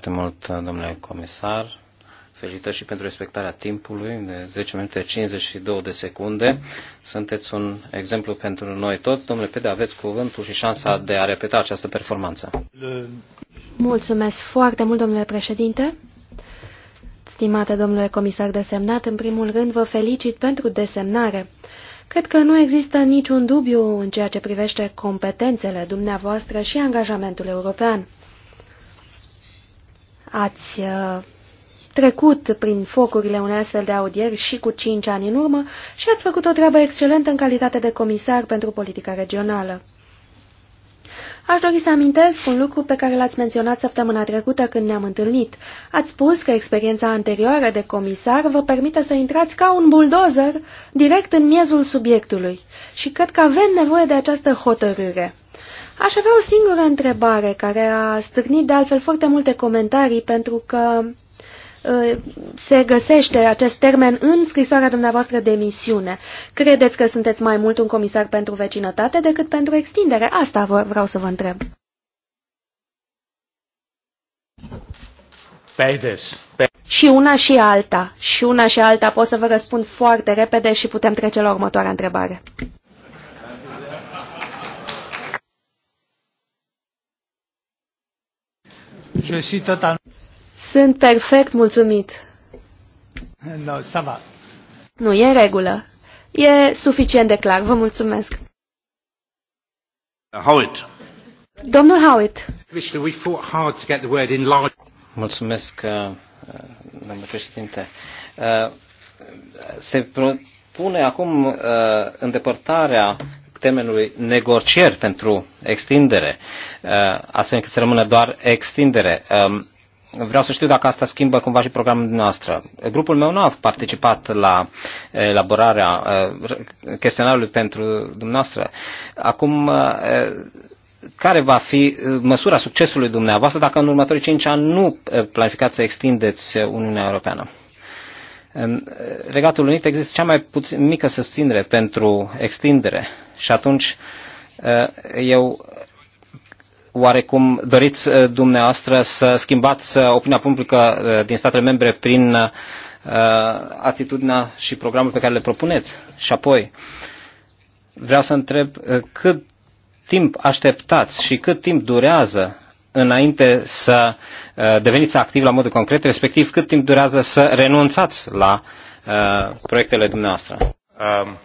foarte mult, domnule comisar. Felicitări și pentru respectarea timpului de 10 minute 52 de secunde. Sunteți un exemplu pentru noi toți. Domnule Pede, aveți cuvântul și șansa de a repeta această performanță. Mulțumesc foarte mult, domnule președinte. Stimate domnule comisar desemnat, în primul rând vă felicit pentru desemnare. Cred că nu există niciun dubiu în ceea ce privește competențele dumneavoastră și angajamentul european ați uh, trecut prin focurile unei astfel de audieri și cu cinci ani în urmă și ați făcut o treabă excelentă în calitate de comisar pentru politica regională. Aș dori să amintesc un lucru pe care l-ați menționat săptămâna trecută când ne-am întâlnit. Ați spus că experiența anterioară de comisar vă permite să intrați ca un buldozer direct în miezul subiectului și cred că avem nevoie de această hotărâre. Aș avea o singură întrebare care a stârnit de altfel foarte multe comentarii pentru că ă, se găsește acest termen în scrisoarea dumneavoastră de misiune. Credeți că sunteți mai mult un comisar pentru vecinătate decât pentru extindere? Asta vreau să vă întreb. Beides. Și una și alta. Și una și alta pot să vă răspund foarte repede și putem trece la următoarea întrebare. Je suis total... Sunt perfect mulțumit. No, ça va. Nu, e în regulă. E suficient de clar. Vă mulțumesc. Uh, Howitt. Domnul Howitt. Mulțumesc, uh, domnul președinte. Uh, se pune acum îndepărtarea termenului negocieri pentru extindere, uh, astfel încât să rămână doar extindere. Um, vreau să știu dacă asta schimbă cumva și programul noastră. Grupul meu nu a participat la elaborarea uh, chestionarului pentru dumneavoastră. Acum, uh, care va fi măsura succesului dumneavoastră dacă în următorii 5 ani nu planificați să extindeți Uniunea Europeană? În eh, Regatul Unit există cea mai puțin, mică susținere pentru extindere și atunci eh, eu oarecum doriți eh, dumneavoastră să schimbați opinia publică din statele membre prin atitudinea și programul pe care le propuneți? Și apoi, vreau să întreb cât timp așteptați și cât timp durează înainte să uh, deveniți activ la modul concret, respectiv cât timp durează să renunțați la uh, proiectele dumneavoastră. Um,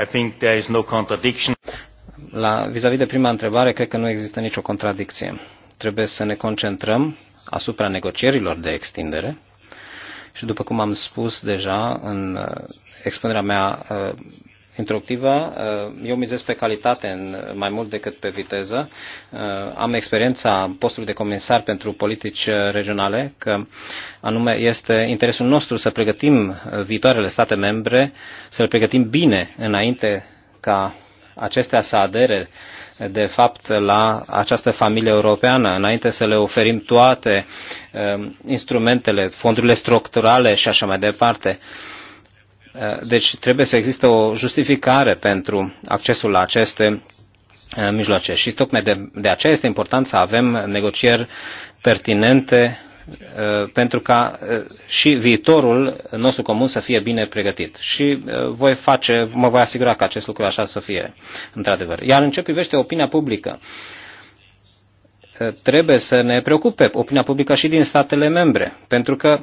I think there is no contradiction. La vis-a-vis -vis de prima întrebare, cred că nu există nicio contradicție. Trebuie să ne concentrăm asupra negocierilor de extindere și după cum am spus deja în uh, expunerea mea instructivă. Uh, eu mizez pe calitate în, mai mult decât pe viteză. Uh, am experiența postului de comisar pentru politici uh, regionale, că anume este interesul nostru să pregătim viitoarele state membre, să le pregătim bine înainte ca acestea să adere de fapt la această familie europeană, înainte să le oferim toate instrumentele, fondurile structurale și așa mai departe. Eh, deci trebuie să existe o justificare pentru accesul la aceste eh, mijloace. Și tocmai de, de aceea este important să avem negocieri pertinente eh, pentru ca și viitorul nostru comun să fie bine pregătit. Și voi face, mă voi asigura că acest lucru așa să fie, într-adevăr. Iar în ce privește opinia publică, trebuie să ne preocupe opinia publică și din statele membre, pentru că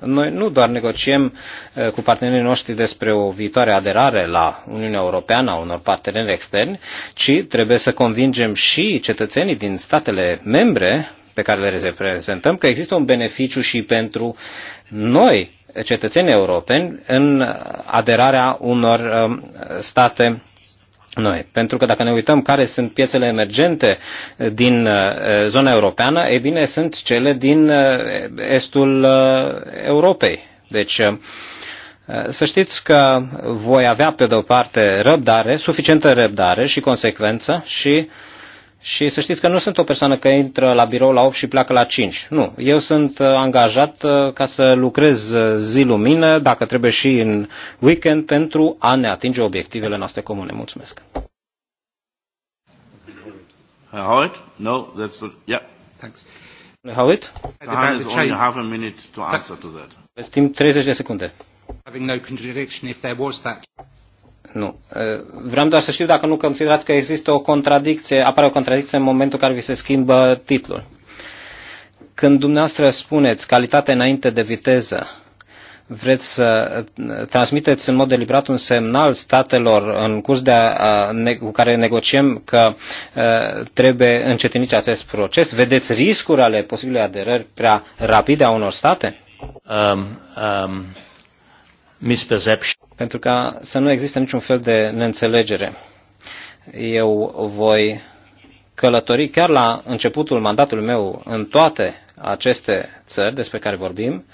noi nu doar negociem eh, cu partenerii noștri despre o viitoare aderare la Uniunea Europeană a unor parteneri externi, ci trebuie să convingem și cetățenii din statele membre pe care le reprezentăm că există un beneficiu și pentru noi, cetățenii europeni, în aderarea unor eh, state noi. Pentru că dacă ne uităm care sunt piețele emergente din uh, zona europeană, e bine, sunt cele din uh, estul uh, Europei. Deci, să știți că voi avea pe de o parte răbdare, suficientă răbdare și consecvență și uh, și să știți că nu sunt o persoană care intră la birou la 8 și pleacă la 5. Nu, eu sunt uh, angajat uh, ca să lucrez uh, zi lumină, dacă trebuie și în weekend, pentru a ne atinge obiectivele noastre comune. Mulțumesc. Howard? No, that's the... Yeah. Thanks. Howard? Time is only half a minute to answer to that. Timp 30 de secunde. Having no contradiction if there was that nu. Vreau doar să știu dacă nu considerați că există o contradicție, apare o contradicție în momentul în care vi se schimbă titlul. Când dumneavoastră spuneți calitate înainte de viteză, vreți să transmiteți în mod deliberat un semnal statelor în curs de a, cu care negociem că trebuie încetinit acest proces? Vedeți riscuri ale posibile aderări prea rapide a unor state? Um, um, misperception pentru ca să nu existe niciun fel de neînțelegere. Eu voi călători chiar la începutul mandatului meu în toate aceste țări despre care vorbim,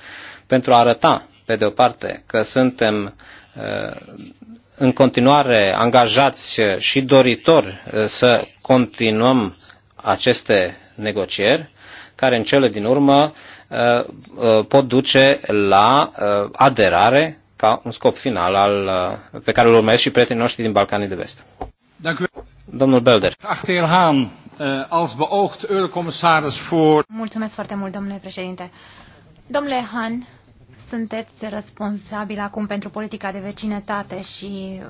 pentru a arăta, pe de o parte, că suntem uh, în continuare angajați și doritori uh, să continuăm aceste negocieri, care în cele din urmă uh, pot duce la aderare ca un scop final al, uh, pe care îl urmăresc și prietenii noștri din Balcanii de Vest. Domnul Belder. Eh, Mulțumesc foarte mult, domnule președinte. Domnule Han, sunteți responsabil acum pentru politica de vecinătate și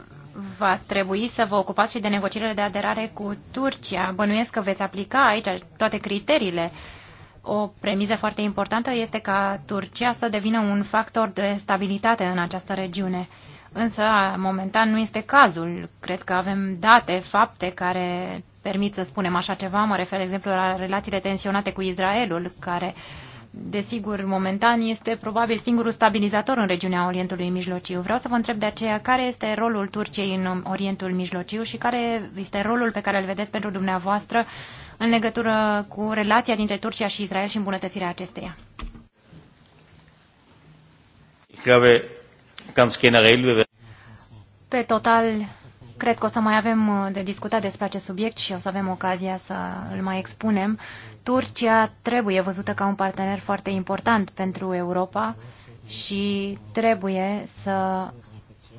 va trebui să vă ocupați și de negocierile de aderare cu Turcia. Bănuiesc că veți aplica aici toate criteriile uh, o premiză foarte importantă este ca Turcia să devină un factor de stabilitate în această regiune. Însă, momentan, nu este cazul. Cred că avem date, fapte care permit să spunem așa ceva. Mă refer, de exemplu, la relațiile tensionate cu Israelul, care, desigur, momentan este probabil singurul stabilizator în regiunea Orientului Mijlociu. Vreau să vă întreb de aceea care este rolul Turciei în Orientul Mijlociu și care este rolul pe care îl vedeți pentru dumneavoastră uh, în legătură cu relația dintre Turcia și Israel și îmbunătățirea acesteia? Pe total, cred că o să mai avem uh, de discutat despre acest subiect și o să avem ocazia să îl mai expunem. Turcia trebuie văzută ca un partener foarte important pentru Europa și trebuie să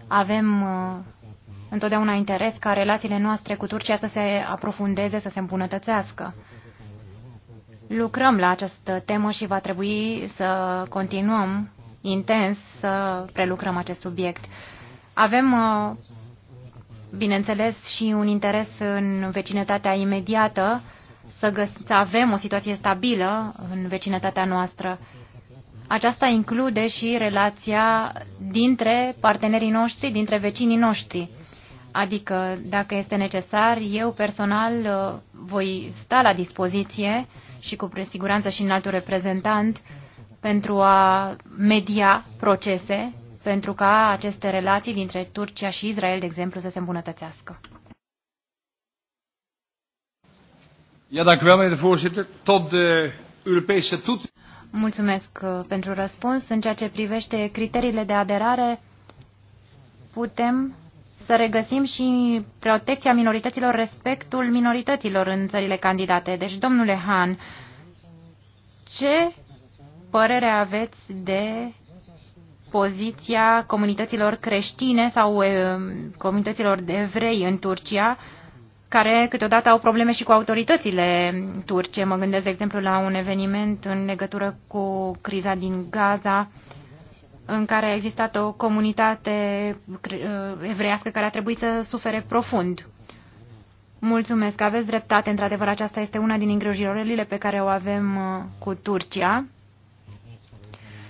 avem uh, întotdeauna interes ca relațiile noastre cu Turcia să se aprofundeze, să se îmbunătățească. Lucrăm la această temă și va trebui să continuăm intens să prelucrăm acest subiect. Avem, uh, bineînțeles, și un interes în vecinătatea imediată să, să avem o situație stabilă în vecinătatea noastră. Aceasta include și relația dintre partenerii noștri, dintre vecinii noștri. Adică, dacă este necesar, eu personal uh, voi sta la dispoziție și cu siguranță și în altul reprezentant pentru a media procese, pentru ca aceste relații dintre Turcia și Israel, de exemplu, să se îmbunătățească. Ja, dank u wel, meneer de voorzitter. Tot de Europese Mulțumesc uh, pentru răspuns. În ceea ce privește criteriile de aderare, putem să regăsim și protecția minorităților, respectul minorităților în țările candidate. Deci, domnule Han, ce părere aveți de poziția comunităților creștine sau eh, comunităților de evrei în Turcia, care câteodată au probleme și cu autoritățile turce. Mă gândesc, de exemplu, la un eveniment în legătură cu criza din Gaza, în care a existat o comunitate uh, evreiască care a trebuit să sufere profund. Mulțumesc, aveți dreptate. Într-adevăr, aceasta este una din îngrijorările pe care o avem uh, cu Turcia.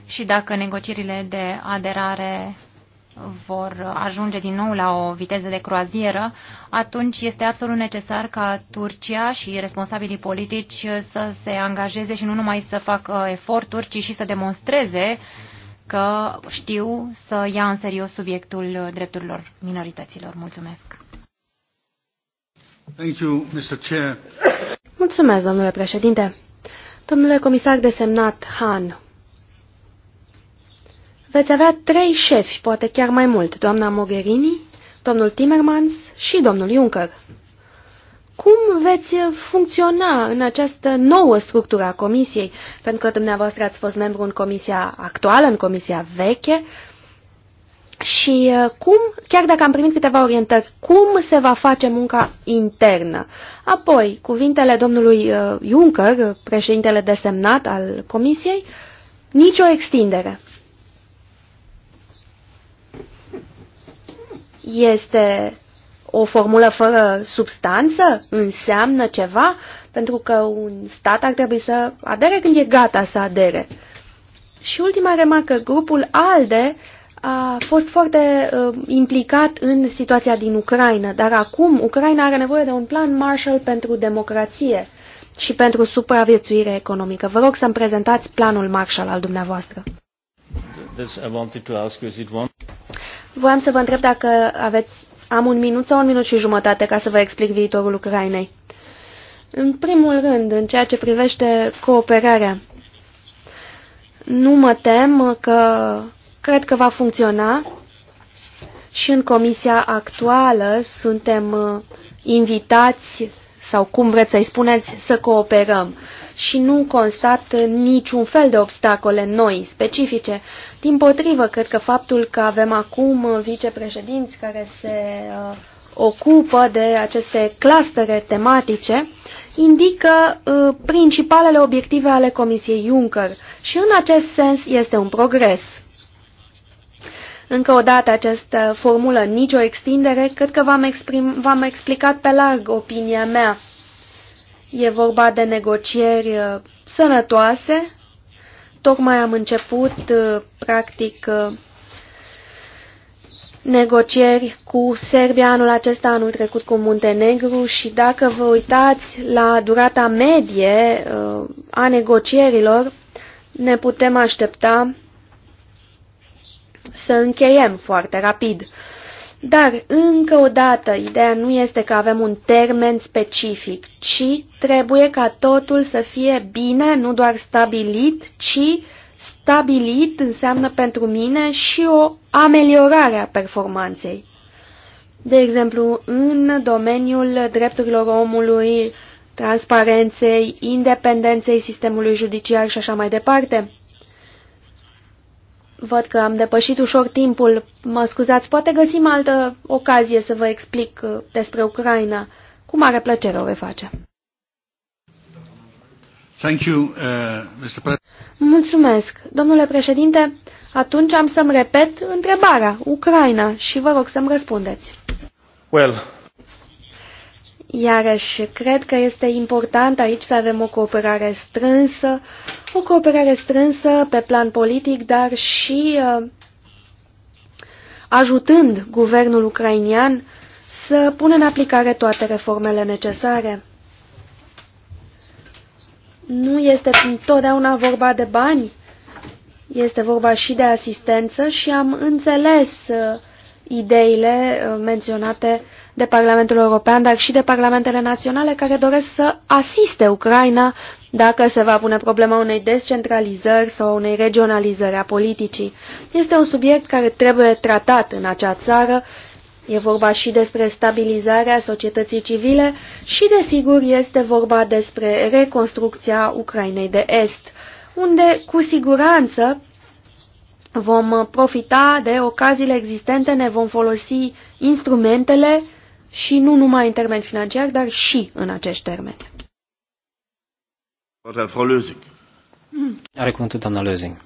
Și dacă negocierile de aderare vor ajunge din nou la o viteză de croazieră, atunci este absolut necesar ca Turcia și responsabilii politici să se angajeze și nu numai să facă eforturi, ci și să demonstreze uh, că știu să ia în serios subiectul drepturilor minorităților. Mulțumesc! Thank you, Mr. Chair. Mulțumesc, domnule președinte. Domnule comisar desemnat Han, veți avea trei șefi, poate chiar mai mult, doamna Mogherini, domnul Timmermans și domnul Juncker. Cum veți funcționa în această nouă structură a comisiei? Pentru că dumneavoastră ați fost membru în comisia actuală, în comisia veche. Și uh, cum, chiar dacă am primit câteva orientări, cum se va face munca internă? Apoi, cuvintele domnului uh, Juncker, președintele desemnat al comisiei, nicio extindere. Este o formulă fără substanță înseamnă ceva? Pentru că un stat ar trebui să adere când e gata să adere. Și ultima remarcă, grupul ALDE a fost foarte uh, implicat în situația din Ucraina, dar acum Ucraina are nevoie de un plan Marshall pentru democrație și pentru supraviețuire economică. Vă rog să-mi prezentați planul Marshall al dumneavoastră. Voiam să vă întreb dacă aveți am un minut sau un minut și jumătate ca să vă explic viitorul Ucrainei. În primul rând, în ceea ce privește cooperarea, nu mă tem că cred că va funcționa și în comisia actuală suntem uh, invitați sau cum vreți să-i spuneți, să cooperăm și nu constat niciun fel de obstacole noi, specifice. Din potrivă, cred că faptul că avem acum vicepreședinți care se uh, ocupă de aceste clustere tematice indică uh, principalele obiective ale Comisiei Juncker și în acest sens este un progres. Încă o dată această formulă, nicio extindere, cred că v-am explicat pe larg opinia mea E vorba de negocieri uh, sănătoase. Tocmai am început, uh, practic, uh, negocieri cu Serbia anul acesta, anul trecut cu Muntenegru și dacă vă uitați la durata medie a negocierilor, ne putem aștepta să încheiem foarte rapid. Dar, încă o dată, ideea nu este că avem un termen specific, ci trebuie ca totul să fie bine, nu doar stabilit, ci stabilit înseamnă pentru mine și o ameliorare a performanței. De exemplu, în domeniul drepturilor omului, transparenței, independenței sistemului judiciar și așa mai departe. Văd că am depășit ușor timpul. Mă scuzați, poate găsim altă ocazie să vă explic uh, despre Ucraina. Cu mare plăcere o vei face. Thank you, uh, Mr. Mulțumesc. Domnule președinte, atunci am să-mi repet întrebarea, Ucraina, și vă rog să-mi răspundeți. Well, Iarăși, cred că este important aici să avem o cooperare strânsă, o cooperare strânsă pe plan politic, dar și uh, ajutând guvernul ucrainian să pună în aplicare toate reformele necesare. Nu este întotdeauna vorba de bani, este vorba și de asistență și am înțeles uh, ideile uh, menționate de Parlamentul European, dar și de parlamentele naționale care doresc să asiste Ucraina dacă se va pune problema unei descentralizări sau unei regionalizări a politicii. Este un subiect care trebuie tratat în acea țară. E vorba și despre stabilizarea societății civile și, desigur, este vorba despre reconstrucția Ucrainei de Est, unde, cu siguranță, vom profita de ocaziile existente, ne vom folosi instrumentele și nu numai în termen financiar, dar și în acești termeni. Are cuvântul doamna Lözing.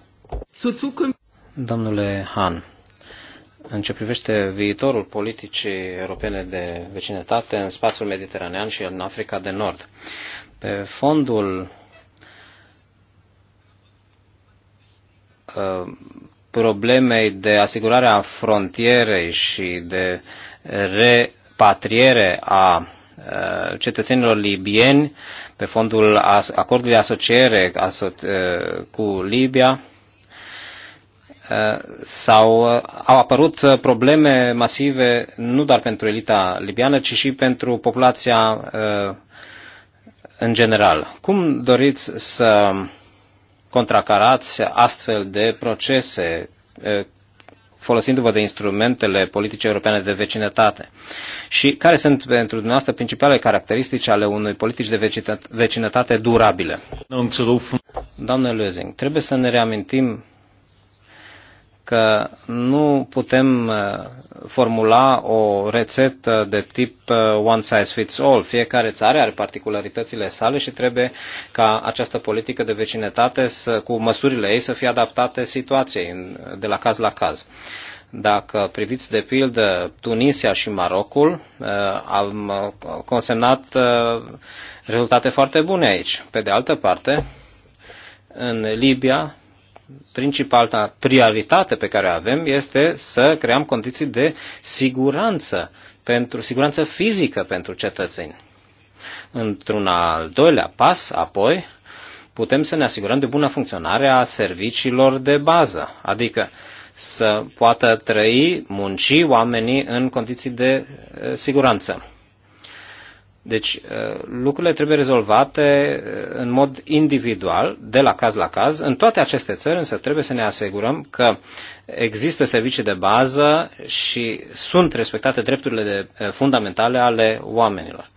Domnule Han, în ce privește viitorul politicii europene de vecinătate în spațiul mediteranean și în Africa de Nord, pe fondul ă, problemei de asigurare a frontierei și de re repatriere a cetățenilor libieni pe fondul acordului de asociere cu Libia sau au apărut probleme masive nu doar pentru elita libiană, ci și pentru populația în general. Cum doriți să contracarați astfel de procese folosindu-vă de instrumentele politice europene de vecinătate? Și care sunt pentru dumneavoastră principalele caracteristici ale unui politici de vecinătate durabile? Doamnă Lözing, trebuie să ne reamintim că nu putem uh, formula o rețetă de tip uh, one size fits all. Fiecare țară are particularitățile sale și trebuie ca această politică de vecinătate să, cu măsurile ei să fie adaptate situației de la caz la caz. Dacă priviți de pildă Tunisia și Marocul, uh, am consemnat rezultate foarte bune aici. Pe de altă parte, în Libia principala prioritate pe care o avem este să creăm condiții de siguranță, pentru siguranță fizică pentru cetățeni. Într-un al doilea pas, apoi, putem să ne asigurăm de bună funcționare a serviciilor de bază, adică să poată trăi, munci oamenii în condiții de eh, siguranță. Deci uh, lucrurile trebuie rezolvate uh, în mod individual, de la caz la caz. În toate aceste țări însă trebuie să ne asigurăm că există servicii de bază și sunt respectate drepturile de, uh, fundamentale ale oamenilor.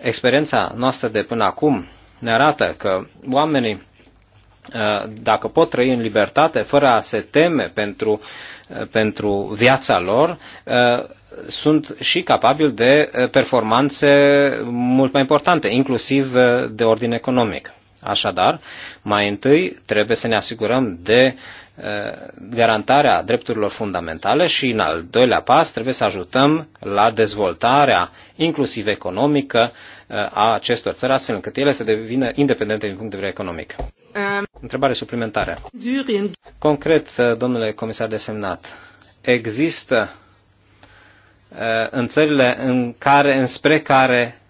Experiența noastră de până acum ne arată că oamenii Uh, dacă pot trăi în libertate fără a se teme pentru, uh, pentru viața lor, uh, sunt și capabili de performanțe mult mai importante, inclusiv de ordin economic. Așadar, mai întâi trebuie să ne asigurăm de eh, garantarea drepturilor fundamentale și, în al doilea pas, trebuie să ajutăm la dezvoltarea, inclusiv economică, eh, a acestor țări, astfel încât ele să devină independente din punct de vedere economic. Um, Întrebare suplimentară. Concret, eh, domnule comisar desemnat, există în țările în care, înspre care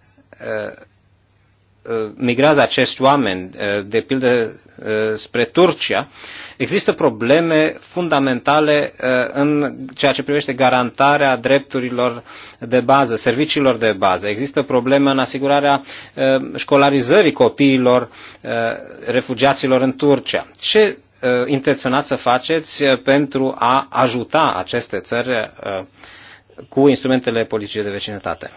Uh, migrează acești oameni, uh, de pildă uh, spre Turcia, există probleme fundamentale în ceea ce privește garantarea drepturilor de bază, serviciilor de bază. Există probleme în asigurarea școlarizării copiilor refugiaților în Turcia. Ce intenționați să faceți pentru a ajuta aceste țări cu instrumentele politice de vecinătate?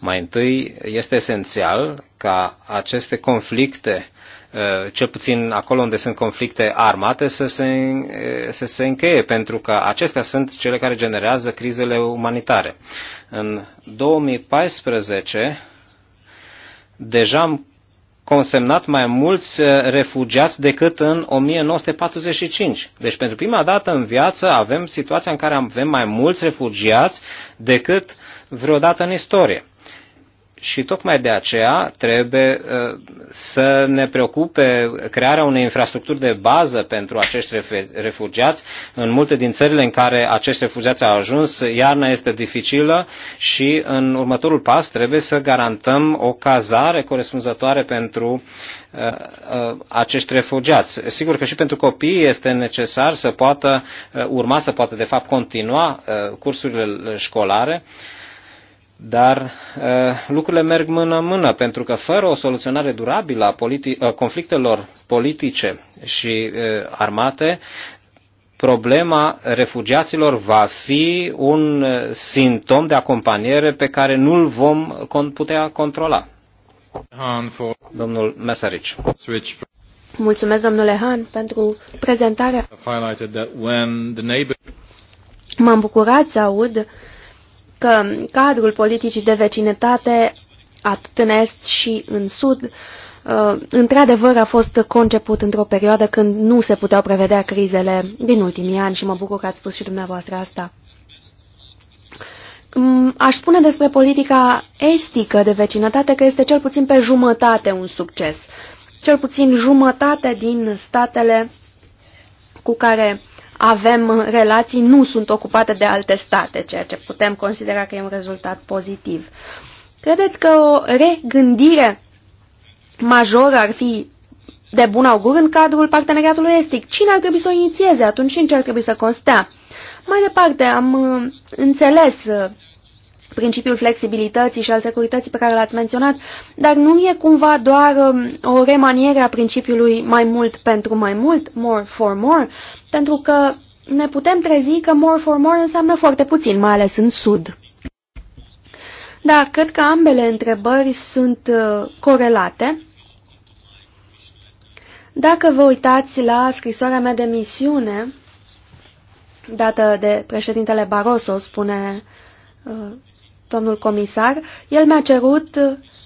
Mai întâi, este esențial ca aceste conflicte, uh, cel puțin acolo unde sunt conflicte armate, să se, uh, să se încheie, pentru că acestea sunt cele care generează crizele umanitare. În 2014, deja am consemnat mai mulți uh, refugiați decât în 1945. Deci pentru prima dată în viață avem situația în care avem mai mulți refugiați decât vreodată în istorie și tocmai de aceea trebuie uh, să ne preocupe crearea unei infrastructuri de bază pentru acești refugiați. În multe din țările în care acești refugiați au ajuns, iarna este dificilă și în următorul pas trebuie să garantăm o cazare corespunzătoare pentru uh, uh, acești refugiați. Sigur că și pentru copii este necesar să poată urma, să poată de fapt continua cursurile școlare dar uh, lucrurile merg mână-mână, pentru că fără o soluționare durabilă a politi- uh, conflictelor politice și uh, armate, problema refugiaților va fi un uh, simptom de acompaniere pe care nu-l vom putea controla. Domnul Mesarici. Mulțumesc, domnule Han, pentru prezentare. M-am bucurat să aud că cadrul politicii de vecinătate, atât în Est și în Sud, uh, într-adevăr a fost conceput într-o perioadă când nu se puteau prevedea crizele din ultimii ani și mă bucur că ați spus și dumneavoastră asta. Mm, aș spune despre politica estică de vecinătate că este cel puțin pe jumătate un succes. Cel puțin jumătate din statele cu care avem relații nu sunt ocupate de alte state, ceea ce putem considera că e un rezultat pozitiv. Credeți că o regândire majoră ar fi de bun augur în cadrul parteneriatului estic? Cine ar trebui să o inițieze atunci și în ce ar trebui să constea? Mai departe, am uh, înțeles uh, principiul flexibilității și al securității pe care l-ați menționat, dar nu e cumva doar um, o remaniere a principiului mai mult pentru mai mult, more for more, pentru că ne putem trezi că more for more înseamnă foarte puțin, mai ales în Sud. Da, cred că ambele întrebări sunt uh, corelate. Dacă vă uitați la scrisoarea mea de misiune, dată de președintele Barroso, spune uh, domnul comisar, el mi-a cerut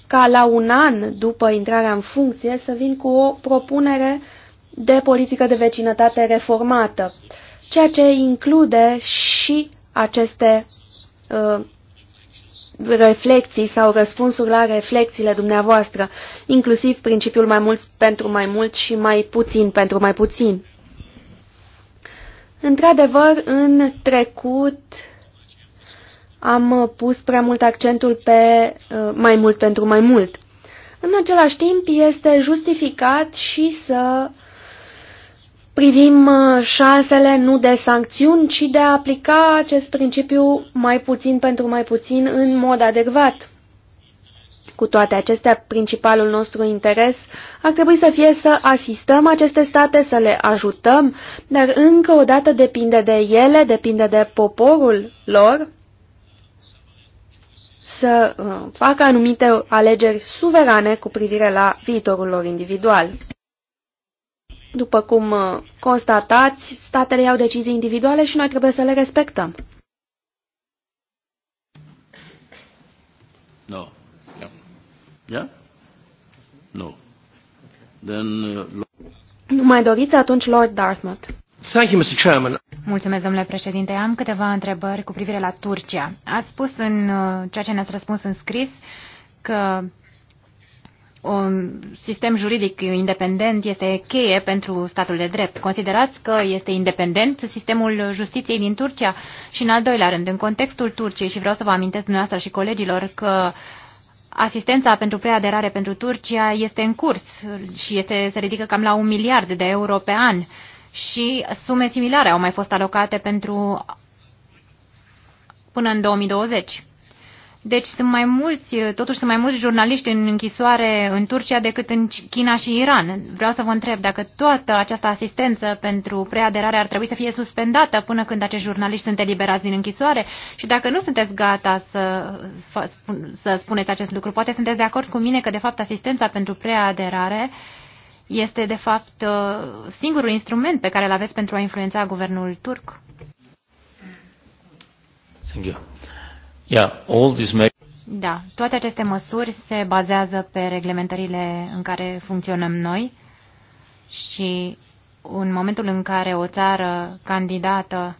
ca la un an după intrarea în funcție să vin cu o propunere de politică de vecinătate reformată, ceea ce include și aceste uh, reflexii sau răspunsuri la reflexiile dumneavoastră, inclusiv principiul mai mult pentru mai mult și mai puțin pentru mai puțin. Într-adevăr, în trecut, am uh, pus prea mult accentul pe uh, mai mult pentru mai mult. În același timp, este justificat și să privim uh, șansele nu de sancțiuni, ci de a aplica acest principiu mai puțin pentru mai puțin în mod adecvat. Cu toate acestea, principalul nostru interes ar trebui să fie să asistăm aceste state, să le ajutăm, dar încă o dată depinde de ele, depinde de poporul lor să uh, facă anumite alegeri suverane cu privire la viitorul lor individual. După cum uh, constatați, statele iau decizii individuale și noi trebuie să le respectăm. No. Yeah? yeah? No. Then, uh, nu mai doriți atunci Lord Dartmouth. Mulțumesc, domnule președinte. Am câteva întrebări cu privire la Turcia. Ați spus în uh, ceea ce ne-ați răspuns în scris că un sistem juridic independent este cheie pentru statul de drept. Considerați că este independent sistemul justiției din Turcia? Și în al doilea rând, în contextul Turciei, și vreau să vă amintesc dumneavoastră și colegilor că asistența pentru preaderare pentru Turcia este în curs și este, se ridică cam la un miliard de euro pe an și sume similare au mai fost alocate pentru până în 2020. Deci sunt mai mulți, totuși sunt mai mulți jurnaliști în închisoare în Turcia decât în China și Iran. Vreau să vă întreb dacă toată această asistență pentru preaderare ar trebui să fie suspendată până când acești jurnaliști sunt eliberați din închisoare și dacă nu sunteți gata să, să spuneți acest lucru, poate sunteți de acord cu mine că de fapt asistența pentru preaderare uh, este de fapt uh, singurul instrument pe care îl aveți pentru a influența guvernul turc? Thank you. Yeah, all da, toate aceste măsuri se bazează pe reglementările în care funcționăm noi și în momentul în care o țară candidată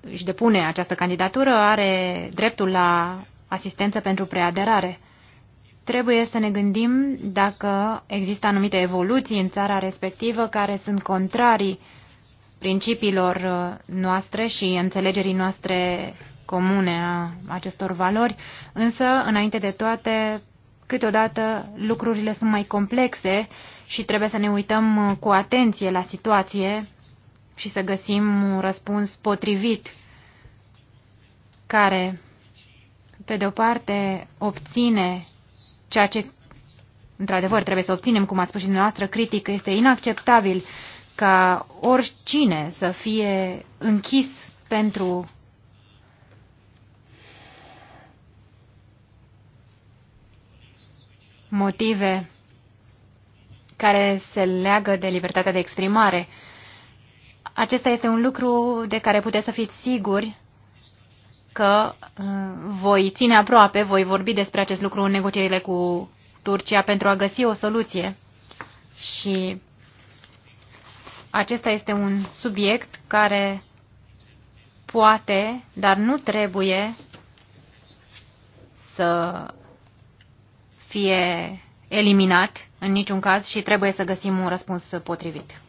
își depune această candidatură, are dreptul la asistență pentru preaderare. Trebuie să ne gândim dacă există anumite evoluții în țara respectivă care sunt contrarii principiilor uh, noastre și înțelegerii noastre comune a acestor valori, însă, înainte de toate, câteodată lucrurile sunt mai complexe și trebuie să ne uităm uh, cu atenție la situație și să găsim un răspuns potrivit care, pe de o parte, obține Ceea ce, într-adevăr, trebuie să obținem, cum a spus și dumneavoastră, critic, este inacceptabil ca oricine să fie închis pentru motive care se leagă de libertatea de exprimare. Acesta este un lucru de care puteți să fiți siguri că uh, voi ține aproape, voi vorbi despre acest lucru în negocierile cu Turcia pentru a găsi o soluție. Și acesta este un subiect care poate, dar nu trebuie să fie eliminat în niciun caz și trebuie să găsim un răspuns potrivit.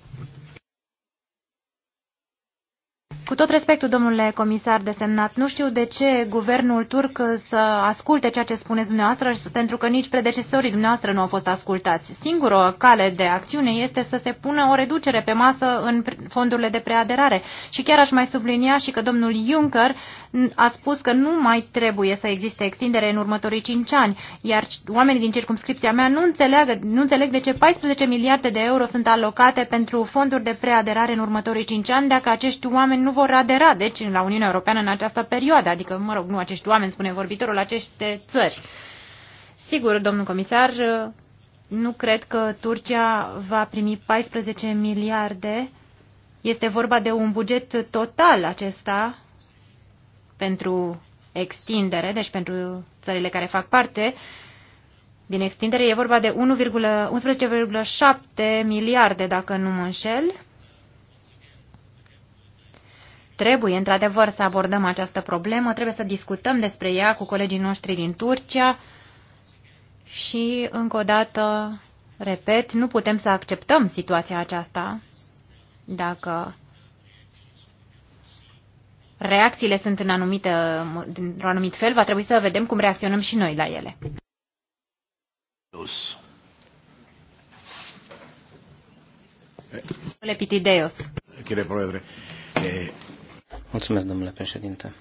Cu tot respectul, domnule comisar desemnat, nu știu de ce guvernul turc să asculte ceea ce spuneți dumneavoastră, pentru că nici predecesorii dumneavoastră nu au fost ascultați. Singura cale de acțiune este să se pună o reducere pe masă în fondurile de preaderare. Și chiar aș mai sublinia și că domnul Juncker a spus că nu mai trebuie să existe extindere în următorii 5 ani, iar oamenii din circumscripția mea nu, înțeleagă, nu înțeleg de ce 14 miliarde de euro sunt alocate pentru fonduri de preaderare în următorii 5 ani dacă acești oameni nu vor adera, deci, la Uniunea Europeană în această perioadă, adică, mă rog, nu acești oameni, spune vorbitorul, aceste țări. Sigur, domnul comisar, nu cred că Turcia va primi 14 miliarde. Este vorba de un buget total acesta pentru extindere, deci pentru țările care fac parte din extindere, e vorba de 11,7 miliarde, dacă nu mă înșel. Trebuie, într-adevăr, să abordăm această problemă, trebuie să discutăm despre ea cu colegii noștri din Turcia și, încă o dată, repet, nu putem să acceptăm situația aceasta dacă reacțiile sunt în anumite, într-un anumit fel, va trebui să vedem cum reacționăm și noi la ele. Domnule Mulțumesc, domnule președinte.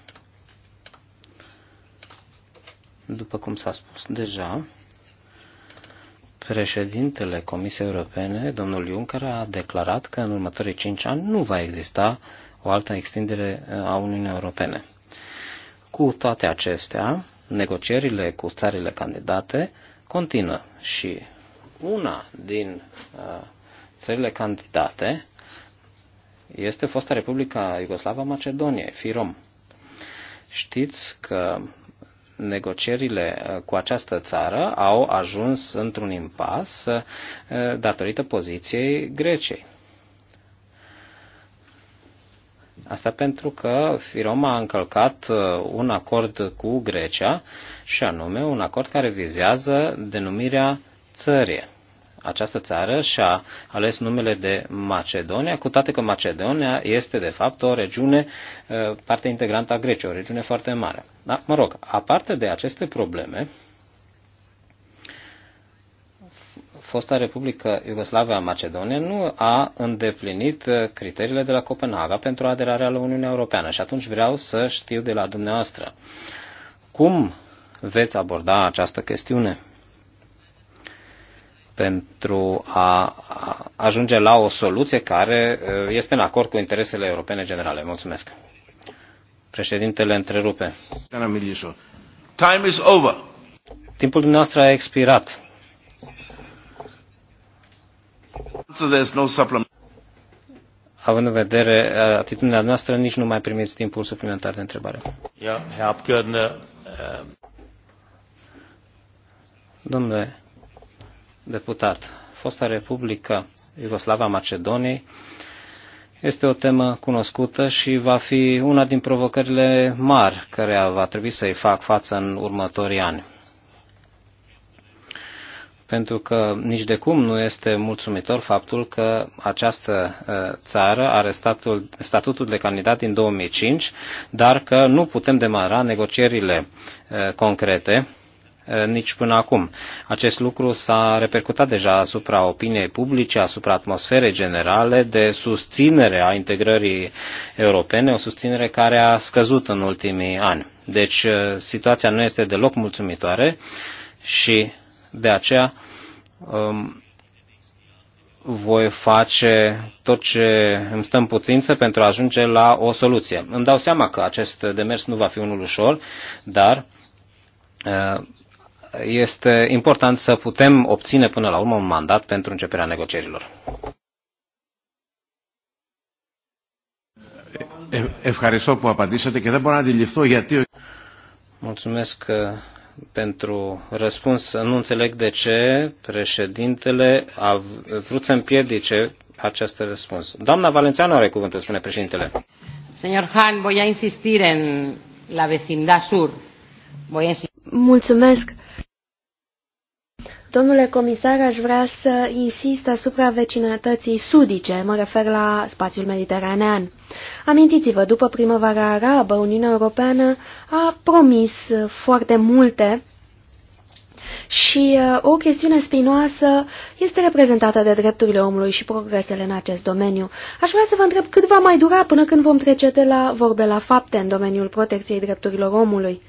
După cum s-a spus deja, președintele Comisiei Europene, domnul Juncker, a declarat că în următorii cinci ani nu va exista o altă extindere uh, a Uniunii Europene. Cu toate acestea, negocierile cu țările candidate continuă și una din uh, țările candidate este fosta Republica Iugoslava Macedoniei, FIROM. Știți că negocierile uh, cu această țară au ajuns într-un impas datorită poziției Greciei. Asta pentru că Firoma a încălcat uh, un acord cu Grecia și anume un acord care vizează denumirea țării. Această țară și-a ales numele de Macedonia, cu toate că Macedonia este de fapt o regiune, uh, parte integrantă a Greciei, o regiune foarte mare. Da? Mă rog, aparte de aceste probleme, fosta Republică Iugoslavia Macedonia nu a îndeplinit uh, criteriile de la Copenhaga pentru aderarea la Uniunea Europeană. Și atunci vreau să știu de la dumneavoastră cum veți aborda această chestiune pentru a ajunge la o soluție care uh, este în acord cu interesele europene generale. Mulțumesc. Președintele întrerupe. Time is over. Timpul dumneavoastră a expirat. So there's no supplement. Având în vedere uh, atitudinea noastră, nici nu mai primiți timpul suplimentar de întrebare. Ja, Herr Abgeordneter. Uh, Domnule deputat, fosta Republică Iugoslava Macedoniei este o temă cunoscută și va fi una din provocările mari care va trebui să-i fac față în următorii ani pentru că nici de cum nu este mulțumitor faptul că această uh, țară are statul, statutul de candidat din 2005, dar că nu putem demara negocierile uh, concrete uh, nici până acum. Acest lucru s-a repercutat deja asupra opiniei publice, asupra atmosferei generale de susținere a integrării europene, o susținere care a scăzut în ultimii ani. Deci situația nu este deloc mulțumitoare și de aceea um, voi face tot ce îmi stă în putință pentru a ajunge la o soluție. Îmi dau seama că acest demers nu va fi unul ușor, dar uh, este important să putem obține până la urmă un mandat pentru începerea negocierilor. Ευχαριστώ που Mulțumesc uh, pentru răspuns. Nu înțeleg de ce președintele a vrut să împiedice acest răspuns. Doamna Valențeanu are cuvântul, spune președintele. Señor Han, voy a insistir en la vecindad sur. Voy a insistir... Mulțumesc. Domnule comisar, aș vrea să insist asupra vecinătății sudice, mă refer la spațiul mediteranean. Amintiți-vă, după primăvara arabă, Uniunea Europeană a promis foarte multe și uh, o chestiune spinoasă este reprezentată de drepturile omului și progresele în acest domeniu. Aș vrea să vă întreb cât va mai dura până când vom trece de la vorbe la fapte în domeniul protecției drepturilor omului.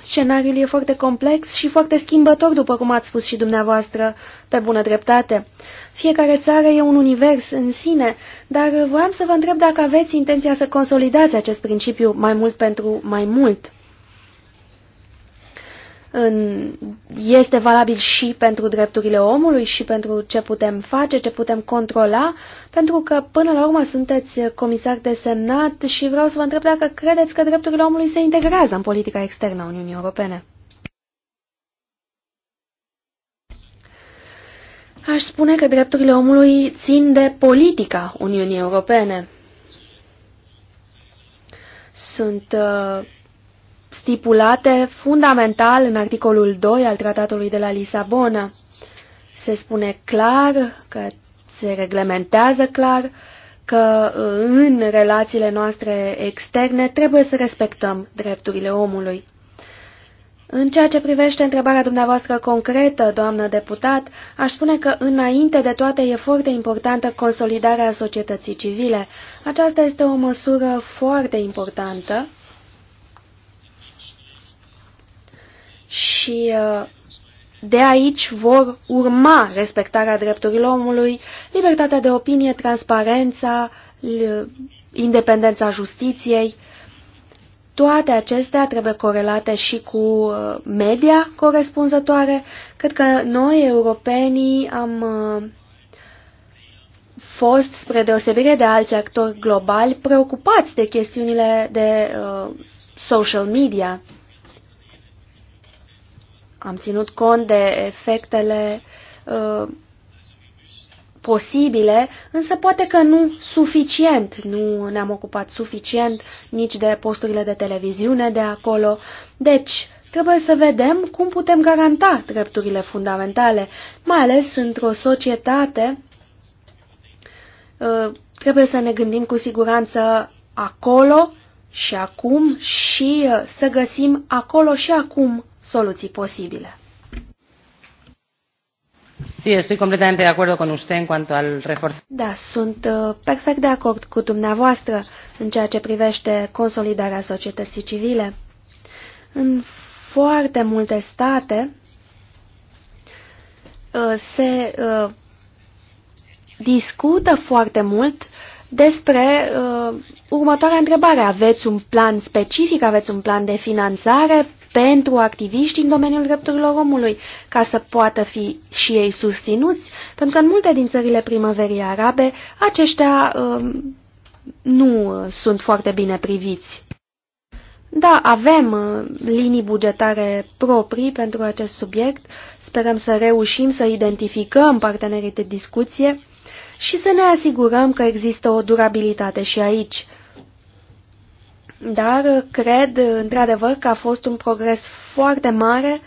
Scenariul e foarte complex și foarte schimbător, după cum ați spus și dumneavoastră, pe bună dreptate. Fiecare țară e un univers în sine, dar voiam să vă întreb dacă aveți intenția să consolidați acest principiu mai mult pentru mai mult este valabil și pentru drepturile omului și pentru ce putem face, ce putem controla, pentru că până la urmă sunteți comisar desemnat și vreau să vă întreb dacă credeți că drepturile omului se integrează în politica externă a Uniunii Europene. Aș spune că drepturile omului țin de politica Uniunii Europene. Sunt uh, stipulate fundamental în articolul 2 al Tratatului de la Lisabona. Se spune clar că se reglementează clar că uh, în relațiile noastre externe trebuie să respectăm drepturile omului. În ceea ce privește întrebarea dumneavoastră concretă, doamnă deputat, aș spune că înainte de toate e foarte importantă consolidarea societății civile. Aceasta este o măsură foarte importantă și uh, de aici vor urma respectarea drepturilor omului, libertatea de opinie, transparența, independența justiției. Toate acestea trebuie corelate și cu uh, media corespunzătoare. Cred că noi, europenii, am uh, fost, spre deosebire de alți actori globali, preocupați de chestiunile de uh, social media. Am ținut cont de efectele uh, posibile, însă poate că nu suficient, nu ne-am ocupat suficient nici de posturile de televiziune de acolo. Deci, trebuie să vedem cum putem garanta drepturile fundamentale, mai ales într-o societate. Uh, trebuie să ne gândim cu siguranță acolo și acum și uh, să găsim acolo și acum soluții posibile. Sí, estoy completamente de acuerdo con usted en cuanto al reforzamiento. Da, sunt uh, perfect de acord cu dumneavoastră în ceea ce privește consolidarea societății civile. În foarte multe state uh, se uh, discută foarte mult despre uh, următoarea întrebare. Aveți un plan specific, aveți un plan de finanțare pentru activiști în domeniul drepturilor omului, ca să poată fi și ei susținuți? Pentru că în multe din țările primăverii arabe, aceștia um, uh, nu sunt foarte bine priviți. Da, avem uh, linii bugetare proprii pentru acest subiect. Sperăm să reușim să identificăm partenerii de discuție și să ne asigurăm că există o durabilitate și aici. Dar cred, într-adevăr, că a fost un progres foarte mare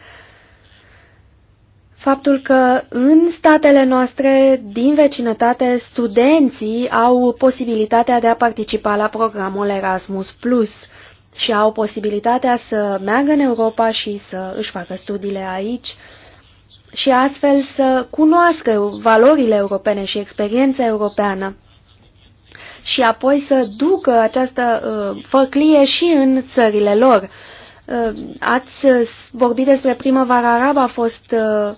faptul că în statele noastre din vecinătate studenții au posibilitatea de a participa la programul Erasmus+. Plus și au posibilitatea să meargă în Europa și să își facă studiile aici și astfel să cunoască valorile europene și experiența europeană și apoi să ducă această uh, făclie și în țările lor. Uh, ați vorbit despre primăvara arabă, a fost uh,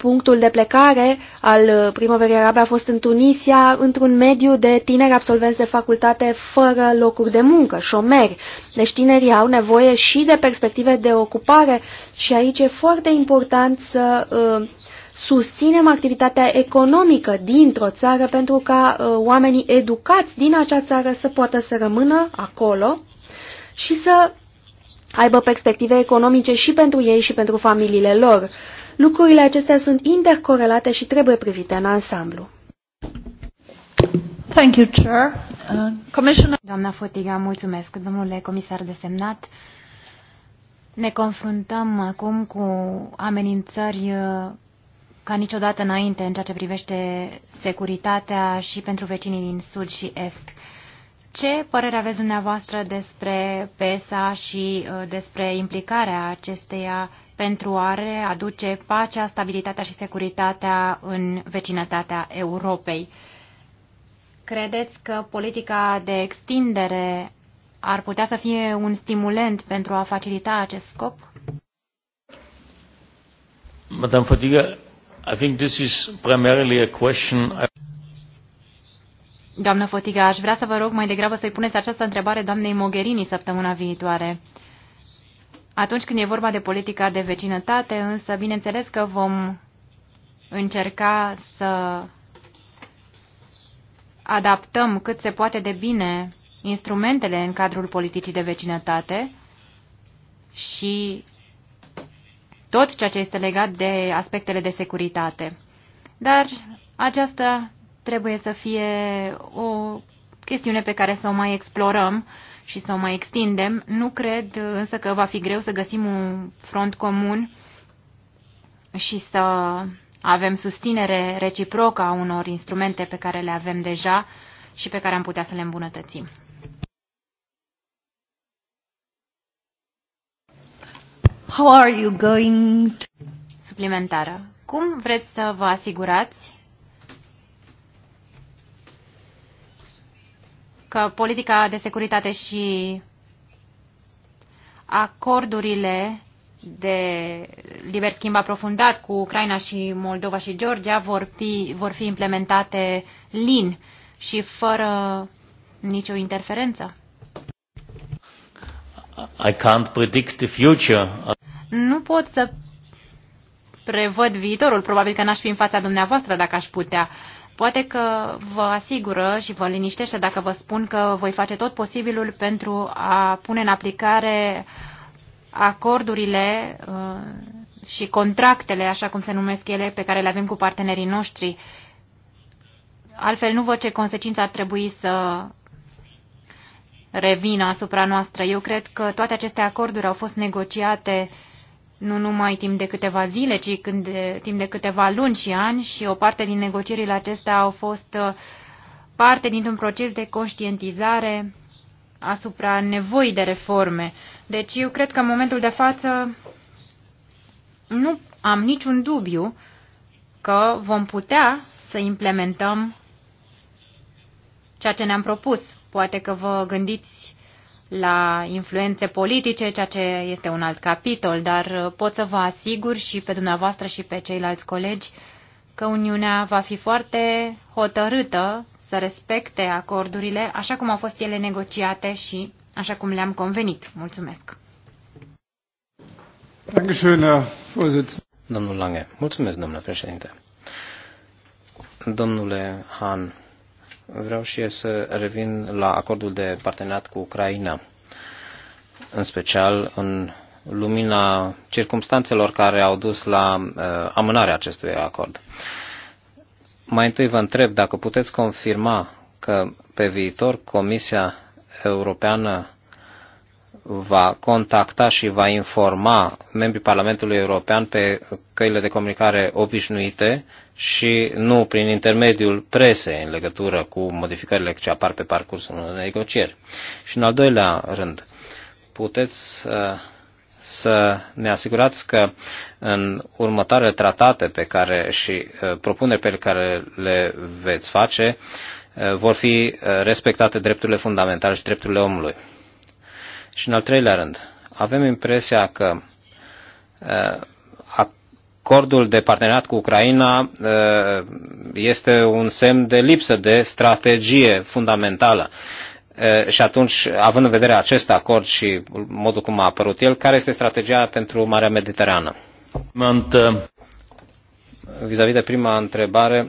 punctul de plecare al uh, primăverii arabe a fost în Tunisia, într-un mediu de tineri absolvenți de facultate fără locuri de muncă, șomeri. Deci tinerii au nevoie și de perspective de ocupare și aici e foarte important să uh, susținem activitatea economică dintr-o țară pentru ca uh, oamenii educați din acea țară să poată să rămână acolo și să aibă perspective economice și pentru ei și pentru familiile lor. Lucrurile acestea sunt intercorelate și trebuie privite în ansamblu. Thank you, Chair. Uh, Commissioner... Doamna Fotiga, mulțumesc, domnule comisar desemnat. Ne confruntăm acum cu amenințări uh, ca niciodată înainte în ceea ce privește securitatea și pentru vecinii din sud și est. Ce părere aveți dumneavoastră despre PESA și uh, despre implicarea acesteia pentru a readuce pacea, stabilitatea și securitatea în vecinătatea Europei. Credeți că politica de extindere ar putea să fie un stimulent pentru a facilita acest scop? Madame Fatiga, I think this is primarily a question... Doamnă Fotiga, aș vrea să vă rog mai degrabă să-i puneți această întrebare doamnei Mogherini săptămâna viitoare. Atunci când e vorba de politica de vecinătate, însă, bineînțeles că vom încerca să adaptăm cât se poate de bine instrumentele în cadrul politicii de vecinătate și tot ceea ce este legat de aspectele de securitate. Dar aceasta trebuie să fie o chestiune pe care să o mai explorăm și să o mai extindem. Nu cred însă că va fi greu să găsim un front comun și să avem susținere reciprocă a unor instrumente pe care le avem deja și pe care am putea să le îmbunătățim. How are you going to... Suplimentară. Cum vreți să vă asigurați că politica de securitate și acordurile de liber schimb aprofundat cu Ucraina și Moldova și Georgia vor fi, vor fi implementate lin și fără nicio interferență. I can't predict the future. Nu pot să prevăd viitorul. Probabil că n-aș fi în fața dumneavoastră dacă aș putea. Uh, Poate că vă asigură și vă liniștește dacă vă spun că voi face tot posibilul pentru a pune în aplicare acordurile uh, și contractele, așa cum se numesc ele, pe care le avem cu partenerii noștri. Altfel nu văd ce consecință ar trebui să revină asupra noastră. Eu cred că toate aceste acorduri au fost negociate uh, nu numai timp de câteva zile, ci când timp de câteva luni și ani și o parte din negocierile acestea au fost uh, parte dintr-un proces de conștientizare asupra nevoii de reforme. Deci eu cred că în momentul de față nu am niciun dubiu că vom putea să implementăm ceea ce ne-am propus. Poate că vă gândiți la influențe politice, ceea ce este un alt capitol, dar uh, pot să vă asigur și pe dumneavoastră și pe ceilalți colegi că Uniunea va fi foarte hotărâtă să respecte acordurile așa cum au fost ele negociate și așa cum le-am convenit. Mulțumesc! Domnul Lange, mulțumesc, domnule președinte. Domnule Han, vreau și eu să revin la acordul de parteneriat cu Ucraina, în special în lumina circumstanțelor care au dus la uh, amânarea acestui acord. Mai întâi vă întreb dacă puteți confirma că pe viitor Comisia Europeană va contacta și va informa membrii Parlamentului European pe căile de comunicare obișnuite și nu prin intermediul presei în legătură cu modificările ce apar pe parcursul unei negocieri. Și în al doilea rând, puteți uh, să ne asigurați că în următoarele tratate pe care și uh, propuneri pe care le veți face uh, vor fi respectate drepturile fundamentale și drepturile omului. Și în al treilea rând, avem impresia că acordul de parteneriat cu Ucraina este un semn de lipsă de strategie fundamentală. Și atunci, având în vedere acest acord și modul cum a apărut el, care este strategia pentru Marea Mediterană? Vis-a-vis -vis de prima întrebare,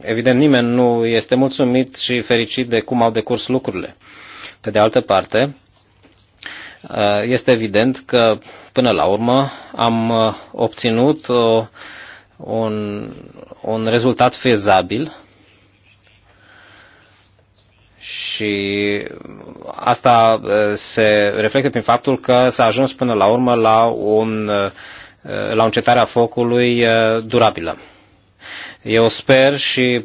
evident nimeni nu este mulțumit și fericit de cum au decurs lucrurile. Pe de altă parte, Uh, este evident că până la urmă am uh, obținut o, uh, un, un rezultat fezabil și asta se reflectă prin faptul că s-a ajuns până la urmă la, un, la o a focului durabilă. Eu sper și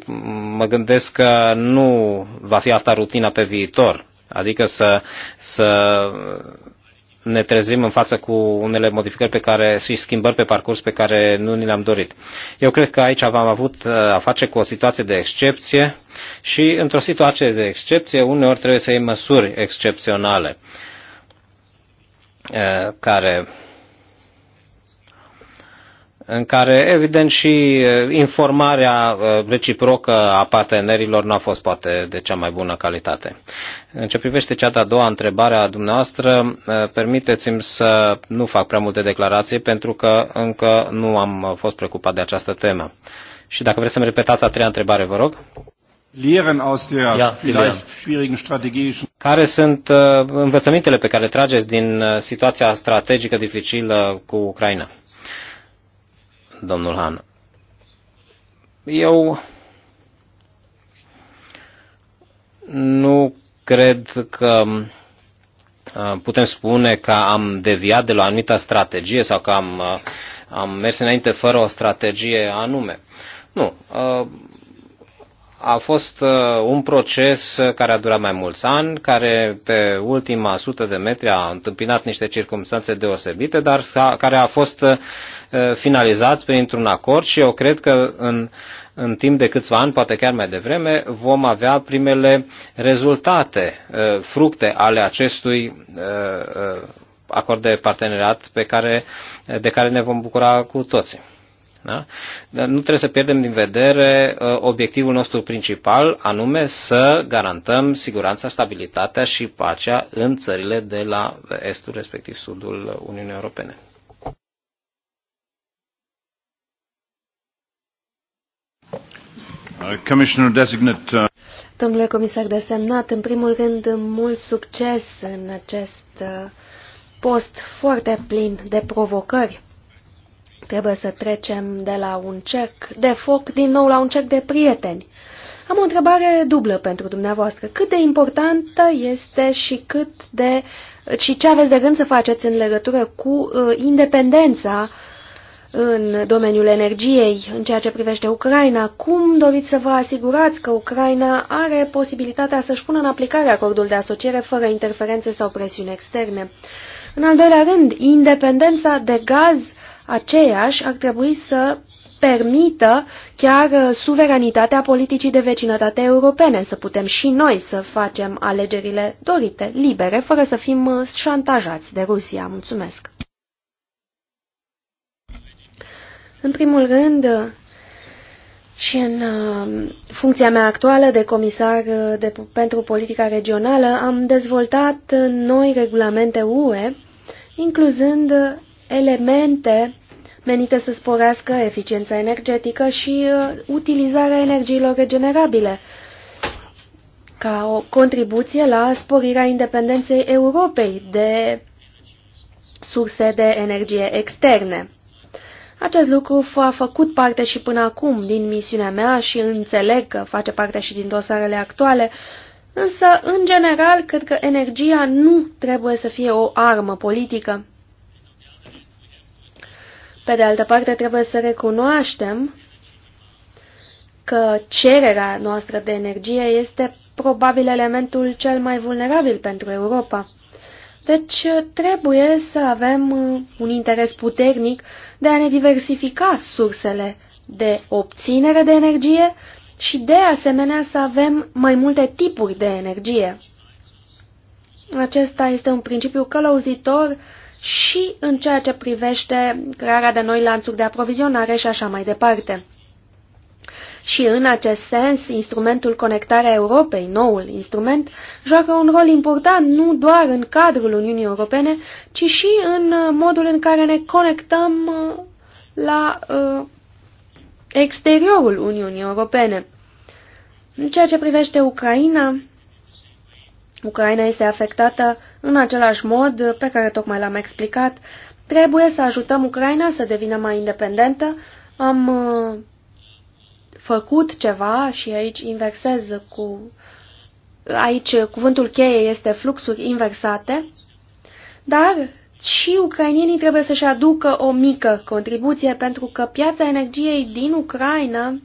mă gândesc că nu va fi asta rutina pe viitor Adică să, să ne trezim în față cu unele modificări pe care și schimbări pe parcurs pe care nu ni le-am dorit. Eu cred că aici am avut uh, a face cu o situație de excepție și într-o situație de excepție uneori trebuie să iei măsuri excepționale uh, care în care, evident, și informarea reciprocă a partenerilor nu a fost poate de cea mai bună calitate. În ce privește cea de-a doua întrebare a dumneavoastră, permiteți-mi să nu fac prea multe declarații pentru că încă nu am fost preocupat de această temă. Și dacă vreți să-mi repetați a treia întrebare, vă rog. Lehren aus der ja, vielleicht schwierigen strategischen care sunt învățămintele pe care le trageți din situația strategică dificilă cu Ucraina? domnul Han. Eu nu cred că uh, putem spune că am deviat de la o anumită strategie sau că am, uh, am mers înainte fără o strategie anume. Nu. Uh, a fost uh, un proces uh, care a durat mai mulți ani, care pe ultima sută de metri a întâmpinat niște circunstanțe deosebite, dar care a fost uh, finalizat printr-un acord și eu cred că în, în timp de câțiva ani, poate chiar mai devreme, vom avea primele rezultate, fructe ale acestui acord de parteneriat pe care, de care ne vom bucura cu toții. Da? nu trebuie să pierdem din vedere uh, obiectivul nostru principal, anume să garantăm siguranța, stabilitatea și pacea în țările de la estul, respectiv sudul Uniunii Europene. Uh, Commissioner designate. Uh, Domnule comisar semnat, în primul rând, mult succes în acest post foarte plin de provocări. Trebuie să trecem de la un cerc de foc din nou la un cerc de prieteni. Am o întrebare dublă pentru dumneavoastră. Cât de importantă este și cât de și ce aveți de gând să faceți în legătură cu uh, independența în domeniul energiei, în ceea ce privește Ucraina? Cum doriți să vă asigurați că Ucraina are posibilitatea să-și pună în aplicare acordul de asociere fără interferențe sau presiuni externe? În al doilea rând, independența de gaz aceeași ar trebui să permită chiar uh, suveranitatea politicii de vecinătate europene, să putem și noi să facem alegerile dorite, libere, fără să fim uh, șantajați de Rusia. Mulțumesc! În primul rând, uh, și în funcția mea actuală de comisar de, pentru politica regională, am dezvoltat noi regulamente UE, incluzând elemente menite să sporească eficiența energetică și uh, utilizarea energiilor regenerabile ca o contribuție la sporirea independenței Europei de surse de energie externe. Acest lucru a făcut parte și până acum din misiunea mea și înțeleg că face parte și din dosarele actuale, însă, în general, cred că energia nu trebuie să fie o armă politică. Pe de altă parte, trebuie să recunoaștem că cererea noastră de energie este probabil elementul cel mai vulnerabil pentru Europa. Deci trebuie să avem uh, un interes puternic de a ne diversifica sursele de obținere de energie și de asemenea să avem mai multe tipuri de energie. Acesta este un principiu călăuzitor și în ceea ce privește crearea de noi lanțuri de aprovizionare și așa mai departe. Și în acest sens, instrumentul Conectarea Europei, noul instrument, joacă un rol important nu doar în cadrul Uniunii Europene, ci și în uh, modul în care ne conectăm uh, la uh, exteriorul Uniunii Europene. În ceea ce privește Ucraina, Ucraina este afectată în același mod pe care tocmai l-am explicat. Trebuie să ajutăm Ucraina să devină mai independentă. Am uh, făcut ceva și aici inversez cu... Aici cuvântul cheie este fluxuri inversate, dar și ucrainienii trebuie să-și aducă o mică contribuție pentru că piața energiei din Ucraina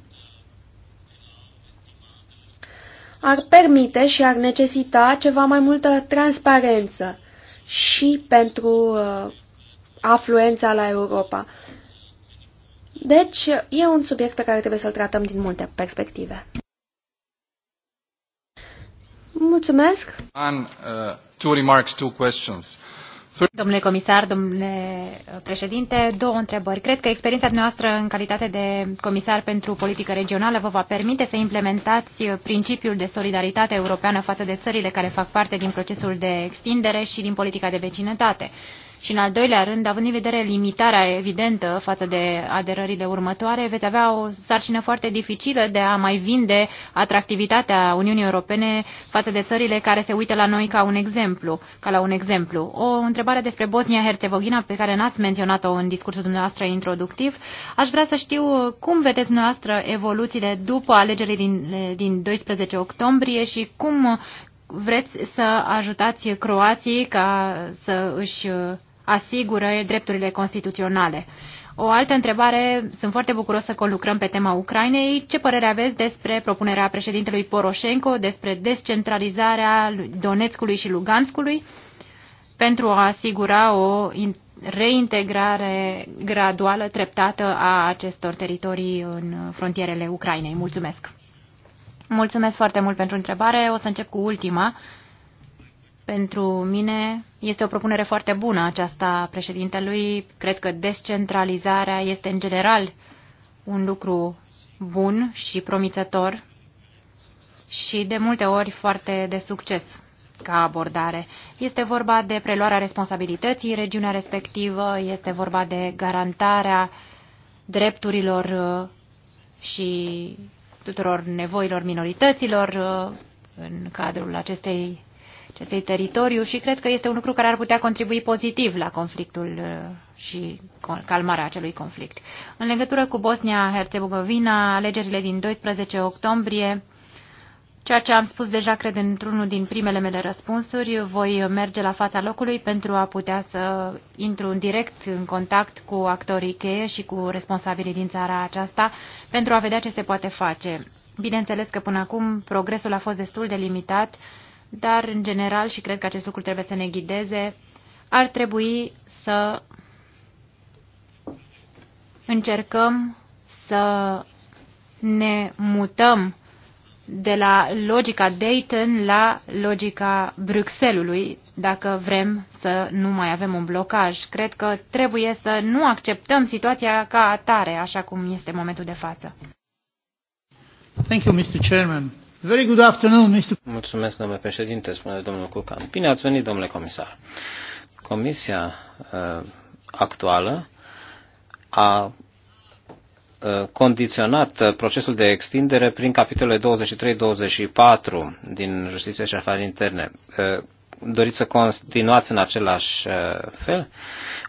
ar permite și ar necesita ceva mai multă transparență și pentru uh, afluența la Europa. Deci, e un subiect pe care trebuie să-l tratăm din multe perspective. Mulțumesc! uh, two remarks, two questions. Domnule comisar, domnule președinte, două întrebări. Cred că experiența noastră în calitate de comisar pentru politică regională vă va permite să implementați principiul de solidaritate europeană față de țările care fac parte din procesul de extindere și din politica de vecinătate. Și în al doilea rând, având în vedere limitarea evidentă față de aderările următoare, veți avea o sarcină foarte dificilă de a mai vinde atractivitatea Uniunii Europene față de țările care se uită la noi ca un exemplu. Ca la un exemplu. O întrebare despre Bosnia-Herzegovina pe care n-ați menționat-o în discursul dumneavoastră introductiv. Aș vrea să știu cum vedeți dumneavoastră evoluțiile după alegerile din, din 12 octombrie și cum vreți să ajutați croații ca să își asigură drepturile constituționale. O altă întrebare, sunt foarte bucuros să conlucrăm pe tema Ucrainei. Ce părere aveți despre propunerea președintelui Poroșenko despre descentralizarea Donetskului și Luganskului pentru a asigura o reintegrare graduală, treptată a acestor teritorii în frontierele Ucrainei? Mulțumesc! Mulțumesc foarte mult pentru întrebare. O să încep cu ultima. Pentru mine este o propunere foarte bună aceasta președintelui. Cred că descentralizarea este în general un lucru bun și promițător și de multe ori foarte de succes ca abordare. Este vorba de preluarea responsabilității în regiunea respectivă, este vorba de garantarea drepturilor uh, și tuturor nevoilor minorităților uh, în cadrul acestei acestui teritoriu și cred că este un lucru care ar putea contribui pozitiv la conflictul uh, și calmarea acelui conflict. În legătură cu Bosnia-Herzegovina, alegerile din 12 octombrie, ceea ce am spus deja, cred, într-unul din primele mele răspunsuri, voi merge la fața locului pentru a putea să intru în direct în contact cu actorii cheie și cu responsabilii din țara aceasta pentru a vedea ce se poate face. Bineînțeles că până acum progresul a fost destul de limitat dar în general, și cred că acest lucru trebuie să ne ghideze, ar trebui să încercăm să ne mutăm de la logica Dayton la logica Bruxellesului, dacă vrem să nu mai avem un blocaj. Cred că trebuie să nu acceptăm situația ca atare, așa cum este momentul de față. Thank you, Mr. Chairman. Very good afternoon, Mr. Mulțumesc, domnule președinte, spune domnul Cucan. Bine ați venit, domnule comisar. Comisia uh, actuală a uh, condiționat uh, procesul de extindere prin capitolele 23-24 din Justiție și Afaceri Interne. Uh, doriți să continuați în același fel?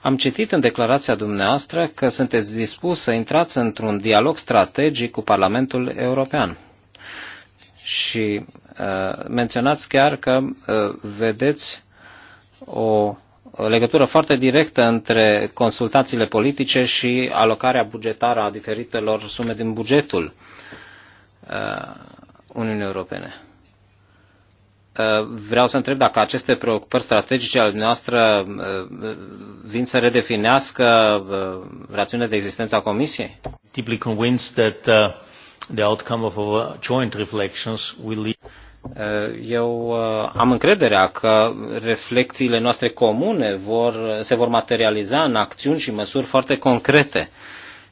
Am citit în declarația dumneavoastră că sunteți dispus să intrați într-un dialog strategic cu Parlamentul European și uh, menționați chiar că uh, vedeți o legătură foarte directă între consultațiile politice și alocarea bugetară a diferitelor sume din bugetul uh, Uniunii Europene. Uh, vreau să întreb dacă aceste preocupări strategice ale noastre uh, vin să redefinească uh, rațiunea de existență a Comisiei. Deeply convinced that uh, the outcome of our joint reflections will lead eh, eu eh, am încrederea că reflecțiile noastre comune vor, se vor materializa în acțiuni și măsuri foarte concrete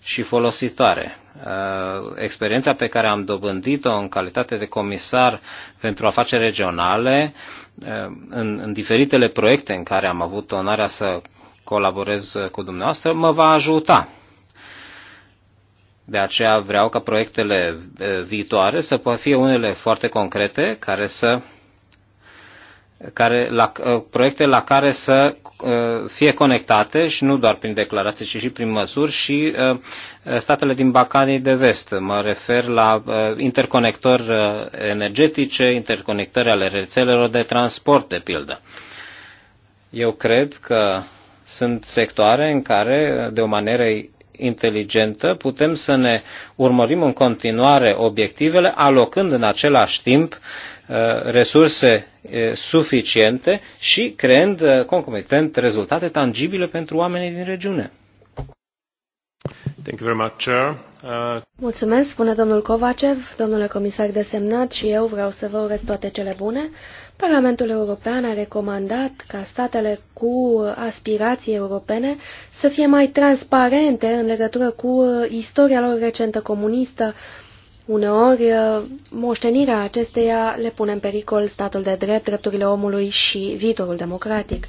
și folositoare. Eh, experiența pe care am dobândit-o în calitate de comisar pentru afaceri regionale, în, în diferitele proiecte în care am avut onoarea să colaborez cu dumneavoastră, mă va ajuta de aceea vreau ca proiectele viitoare să fie unele foarte concrete, care să, care, la, proiecte la care să fie conectate și nu doar prin declarații, ci și prin măsuri și statele din Bacanii de Vest. Mă refer la interconectori energetice, interconectări ale rețelelor de transport, de pildă. Eu cred că sunt sectoare în care, de o manieră inteligentă putem să ne urmărim în continuare obiectivele, alocând în același timp uh, resurse uh, suficiente și creând uh, concomitent rezultate tangibile pentru oamenii din regiune. Thank you very much, Chair. Uh, Mulțumesc, spune domnul Kovacev, domnule comisar desemnat și eu vreau să vă urez toate cele bune. Parlamentul European a recomandat ca statele cu aspirații europene să fie mai transparente în legătură cu istoria lor recentă comunistă. Uneori, moștenirea acesteia le pune în pericol statul de drept, drepturile omului și viitorul democratic.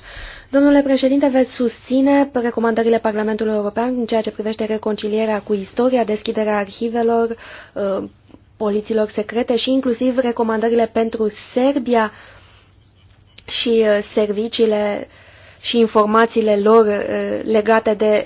Domnule președinte, veți susține recomandările Parlamentului European în ceea ce privește reconcilierea cu istoria, deschiderea arhivelor, uh, poliților secrete și inclusiv recomandările pentru Serbia și uh, serviciile și informațiile lor uh, legate de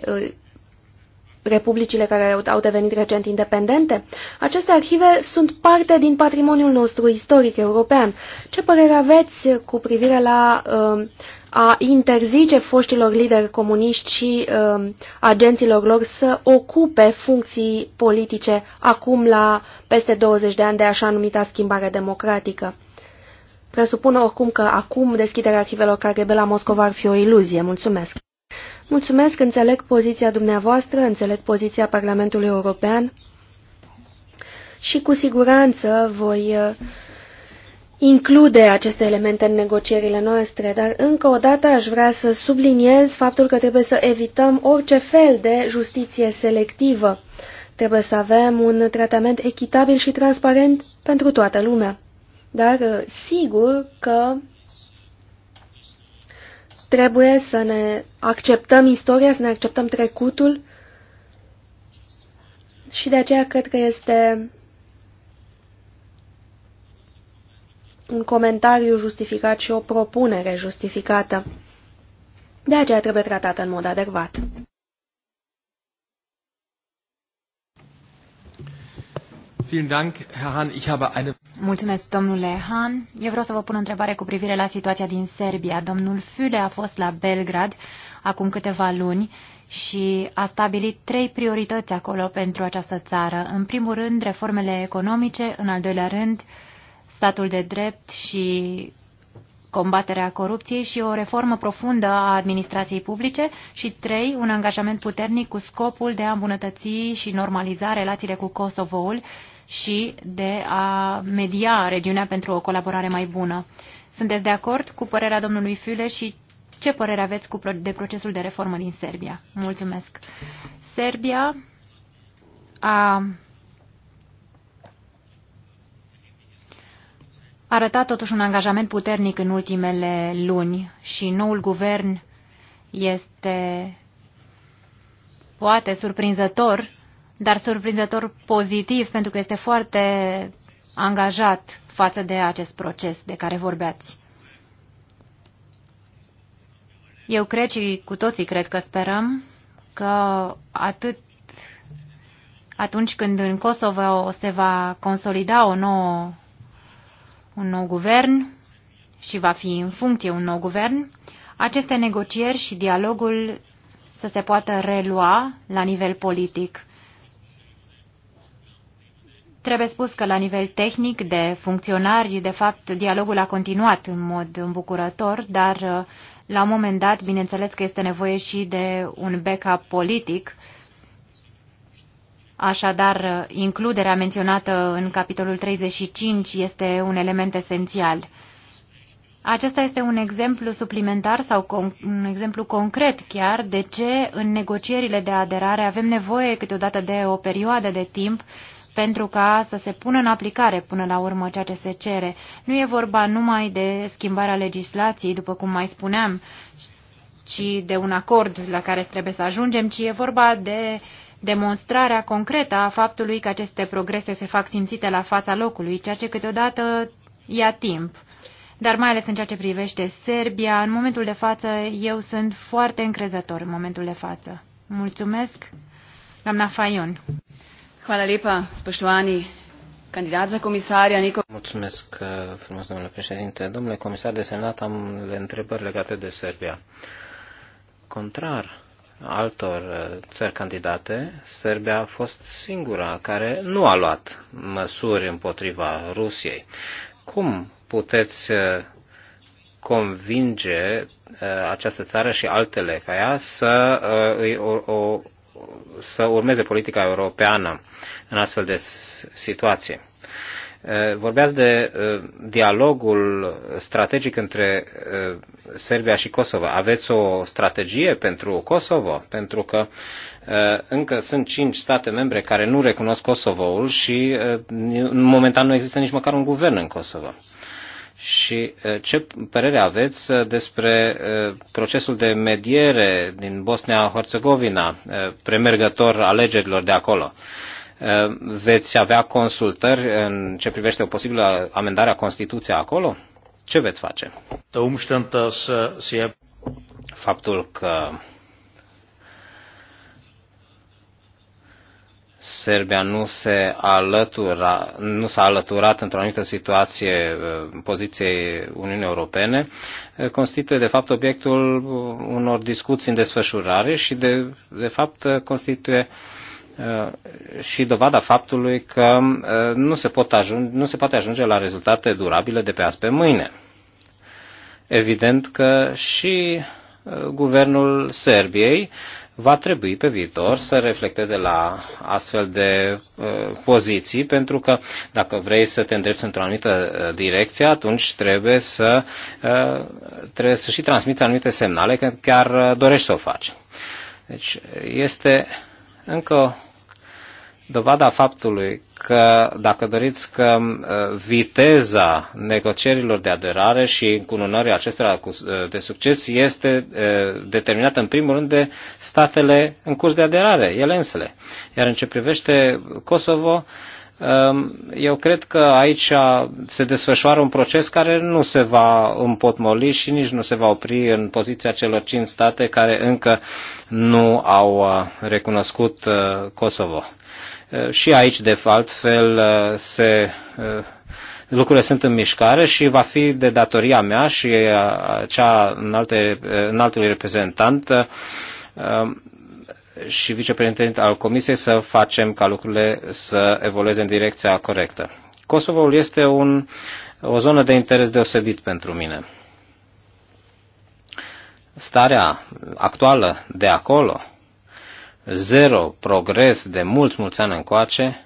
republicile care au devenit recent independente. Aceste arhive sunt parte din patrimoniul nostru istoric european. Ce părere aveți cu privire la uh, a interzice foștilor lideri comuniști și uh, agenților lor să ocupe funcții politice acum la peste 20 de ani de așa numita schimbare democratică. Presupun oricum că acum deschiderea arhivelor KGB la Moscova ar fi o iluzie. Mulțumesc! Mulțumesc, înțeleg poziția dumneavoastră, înțeleg poziția Parlamentului European și cu siguranță voi... Uh, include aceste elemente în negocierile noastre, dar încă o dată aș vrea să subliniez faptul că trebuie să evităm orice fel de justiție selectivă. Trebuie să avem un tratament echitabil și transparent pentru toată lumea. Dar uh, sigur că trebuie să ne acceptăm istoria, să ne acceptăm trecutul și de aceea cred că este un comentariu justificat și o propunere justificată. De aceea trebuie tratată în mod adecvat. Mulțumesc, domnule Hahn. Eu vreau să vă pun o întrebare cu privire la situația din Serbia. Domnul Füle a fost la Belgrad acum câteva luni și a stabilit trei priorități acolo pentru această țară. În primul rând, reformele economice, în al doilea rând, uh, statul de drept și combaterea corupției și o reformă profundă a administrației publice și trei un angajament puternic cu scopul de a îmbunătăți și normaliza relațiile cu Kosovoul și de a media regiunea pentru o colaborare mai bună. Sunteți de acord cu părerea domnului Füle și ce părere aveți cu de procesul de reformă din Serbia? Mulțumesc. Serbia a arătat totuși un angajament puternic în ultimele luni și noul guvern este poate surprinzător, dar surprinzător pozitiv pentru că este foarte angajat față de acest proces de care vorbeați. Eu cred și cu toții cred că sperăm că atât atunci când în Kosovo se va consolida o nouă un nou guvern și va fi în funcție un nou guvern, aceste negocieri și dialogul să se poată relua la nivel politic. Trebuie spus că la nivel tehnic de funcționari, de fapt, dialogul a continuat în mod îmbucurător, dar uh, la un moment dat, bineînțeles că este nevoie și de un backup politic, Așadar, includerea menționată în capitolul 35 este un element esențial. Acesta este un exemplu suplimentar sau un exemplu concret chiar de ce în negocierile de aderare avem nevoie câteodată de o perioadă de timp pentru ca să se pună în aplicare până la urmă ceea ce se cere. Nu e vorba numai de schimbarea legislației, după cum mai spuneam, ci de un acord la care trebuie să ajungem, ci e vorba de uh, demonstrarea concretă a faptului că aceste progrese se fac simțite la fața locului, ceea ce câteodată ia timp. Dar mai ales în ceea ce privește Serbia, în momentul de față eu sunt foarte încrezător în momentul de față. Mulțumesc, doamna Fayon. Hvala lipa, spăștoanii. candidat za Nico. Mulțumesc uh, frumos, domnule președinte. Domnule comisar de senat, am întrebări legate de Serbia. Contrar altor uh, țări candidate, Serbia a fost singura care nu a luat măsuri împotriva Rusiei. Cum puteți uh, convinge uh, această țară și altele ca ea să, îi, o, o, să urmeze politica europeană în astfel de situații? Eh, vorbeați de eh, dialogul strategic între eh, Serbia și Kosovo. Aveți o strategie pentru Kosovo? Pentru că încă sunt cinci state membre care nu recunosc Kosovoul și momentan nu există nici măcar un guvern în Kosovo. Și ce părere aveți despre procesul de mediere din Bosnia-Herzegovina, premergător alegerilor de acolo? Eh, veți avea consultări în ce privește o posibilă amendare a Constituției acolo? Ce veți face? Faptul că Serbia nu, se alătura, nu s-a alăturat într-o anumită situație eh, poziției Uniunii Europene, eh, constituie de fapt obiectul unor discuții în desfășurare și de, de fapt constituie uh, Uh, și dovada faptului că uh, nu se, pot ajunge, nu se poate ajunge la rezultate durabile de pe azi pe mâine. Evident că și uh, guvernul Serbiei va trebui pe viitor să reflecteze la astfel de uh, poziții, pentru că dacă vrei să te îndrepți într-o anumită direcție, atunci trebuie să, uh, trebuie să și transmiți anumite semnale că chiar dorești să o faci. Deci este încă dovada faptului că, dacă doriți, că uh, viteza negocierilor de aderare și încununării acestora uh, de succes este uh, determinată în primul rând de statele în curs de aderare, ele însele. Iar în ce privește Kosovo, um, eu cred că aici se desfășoară un proces care nu se va împotmoli și nici nu se va opri în poziția celor cinci state care încă nu au recunoscut Kosovo. Eh, și aici, de altfel, eh, se, eh, lucrurile sunt în mișcare și va fi de datoria mea și cea în alte, în reprezentant și vicepreședint al Comisiei să facem ca lucrurile să evolueze în direcția corectă. Kosovoul este un, o zonă de interes deosebit pentru mine. Starea actuală de acolo zero progres de mulți, mulți ani încoace,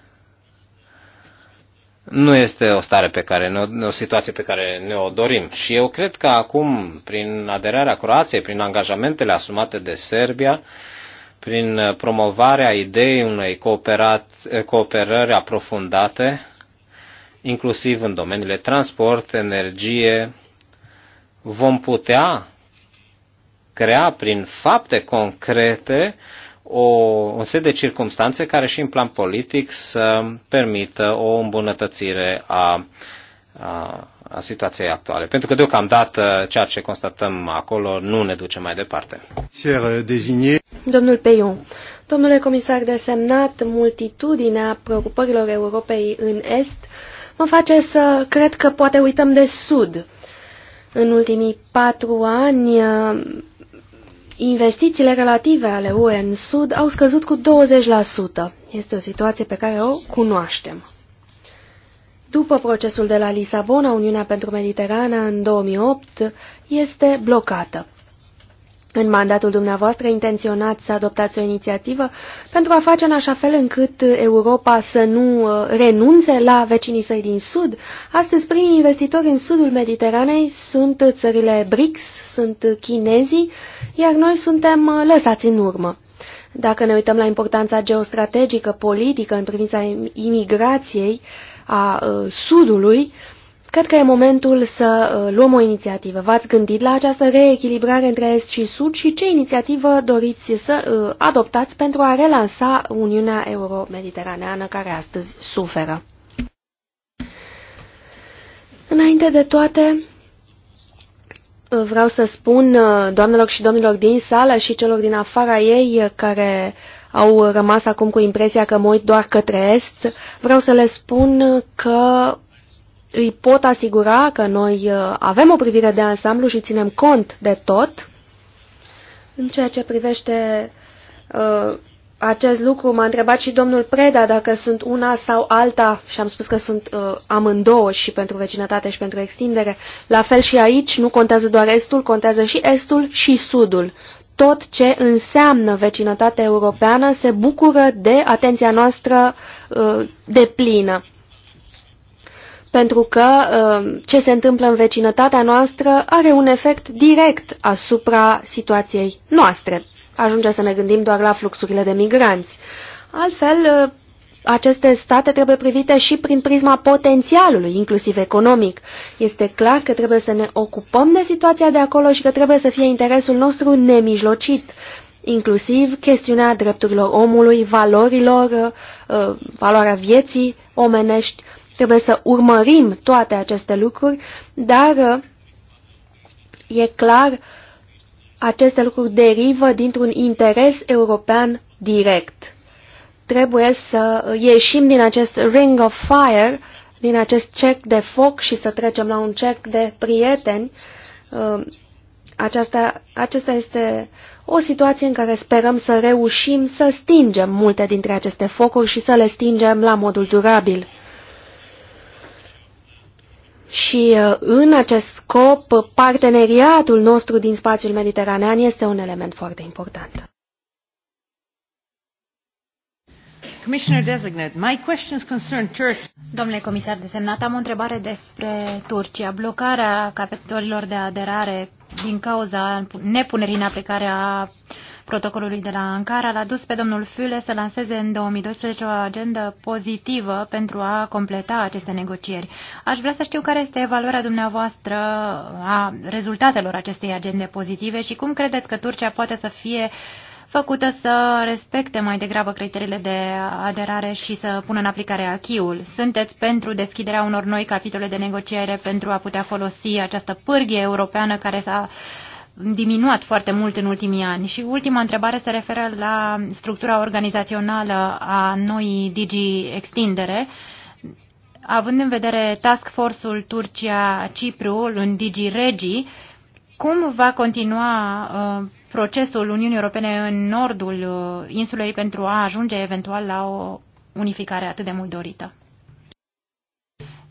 nu este o stare pe care, ne, o situație pe care ne o dorim. Și eu cred că acum, prin aderarea Croației, prin angajamentele asumate de Serbia, prin promovarea ideii unei cooperări aprofundate, inclusiv în domeniile transport, energie, vom putea crea prin fapte concrete uh, o, un set de circumstanțe care și în plan politic să permită o îmbunătățire a, a, a situației actuale. Pentru că deocamdată ceea ce constatăm acolo nu ne duce mai departe. Domnul Peiu, domnule comisar desemnat, multitudinea preocupărilor Europei în Est mă face să cred că poate uităm de Sud. În ultimii patru ani Investițiile relative ale UE în Sud au scăzut cu 20%. Este o situație pe care o cunoaștem. După procesul de la Lisabona, Uniunea pentru Mediterană în 2008 este blocată. În mandatul dumneavoastră intenționați să adoptați o inițiativă pentru a face în așa fel încât Europa să nu uh, renunțe la vecinii săi din Sud. Astăzi, primii investitori în sudul Mediteranei sunt țările BRICS, sunt chinezii, iar noi suntem uh, lăsați în urmă. Dacă ne uităm la importanța geostrategică, politică, în privința imigrației a uh, sudului, Cred că e momentul să uh, luăm o inițiativă. V-ați gândit la această reechilibrare între Est și Sud și ce inițiativă doriți să uh, adoptați pentru a relansa Uniunea Euro-Mediteraneană care astăzi suferă? Înainte de toate, uh, vreau să spun doamnelor și domnilor din sală și celor din afara ei care au rămas acum cu impresia că mă uit doar către Est, vreau să le spun că îi pot asigura că noi uh, avem o privire de ansamblu și ținem cont de tot. În ceea ce privește uh, acest lucru, m-a întrebat și domnul Preda dacă sunt una sau alta și am spus că sunt uh, amândouă și pentru vecinătate și pentru extindere. La fel și aici, nu contează doar estul, contează și estul și sudul. Tot ce înseamnă vecinătatea europeană se bucură de atenția noastră uh, deplină pentru că uh, ce se întâmplă în vecinătatea noastră are un efect direct asupra situației noastre. Ajunge să ne gândim doar la fluxurile de migranți. Altfel, uh, aceste state trebuie privite și prin prisma potențialului, inclusiv economic. Este clar că trebuie să ne ocupăm de situația de acolo și că trebuie să fie interesul nostru nemijlocit, inclusiv chestiunea drepturilor omului, valorilor, uh, valoarea vieții omenești, Trebuie să urmărim toate aceste lucruri, dar uh, e clar, aceste lucruri derivă dintr-un interes european direct. Trebuie să uh, ieșim din acest ring of fire, din acest cerc de foc și să trecem la un cerc de prieteni. Uh, aceasta, acesta este o situație în care sperăm să reușim să stingem multe dintre aceste focuri și să le stingem la modul durabil. Și uh, în acest scop, parteneriatul nostru din spațiul mediteranean este un element foarte important. Domnule comisar desemnat, am o întrebare despre Turcia. Blocarea capitolilor de aderare din cauza nepunerii în aplicare a protocolului de la Ankara l-a dus pe domnul Füle să lanseze în 2012 o agendă pozitivă pentru a completa aceste negocieri. Aș vrea să știu care este evaluarea dumneavoastră a rezultatelor acestei agende pozitive și cum credeți că Turcia poate să fie făcută să respecte mai degrabă criteriile de aderare și să pună în aplicare achiul. Sunteți pentru deschiderea unor noi capitole de negociere pentru a putea folosi această pârghie europeană care s-a uh, diminuat foarte mult în ultimii ani. Și ultima întrebare se referă la structura organizațională a noii Digi Extindere. Având în vedere task force-ul Turcia-Cipru în Digi Regi, cum va continua uh, procesul Uniunii Europene în nordul uh, insulei pentru a ajunge eventual la o unificare atât de mult dorită?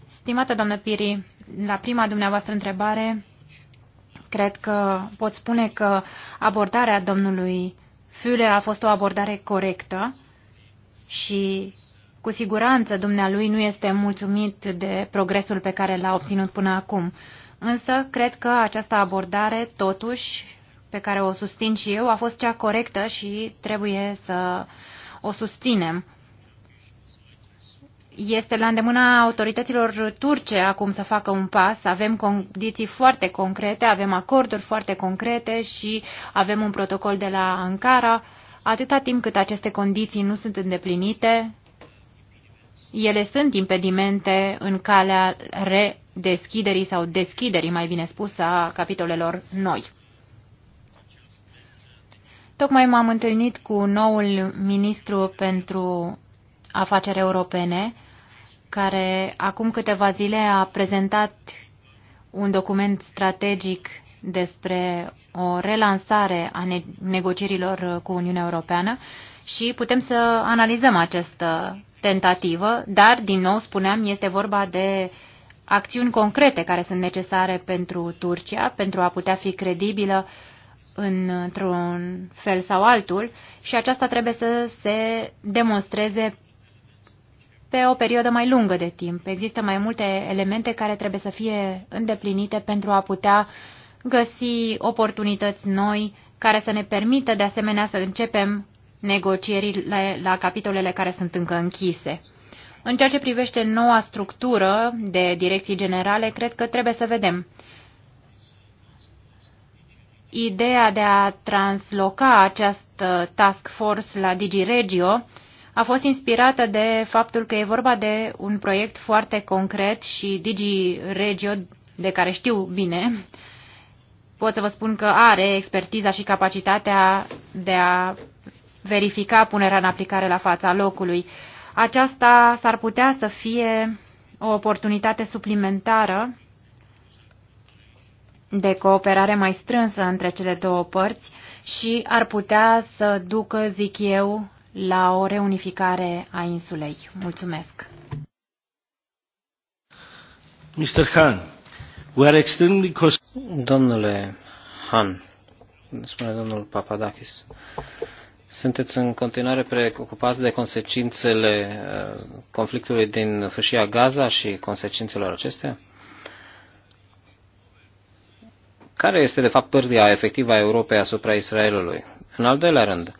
Stimată doamnă Piri, la prima dumneavoastră întrebare, Cred că pot spune că abordarea domnului Füle a fost o abordare corectă și cu siguranță dumnealui nu este mulțumit de progresul pe care l-a obținut până acum. Însă, cred că această abordare, totuși, pe care o susțin și eu, a fost cea corectă și trebuie să o susținem este la îndemâna autorităților turce acum să facă un pas. Avem condiții foarte concrete, avem acorduri foarte concrete și avem un protocol de la Ankara. Atâta timp cât aceste condiții nu sunt îndeplinite, ele sunt impedimente în calea redeschiderii sau deschiderii, mai bine spus, a capitolelor noi. Tocmai m-am întâlnit cu noul ministru pentru afaceri europene, care acum câteva zile a prezentat un document strategic despre o relansare a negocierilor cu Uniunea Europeană și putem să analizăm această tentativă, dar, din nou spuneam, este vorba de acțiuni concrete care sunt necesare pentru Turcia, pentru a putea fi credibilă într-un fel sau altul și aceasta trebuie să se demonstreze pe o perioadă mai lungă de timp. Există mai multe elemente care trebuie să fie îndeplinite pentru a putea găsi oportunități noi care să ne permită de asemenea să începem negocierile la capitolele care sunt încă închise. În ceea ce privește noua structură de direcții generale, cred că trebuie să vedem. Ideea de a transloca această task force la DigiRegio Regio a fost inspirată de faptul că e vorba de un proiect foarte concret și Digi Regio, de care știu bine, pot să vă spun că are expertiza și capacitatea de a verifica punerea în aplicare la fața locului. Aceasta s-ar putea să fie o oportunitate suplimentară de cooperare mai strânsă între cele două părți și ar putea să ducă, zic eu, la o reunificare a insulei. Mulțumesc. Mr. Khan, we are extremely Domnule Han, spune domnul Papadakis, sunteți în continuare preocupați de consecințele uh, conflictului din fâșia Gaza și consecințelor acestea? Care este, de fapt, pârdia efectivă a Europei asupra Israelului? În al doilea rând, uh,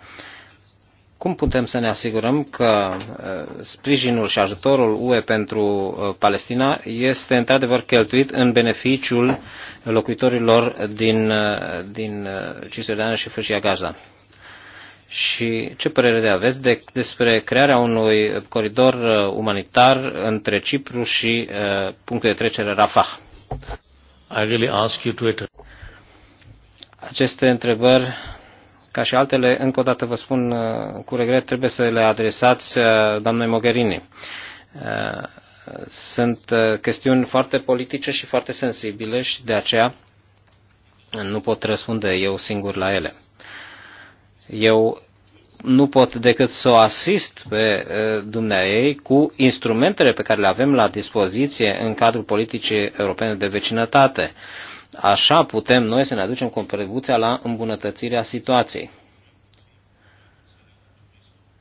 cum putem să ne asigurăm că uh, sprijinul și ajutorul UE pentru uh, Palestina este într-adevăr cheltuit în beneficiul locuitorilor din, uh, din Cisjordania și Fâșia Gaza? Și ce părere de aveți de, despre crearea unui coridor umanitar între Cipru și uh, punctul de trecere Rafah? I really ask you to Aceste întrebări ca și altele, încă o dată vă spun uh, cu regret, trebuie să le adresați uh, doamnei Mogherini. Uh, sunt chestiuni foarte politice și foarte sensibile și de aceea nu pot răspunde eu singur la ele. Eu nu pot decât să o asist pe dumneaei cu instrumentele pe care le avem la dispoziție în cadrul politicii europene de vecinătate. Uh, Așa putem noi să ne aducem contribuția la îmbunătățirea situației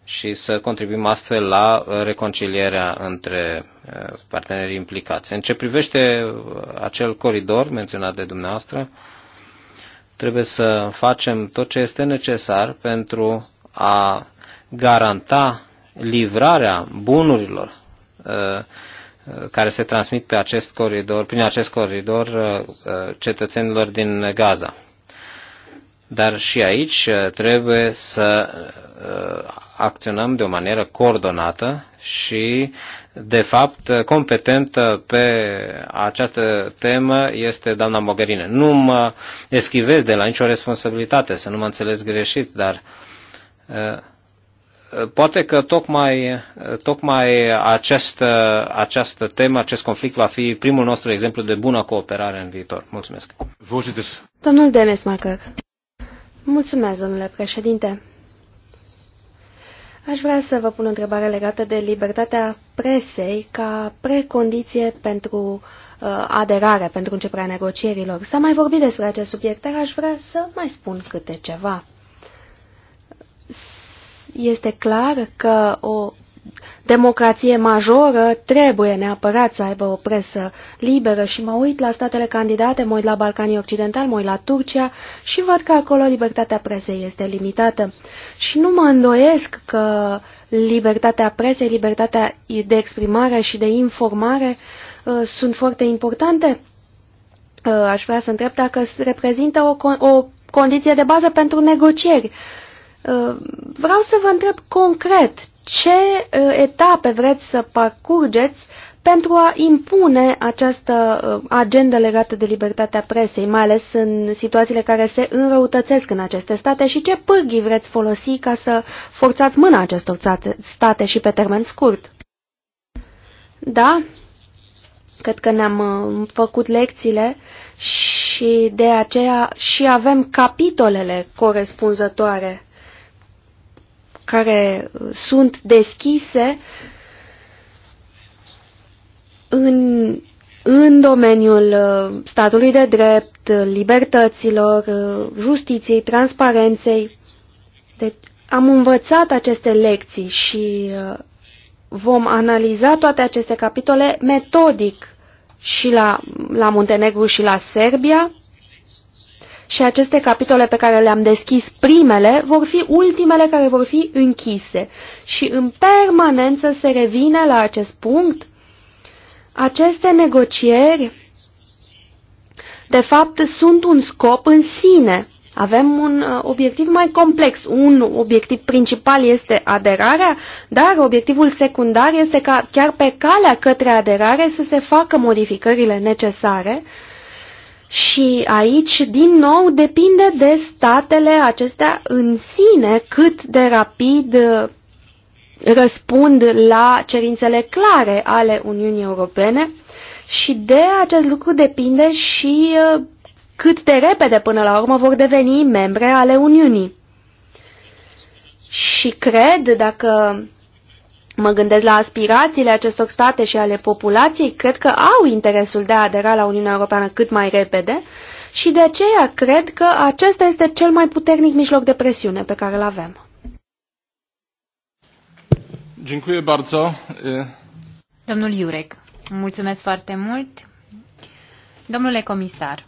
și să contribuim astfel la reconcilierea între eh, partenerii implicați. În ce privește eh, acel coridor menționat de dumneavoastră, trebuie să facem tot ce este necesar pentru a garanta livrarea bunurilor eh, care se transmit pe acest coridor, prin acest coridor uh, uh, cetățenilor din Gaza. Dar și aici uh, trebuie să acționăm de o manieră coordonată și, de fapt, competentă pe această temă este doamna Mogherine. Nu mă eschivez de la nicio responsabilitate, să nu mă înțeles greșit, dar Poate că tocmai, tocmai această, această temă, acest conflict va fi primul nostru exemplu de bună cooperare în viitor. Mulțumesc. Domnul Macăr. Mulțumesc, domnule președinte. Aș vrea să vă pun o întrebare legată de libertatea presei ca precondiție pentru uh, aderare, pentru începerea negocierilor. S-a mai vorbit despre acest subiect, dar aș vrea să mai spun câte ceva este clar că o democrație majoră trebuie neapărat să aibă o presă liberă și mă uit la statele candidate, mă uit la Balcanii Occidentali, mă uit la Turcia și văd că acolo libertatea presei este limitată. Și nu mă îndoiesc că libertatea presei, libertatea de exprimare și de informare uh, sunt foarte importante. Uh, aș vrea să întreb dacă reprezintă o, con o condiție de bază pentru negocieri. Uh, Uh, vreau să vă întreb concret ce uh, etape vreți să parcurgeți pentru a impune această uh, agendă legată de libertatea presei, mai ales în situațiile care se înrăutățesc în aceste state și ce pârghii vreți folosi ca să forțați mâna acestor state și pe termen scurt? Da, cred că ne-am făcut lecțiile și de aceea și avem capitolele corespunzătoare care uh, sunt deschise în, în domeniul uh, statului de drept, libertăților, uh, justiției, transparenței. Deci am învățat aceste lecții și vom analiza toate aceste capitole metodic și la, la Muntenegru și la Serbia și aceste capitole pe care le-am deschis primele vor fi ultimele care vor fi închise și în permanență se revine la acest punct. Aceste negocieri, de fapt, sunt un scop în sine. Avem un uh, obiectiv mai complex. Un obiectiv principal este aderarea, dar obiectivul secundar este ca chiar pe calea către aderare să se facă modificările necesare uh, și aici, din nou, depinde de statele acestea în sine cât de rapid uh, răspund la cerințele clare ale Uniunii Europene și de acest lucru depinde și uh, cât de repede până la urmă vor deveni membre ale Uniunii. Și cred, dacă Mă gândesc la aspirațiile acestor state și ale populației, cred că au interesul de a adera la Uniunea Europeană cât mai repede și de aceea cred că acesta este cel mai puternic mijloc de presiune pe care îl avem. Domnul Iurec, mulțumesc foarte mult. Domnule comisar,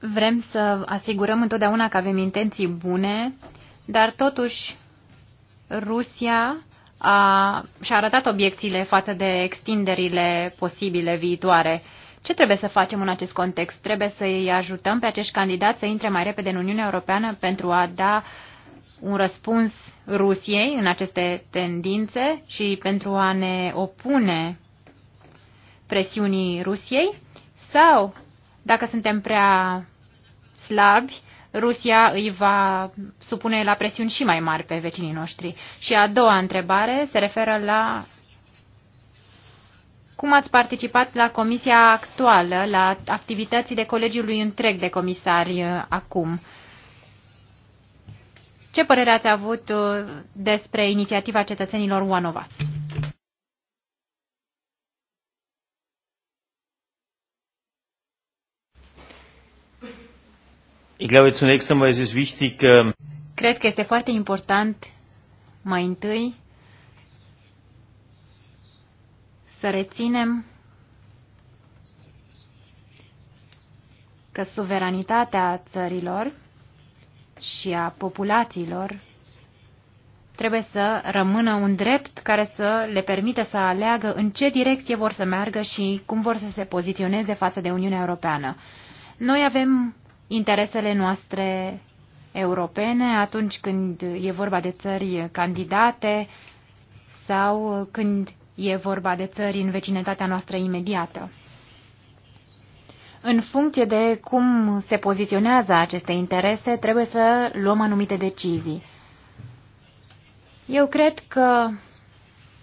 vrem să asigurăm întotdeauna că avem intenții bune, dar totuși Rusia a, și-a arătat obiecțiile față de extinderile posibile viitoare. Ce trebuie să facem în acest context? Trebuie să îi ajutăm pe acești candidați să intre mai repede în Uniunea Europeană pentru a da un răspuns Rusiei în aceste tendințe și pentru a ne opune presiunii Rusiei? Sau, dacă suntem prea slabi, Rusia îi va supune la presiuni și mai mari pe vecinii noștri. Și a doua întrebare se referă la cum ați participat la comisia actuală, la activitățile colegiului întreg de comisari uh, acum? Ce părere ați avut uh, despre inițiativa cetățenilor One of Us? Ich glaube, zunächst einmal ist es wichtig, ähm, Cred că este foarte important mai întâi să reținem că suveranitatea țărilor și a populațiilor trebuie să rămână un drept care să le permită să aleagă în ce direcție vor să meargă și cum vor să se poziționeze față de Uniunea Europeană. Noi avem interesele noastre europene atunci când e vorba de țări candidate sau când e vorba de țări în vecinătatea noastră imediată. În funcție de cum se poziționează aceste interese, trebuie să luăm anumite decizii. Eu cred că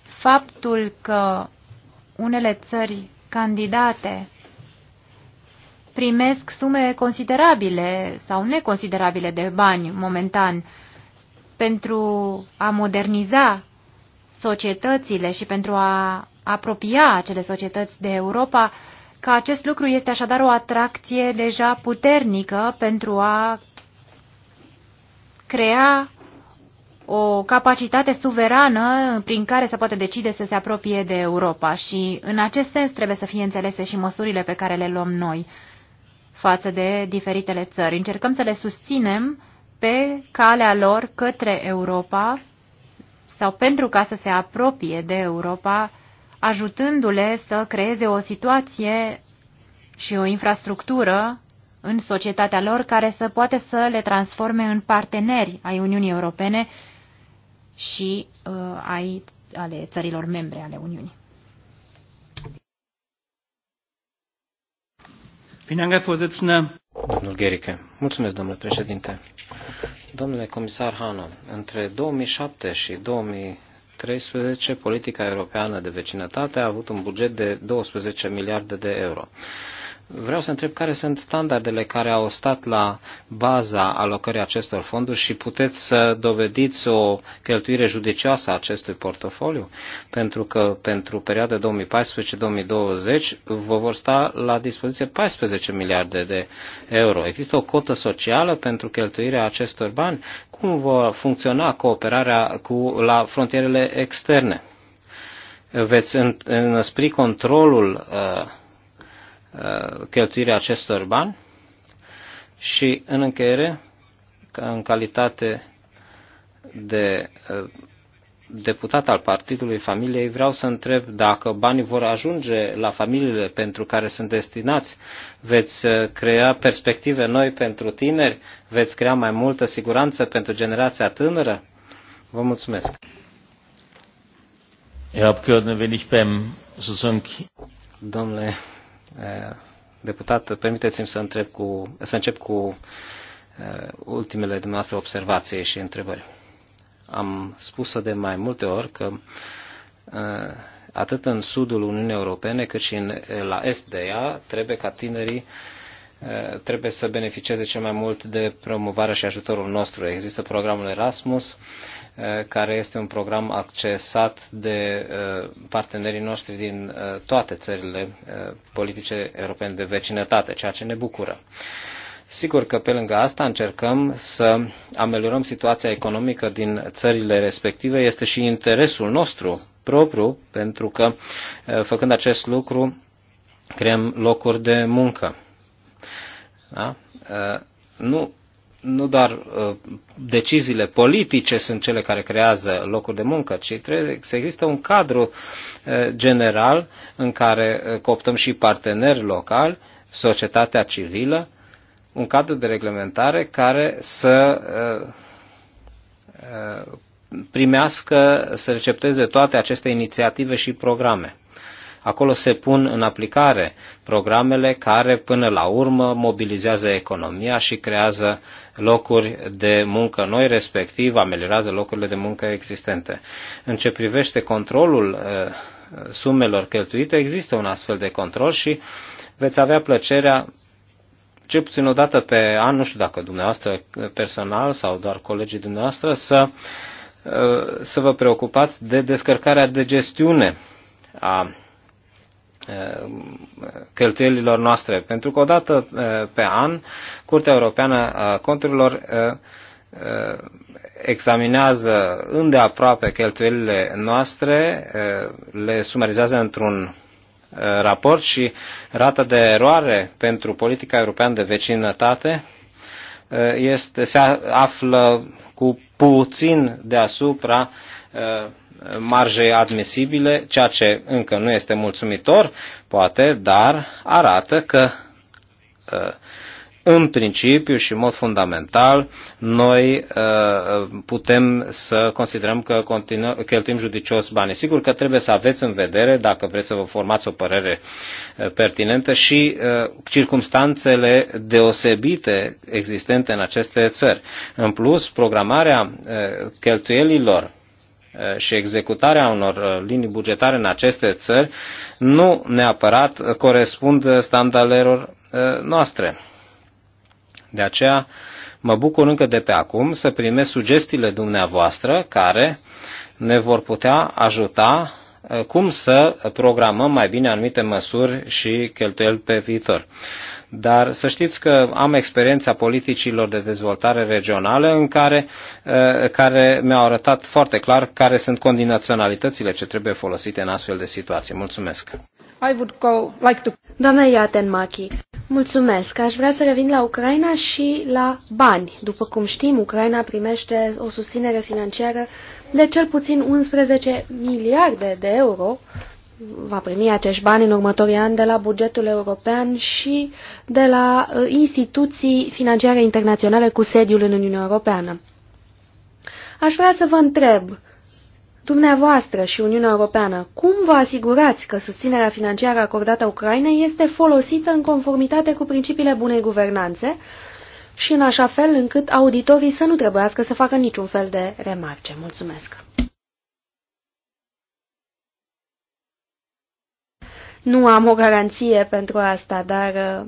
faptul că unele țări candidate primesc sume considerabile sau neconsiderabile de bani momentan pentru a moderniza societățile și pentru a apropia acele societăți de Europa, că acest lucru este așadar o atracție deja puternică pentru a crea o capacitate suverană prin care se poate decide să se apropie de Europa și în acest sens trebuie să fie înțelese și măsurile pe care le luăm noi față de diferitele țări. Încercăm să le susținem pe calea lor către Europa sau pentru ca să se apropie de Europa, ajutându-le să creeze o situație și o infrastructură în societatea lor care să poate să le transforme în parteneri ai Uniunii Europene și uh, ai, ale țărilor membre ale Uniunii. Domnul Gherică, mulțumesc, domnule președinte. Domnule comisar Hano, între 2007 și 2013, politica europeană de vecinătate a avut un buget de 12 miliarde de euro. Vreau să întreb care sunt standardele care au stat la baza alocării acestor fonduri și puteți să dovediți o cheltuire judicioasă a acestui portofoliu, pentru că pentru perioada 2014-2020 vă vor sta la dispoziție 14 miliarde de euro. Există o cotă socială pentru cheltuirea acestor bani? Cum va funcționa cooperarea cu, la frontierele externe? Veți înspri controlul uh, Uh, cheltuirea acestor bani și în încheiere, în calitate de uh, deputat al Partidului Familiei, vreau să întreb dacă banii vor ajunge la familiile pentru care sunt destinați, veți uh, crea perspective noi pentru tineri, veți crea mai multă siguranță pentru generația tânără? Vă mulțumesc! Herr Abgeordneter, wenn ich beim sozusagen Domnule deputat, permiteți-mi să, întreb cu, să încep cu uh, ultimele dumneavoastră observații și întrebări. Am spus-o de mai multe ori că uh, atât în sudul Uniunii Europene cât și în, la est de ea trebuie ca tinerii Eh, trebuie să beneficieze cel mai mult de promovarea și ajutorul nostru. Există programul Erasmus, eh, care este un program accesat de eh, partenerii noștri din toate țările politice europene de vecinătate, ceea ce ne bucură. Sigur că pe lângă asta încercăm să ameliorăm situația economică din țările respective. Este și interesul nostru propriu, pentru că făcând acest lucru creăm locuri de muncă. Da? Uh, nu, nu doar uh, deciziile politice sunt cele care creează locuri de muncă, ci trebuie să există un cadru uh, general în care cooptăm și parteneri locali, societatea civilă, un cadru de reglementare care să primească, să recepteze toate aceste inițiative și programe acolo se pun în aplicare programele care până la urmă mobilizează economia și creează locuri de muncă noi, respectiv ameliorează locurile de muncă existente. În ce privește controlul uh, sumelor cheltuite, există un astfel de control și veți avea plăcerea cel puțin o dată pe an, nu știu dacă dumneavoastră personal sau doar colegii dumneavoastră, să, uh, să vă preocupați de descărcarea de gestiune a Uh, cheltuielilor noastre. Pentru că odată uh, pe an, Curtea Europeană a Conturilor uh, examinează îndeaproape cheltuielile noastre, le sumarizează într-un raport și rata de eroare pentru politica europeană de vecinătate este, se află cu puțin deasupra marje admisibile, ceea ce încă nu este mulțumitor, poate, dar arată că uh, în principiu și în mod fundamental noi uh, putem să considerăm că continuă, cheltuim judicios banii. Sigur că trebuie să aveți în vedere, dacă vreți să vă formați o părere uh, pertinentă, și circumstanțele deosebite existente în aceste țări. În plus, programarea cheltuielilor și executarea unor linii bugetare în aceste țări nu neapărat corespund standardelor noastre. De aceea mă bucur încă de pe acum să primesc sugestiile dumneavoastră care ne vor putea ajuta cum să programăm mai bine anumite măsuri și cheltuieli pe viitor. Dar să știți că am experiența politicilor de dezvoltare regională în care, uh, care mi-au arătat foarte clar care sunt condiționalitățile ce trebuie folosite în astfel de situații. Mulțumesc! I would go like to... Doamna Machi, mulțumesc. Aș vrea să revin la Ucraina și la bani. După cum știm, Ucraina primește o susținere financiară de cel puțin 11 miliarde de euro va primi acești bani în următorii ani de la bugetul european și de la uh, instituții financiare internaționale cu sediul în Uniunea Europeană. Aș vrea să vă întreb, dumneavoastră și Uniunea Europeană, cum vă asigurați că susținerea financiară acordată Ucrainei este folosită în conformitate cu principiile bunei guvernanțe și în așa fel încât auditorii să nu trebuiască să facă niciun fel de remarce? Mulțumesc! Nu am o garanție pentru asta, dar uh,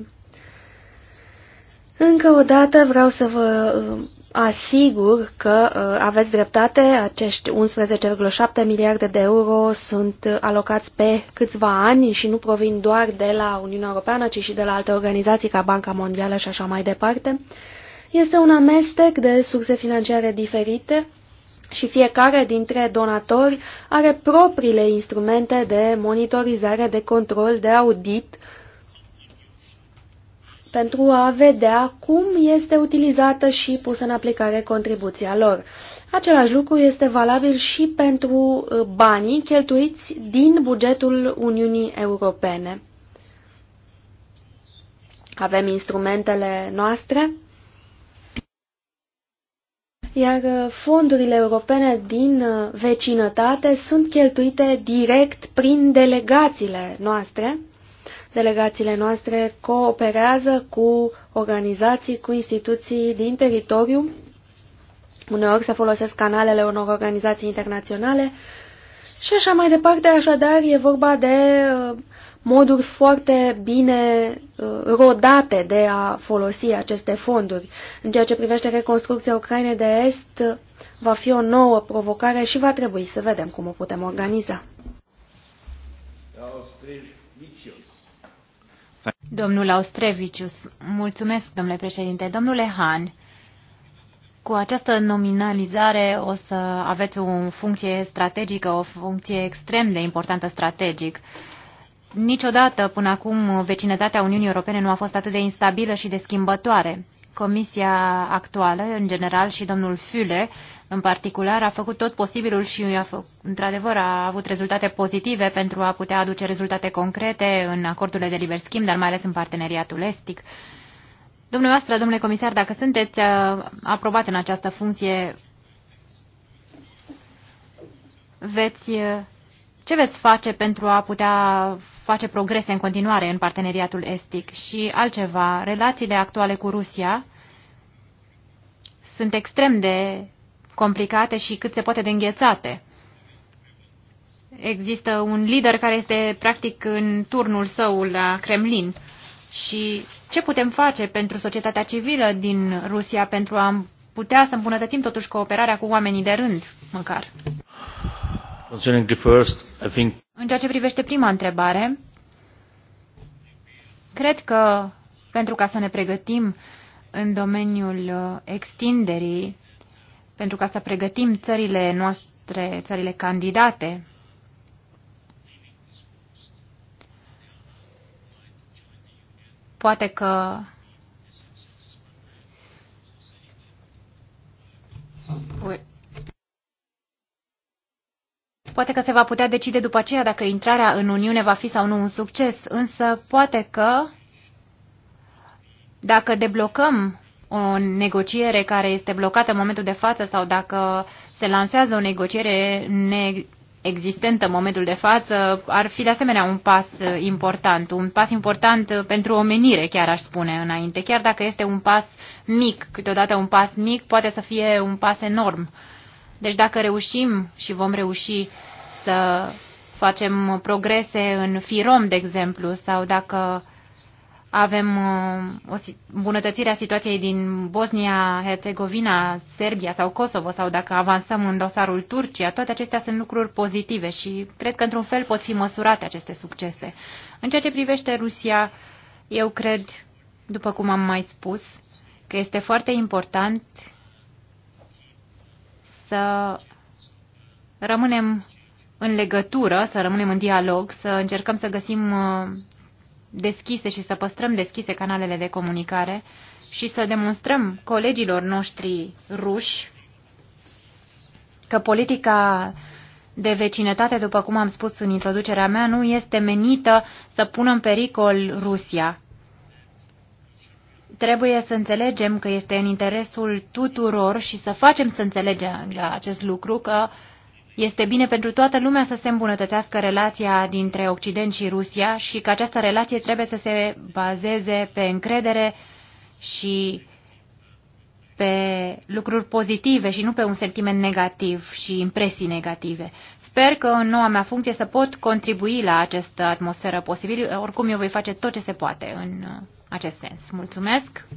încă o dată vreau să vă uh, asigur că uh, aveți dreptate, acești 11,7 miliarde de euro sunt alocați pe câțiva ani și nu provin doar de la Uniunea Europeană, ci și de la alte organizații ca Banca Mondială și așa mai departe. Este un amestec de surse financiare diferite și fiecare dintre donatori are propriile instrumente de monitorizare, de control, de audit pentru a vedea cum este utilizată și pusă în aplicare contribuția lor. Același lucru este valabil și pentru uh, banii cheltuiți din bugetul Uniunii Europene. Avem instrumentele noastre iar uh, fondurile europene din uh, vecinătate sunt cheltuite direct prin delegațiile noastre. Delegațiile noastre cooperează cu organizații, cu instituții din teritoriu. Uneori se folosesc canalele unor organizații internaționale și așa mai departe. Așadar, e vorba de uh, moduri foarte bine uh, rodate de a folosi aceste fonduri. În ceea ce privește reconstrucția Ucrainei de Est, uh, va fi o nouă provocare și va trebui să vedem cum o putem organiza. Domnul Austrevicius, mulțumesc, domnule președinte. Domnule Han, cu această nominalizare o să aveți o funcție strategică, o funcție extrem de importantă strategic. Uh, Niciodată până acum vecinătatea Uniunii Europene nu a fost atât de instabilă și de schimbătoare. Comisia actuală, în general, și domnul Füle, în particular, a făcut tot posibilul și, într-adevăr, a avut rezultate pozitive pentru a putea aduce rezultate concrete în acordurile de liber schimb, dar mai ales în parteneriatul estic. Dumneavoastră, domnule comisar, dacă sunteți uh, aprobat în această funcție, veți, uh, ce veți face pentru a putea face progrese în continuare în parteneriatul estic. Și altceva, relațiile actuale cu Rusia sunt extrem de complicate și cât se poate de înghețate. Există un lider care este practic în turnul său la Kremlin. Și ce putem face pentru societatea civilă din Rusia pentru a putea să îmbunătățim totuși cooperarea cu oamenii de rând, măcar? În ceea ce privește prima întrebare, cred că pentru ca să ne pregătim în domeniul uh, extinderii, pentru ca să pregătim țările noastre, țările candidate, poate că Poate că se va putea decide după aceea dacă intrarea în Uniune va fi sau nu un succes, însă poate că dacă deblocăm o negociere care este blocată în momentul de față sau dacă se lansează o negociere neexistentă în momentul de față, ar fi de asemenea un pas important, un pas important pentru omenire, chiar aș spune înainte, chiar dacă este un pas mic, câteodată un pas mic poate să fie un pas enorm deci dacă reușim și vom reuși să facem progrese în FIROM, de exemplu, sau dacă avem uh, o îmbunătățire a situației din Bosnia, Herzegovina, Serbia sau Kosovo, sau dacă avansăm în dosarul Turcia, toate acestea sunt lucruri pozitive și cred că într-un fel pot fi măsurate aceste succese. În ceea ce privește Rusia, eu cred, după cum am mai spus, că este foarte important să rămânem în legătură, să rămânem în dialog, să încercăm să găsim uh, deschise și să păstrăm deschise canalele de comunicare și să demonstrăm colegilor noștri ruși că politica de vecinătate, după cum am spus în introducerea mea, nu este menită să pună în pericol Rusia. Trebuie să înțelegem că este în interesul tuturor și să facem să înțelegem la acest lucru că este bine pentru toată lumea să se îmbunătățească relația dintre Occident și Rusia și că această relație trebuie să se bazeze pe încredere și pe lucruri pozitive și nu pe un sentiment negativ și impresii negative. Sper că în noua mea funcție să pot contribui la această atmosferă posibil. Oricum, eu voi face tot ce se poate în acest sens. Mulțumesc!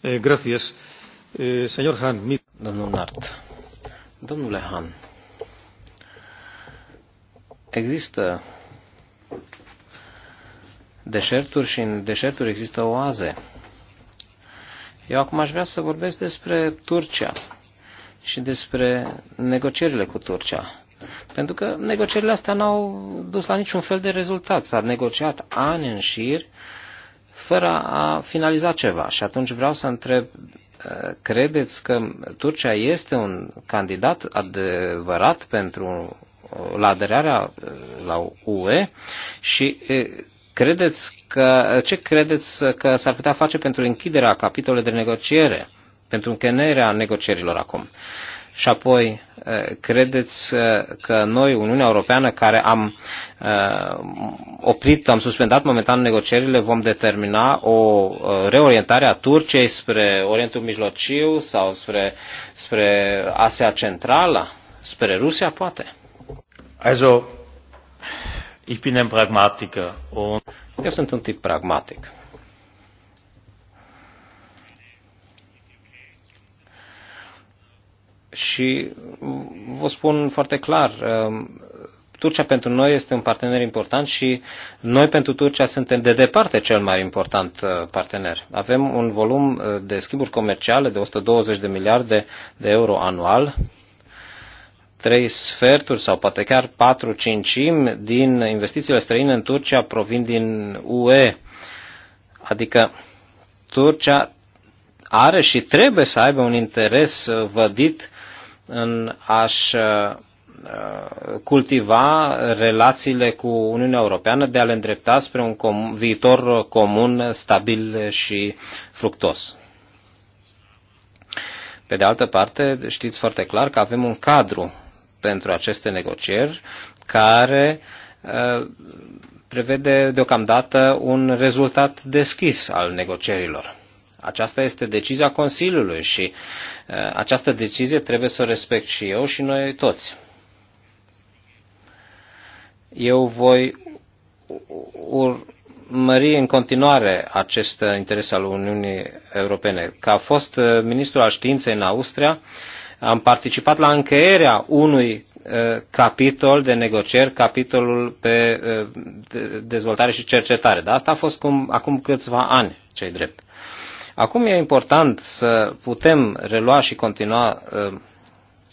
Eh, gracias. Eh, señor Han, mi... Domnul Nart. Domnule Han, există deșerturi și în deșerturi există oaze. Eu acum aș vrea să vorbesc despre Turcia și despre negocierile cu Turcia. Pentru că negocierile astea n-au dus la niciun fel de rezultat. S-a negociat ani în șir fără a finaliza ceva. Și atunci vreau să întreb, uh, credeți că Turcia este un candidat adevărat pentru uh, la aderarea uh, la UE și credeți că, ce credeți că s-ar putea face pentru închiderea capitolului de negociere, pentru încheierea negocierilor acum? Și apoi, credeți că noi, Uniunea Europeană, care am oprit, am suspendat momentan negocierile, vom determina o reorientare a Turciei spre Orientul Mijlociu sau spre, spre Asia Centrală, spre Rusia, poate? Also, ich bin ein Pragmatiker. Und... Eu sunt un tip pragmatic. Și vă spun foarte clar, um, Turcia pentru noi este un partener important și noi pentru Turcia suntem de departe cel mai important uh, partener. Avem un volum uh, de schimburi comerciale de 120 de miliarde de euro anual, trei sferturi sau poate chiar patru cincimi din investițiile străine în Turcia provin din UE. Adică Turcia are și trebuie să aibă un interes uh, vădit în a-și uh, cultiva relațiile cu Uniunea Europeană de a le îndrepta spre un com- viitor comun, stabil și fructos. Pe de altă parte, știți foarte clar că avem un cadru pentru aceste negocieri care uh, prevede deocamdată un rezultat deschis al negocierilor. Aceasta este decizia Consiliului și uh, această decizie trebuie să o respect și eu și noi toți. Eu voi urmări în continuare acest interes al Uniunii Europene. Ca a fost uh, ministru al științei în Austria, am participat la încheierea unui uh, capitol de negocieri, capitolul pe dezvoltare și cercetare. Dar asta a fost cum, acum câțiva ani, cei drept. Acum e important să putem relua și continua uh,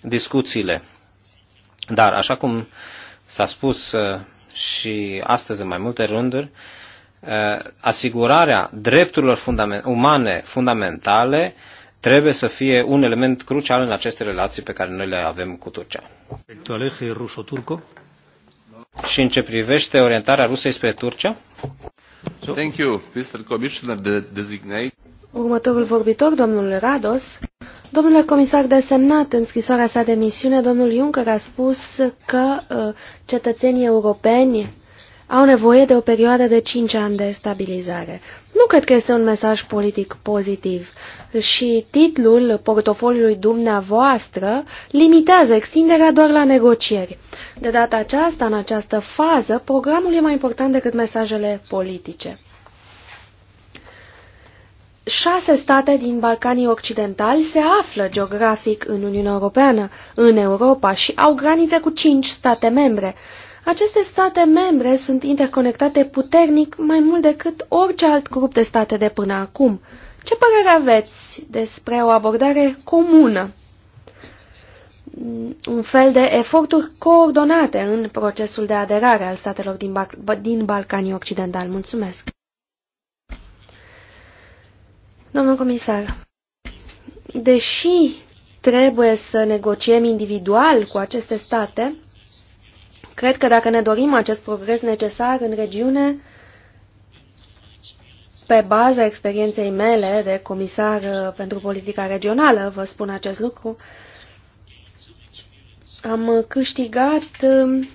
discuțiile. Dar, așa cum s-a spus uh, și astăzi în mai multe rânduri, uh, asigurarea drepturilor fundament- umane fundamentale trebuie să fie un element crucial în aceste relații pe care noi le avem cu Turcia. ruso Și în ce privește orientarea Rusiei spre Turcia? Thank you, Mr. Commissioner designate. Următorul vorbitor, domnul Rados. Domnule comisar desemnat, în scrisoarea sa de misiune, domnul Juncker a spus că uh, cetățenii europeni au nevoie de o perioadă de 5 ani de stabilizare. Nu cred că este un mesaj politic pozitiv și titlul portofoliului dumneavoastră limitează extinderea doar la negocieri. De data aceasta, în această fază, programul e mai important decât mesajele politice șase state din Balcanii Occidentali se află geografic în Uniunea Europeană, în Europa și au granițe cu cinci state membre. Aceste state membre sunt interconectate puternic mai mult decât orice alt grup de state de până acum. Ce părere aveți despre o abordare comună? Un fel de eforturi coordonate în procesul de aderare al statelor din, ba din Balcanii Occidentali. Mulțumesc! Domnul comisar, deși trebuie să negociem individual cu aceste state, cred că dacă ne dorim acest progres necesar în regiune, pe baza experienței mele de comisar uh, pentru politica regională, vă spun acest lucru, am câștigat um,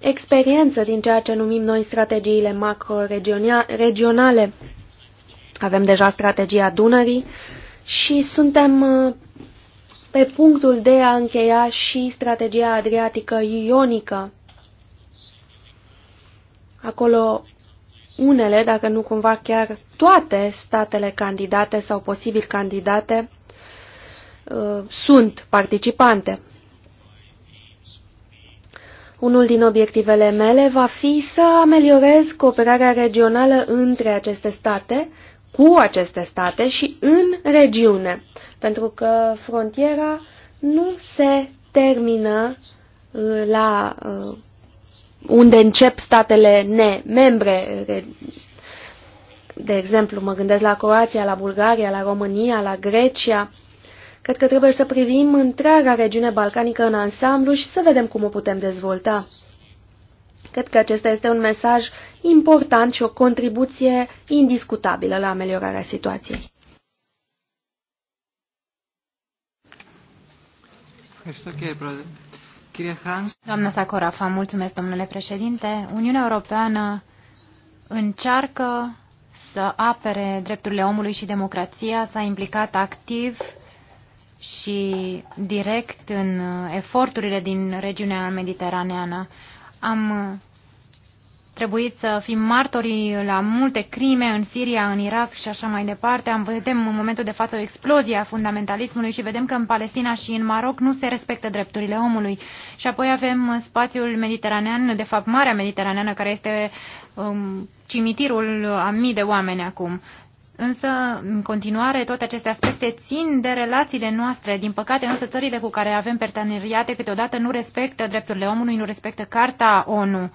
experiență din ceea ce numim noi strategiile macro-regionale. Avem deja strategia Dunării și suntem uh, pe punctul de a încheia și strategia adriatică ionică. Acolo unele, dacă nu cumva chiar toate statele candidate sau posibil candidate uh, sunt participante. Unul din obiectivele mele va fi să ameliorez cooperarea regională între aceste state cu aceste state și în regiune, pentru că frontiera nu se termină uh, la uh, unde încep statele nemembre. De exemplu, mă gândesc la Croația, la Bulgaria, la România, la Grecia. Cred că trebuie să privim întreaga regiune balcanică în ansamblu și să vedem cum o putem dezvolta. Cred că acesta este un mesaj important și o contribuție indiscutabilă la ameliorarea situației. Doamna Sakorafa, mulțumesc, domnule președinte. Uniunea Europeană încearcă să apere drepturile omului și democrația, s-a implicat activ și direct în eforturile din regiunea mediteraneană. Am uh, trebuit să fim martorii la multe crime în Siria, în Irak și așa mai departe. Am vedem în momentul de față o explozie a fundamentalismului și vedem că în Palestina și în Maroc nu se respectă drepturile omului. Și apoi avem uh, spațiul mediteranean, de fapt Marea Mediteraneană, care este um, cimitirul a mii de oameni acum însă, în continuare, toate aceste aspecte țin de relațiile noastre. Din păcate, însă, țările cu care avem parteneriate câteodată nu respectă drepturile omului, nu respectă Carta ONU.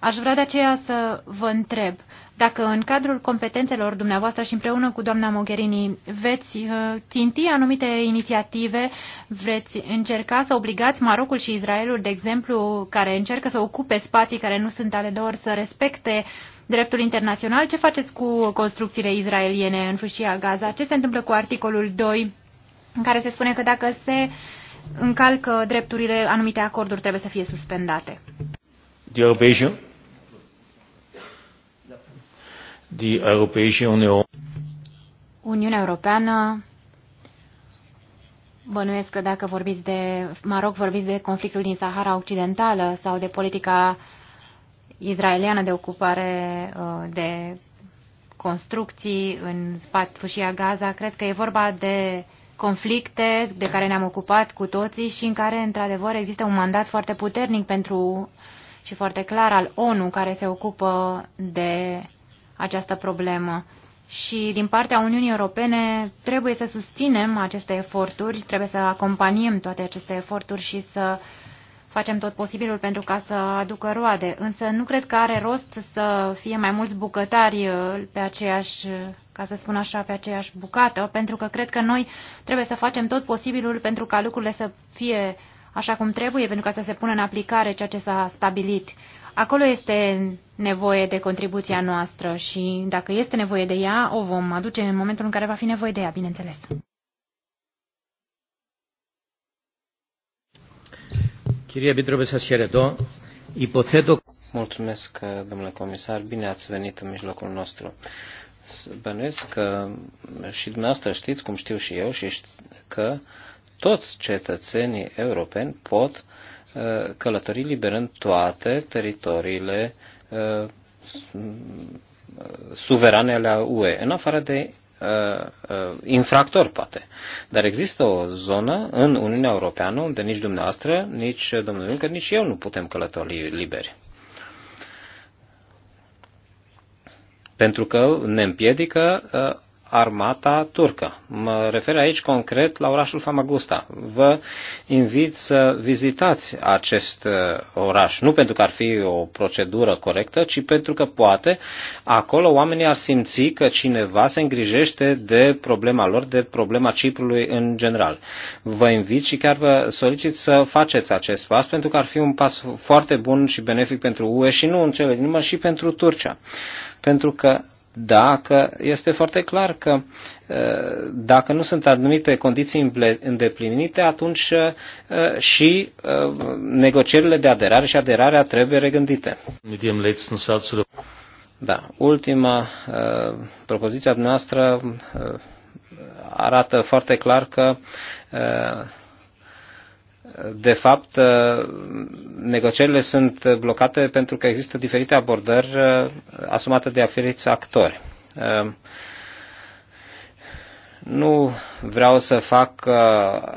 Aș vrea de aceea să vă întreb dacă în cadrul competențelor dumneavoastră și împreună cu doamna Mogherini veți uh, ținti anumite inițiative, veți încerca să obligați Marocul și Israelul, de exemplu, care încercă să ocupe spații care nu sunt ale lor, să respecte uh, dreptul internațional. Ce faceți cu construcțiile izraeliene în fâșia Gaza? Ce se întâmplă cu articolul 2 în care se spune că dacă se încalcă drepturile, anumite acorduri trebuie să fie suspendate? The European, the European Union. Uniunea Europeană Bănuiesc că dacă vorbiți de Maroc, vorbiți de conflictul din Sahara Occidentală sau de politica izraeliană de ocupare uh, de construcții în fâșia Gaza. Cred că e vorba de conflicte de care ne-am ocupat cu toții și în care, într-adevăr, există un mandat foarte puternic pentru și foarte clar al ONU care se ocupă de această problemă. Și din partea Uniunii Europene trebuie să susținem aceste eforturi, trebuie să acompaniem toate aceste eforturi și să uh, facem tot posibilul pentru ca să aducă roade, însă nu cred că are rost să fie mai mulți bucătari uh, pe aceeași, uh, ca să spun așa, pe aceeași bucată, pentru că cred că noi trebuie să facem tot posibilul pentru ca lucrurile să fie așa cum trebuie, pentru ca să se pună în aplicare ceea ce s-a stabilit. Acolo este nevoie de contribuția noastră și dacă este nevoie de ea, o vom aduce în momentul în care va fi nevoie de ea, bineînțeles. Mulțumesc, domnule comisar, bine ați venit în mijlocul nostru. Bănuiesc că și dumneavoastră știți, cum știu și eu, și că toți cetățenii europeni pot uh, călători liber în toate teritoriile uh, uh, suverane ale UE, în afară de Uh, uh, infractor poate. Dar există o zonă în Uniunea Europeană unde nici dumneavoastră, nici domnul Juncker, nici eu nu putem călători liberi. Pentru că ne împiedică uh, armata turcă. Mă refer aici concret la orașul Famagusta. Vă invit să vizitați acest uh, oraș, nu pentru că ar fi o procedură corectă, ci pentru că poate acolo oamenii ar simți că cineva se îngrijește de problema lor, de problema Ciprului în general. Vă invit și chiar vă solicit să faceți acest pas pentru că ar fi un pas foarte bun și benefic pentru UE și nu în cele din urmă și pentru Turcia. Pentru că dacă este foarte clar că uh, dacă nu sunt anumite condiții îndeplinite, atunci uh, și uh, negocierile de aderare și aderarea trebuie regândite. Da, ultima propoziția noastră arată foarte clar că de fapt, uh, negocierile sunt blocate pentru că există diferite abordări uh, asumate de diferiți actori. Uh, nu vreau să fac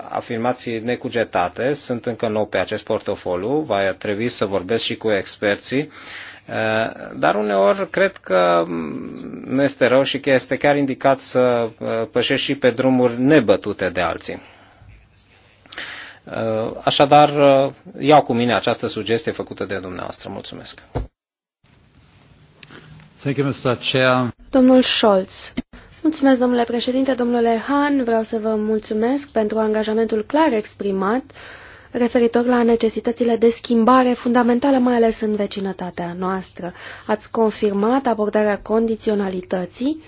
afirmații necugetate, sunt încă nou pe acest portofoliu, va trebui să vorbesc și cu experții, dar uneori cred că mm, nu este rău și că este chiar indicat să pășești și pe drumuri nebătute de alții. Uh, așadar, uh, iau cu mine această sugestie făcută de dumneavoastră. Mulțumesc. Thank you, Mr. Chair. Domnul Scholz. Mulțumesc, domnule președinte, domnule Han, vreau să vă mulțumesc pentru angajamentul clar exprimat referitor la necesitățile de schimbare fundamentală, mai ales în vecinătatea noastră. Ați confirmat abordarea condiționalității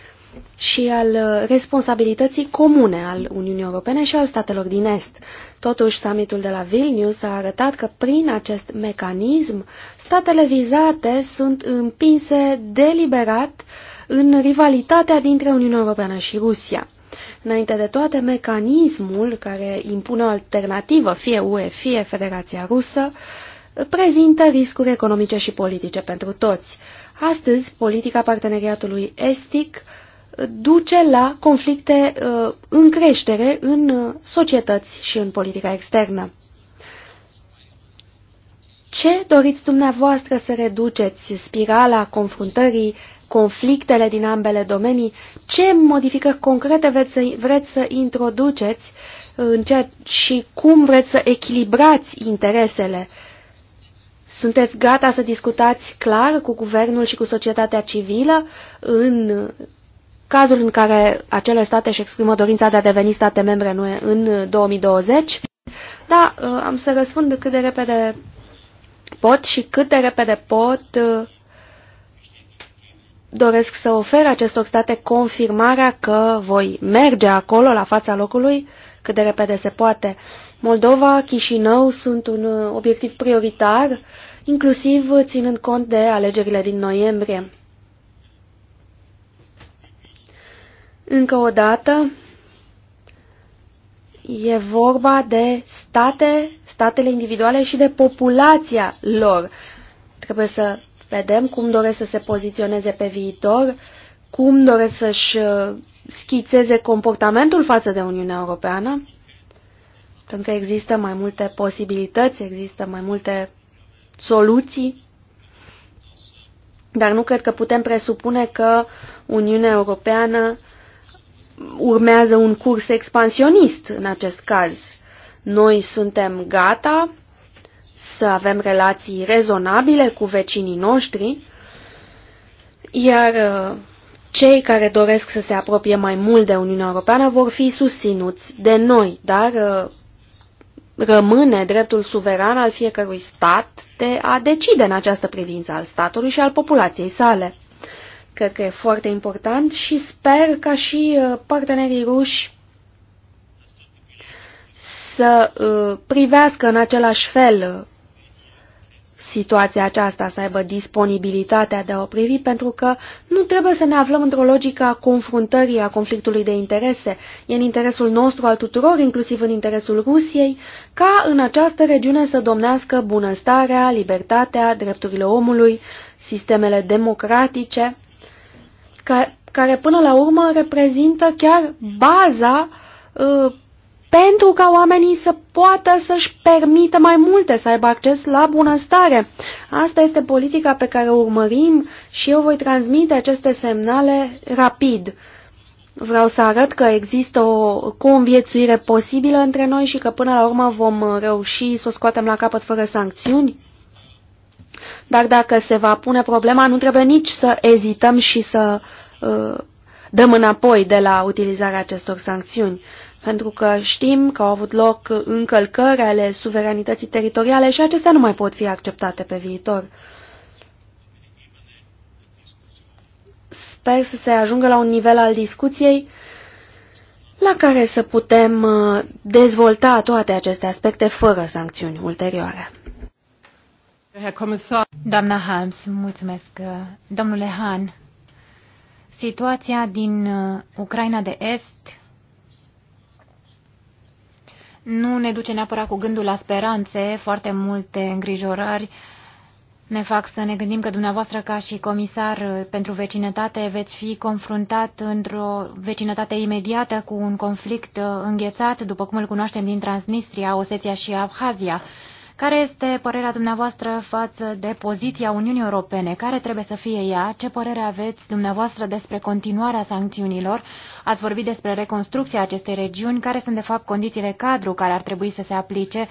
și al uh, responsabilității comune al Uniunii Europene și al statelor din Est. Totuși, summitul de la Vilnius a arătat că prin acest mecanism, statele vizate sunt împinse deliberat în rivalitatea dintre Uniunea Europeană și Rusia. Înainte de toate, mecanismul care impune o alternativă, fie UE, fie Federația Rusă, prezintă riscuri economice și politice pentru toți. Astăzi, politica parteneriatului estic duce la conflicte uh, în creștere în uh, societăți și în politica externă. Ce doriți dumneavoastră să reduceți spirala confruntării, conflictele din ambele domenii? Ce modificări concrete veți să, vreți să introduceți uh, în ceea, și cum vreți să echilibrați interesele? Sunteți gata să discutați clar cu guvernul și cu societatea civilă în cazul în care acele state își exprimă dorința de a deveni state membre în 2020. Da, uh, am să răspund cât de repede pot și cât de repede pot uh, doresc să ofer acestor state confirmarea că voi merge acolo, la fața locului, cât de repede se poate. Moldova, Chișinău sunt un uh, obiectiv prioritar, inclusiv ținând cont de alegerile din noiembrie. Încă o dată, e vorba de state, statele individuale și de populația lor. Trebuie să vedem cum doresc să se poziționeze pe viitor, cum doresc să-și uh, schițeze comportamentul față de Uniunea Europeană, pentru că există mai multe posibilități, există mai multe soluții, dar nu cred că putem presupune că Uniunea Europeană urmează un curs expansionist în acest caz. Noi suntem gata să avem relații rezonabile cu vecinii noștri, iar uh, cei care doresc să se apropie mai mult de Uniunea Europeană vor fi susținuți de noi, dar uh, rămâne dreptul suveran al fiecărui stat de a decide în această privință al statului și al populației sale. Cred că e foarte important și sper ca și uh, partenerii ruși să uh, privească în același fel uh, situația aceasta, să aibă disponibilitatea de a o privi, pentru că nu trebuie să ne aflăm într-o logică a confruntării, a conflictului de interese. E în interesul nostru al tuturor, inclusiv în interesul Rusiei, ca în această regiune să domnească bunăstarea, libertatea, drepturile omului, sistemele democratice ca, care până la urmă reprezintă chiar baza uh, pentru ca oamenii să poată să-și permită mai multe, să aibă acces la bunăstare. Asta este politica pe care o urmărim și eu voi transmite aceste semnale rapid. Vreau să arăt că există o conviețuire posibilă între noi și că până la urmă vom reuși să o scoatem la capăt fără sancțiuni dar dacă se va pune problema, nu trebuie nici să ezităm și să uh, dăm înapoi de la utilizarea acestor sancțiuni, pentru că știm că au avut loc încălcări ale suveranității teritoriale și acestea nu mai pot fi acceptate pe viitor. Sper să se ajungă la un nivel al discuției la care să putem uh, dezvolta toate aceste aspecte fără sancțiuni ulterioare. Doamna Harms, mulțumesc. Domnule Han, situația din uh, Ucraina de Est nu ne duce neapărat cu gândul la speranțe, foarte multe îngrijorări ne fac să ne gândim că dumneavoastră ca și comisar uh, pentru vecinătate veți fi confruntat într-o vecinătate imediată cu un conflict uh, înghețat, după cum îl cunoaștem din Transnistria, Osetia și Abhazia. Care este părerea dumneavoastră față de poziția Uniunii Europene? Care trebuie să fie ea? Ce părere aveți dumneavoastră despre continuarea sancțiunilor? Ați vorbit despre reconstrucția acestei regiuni. Care sunt, de fapt, condițiile cadru care ar trebui să se aplice?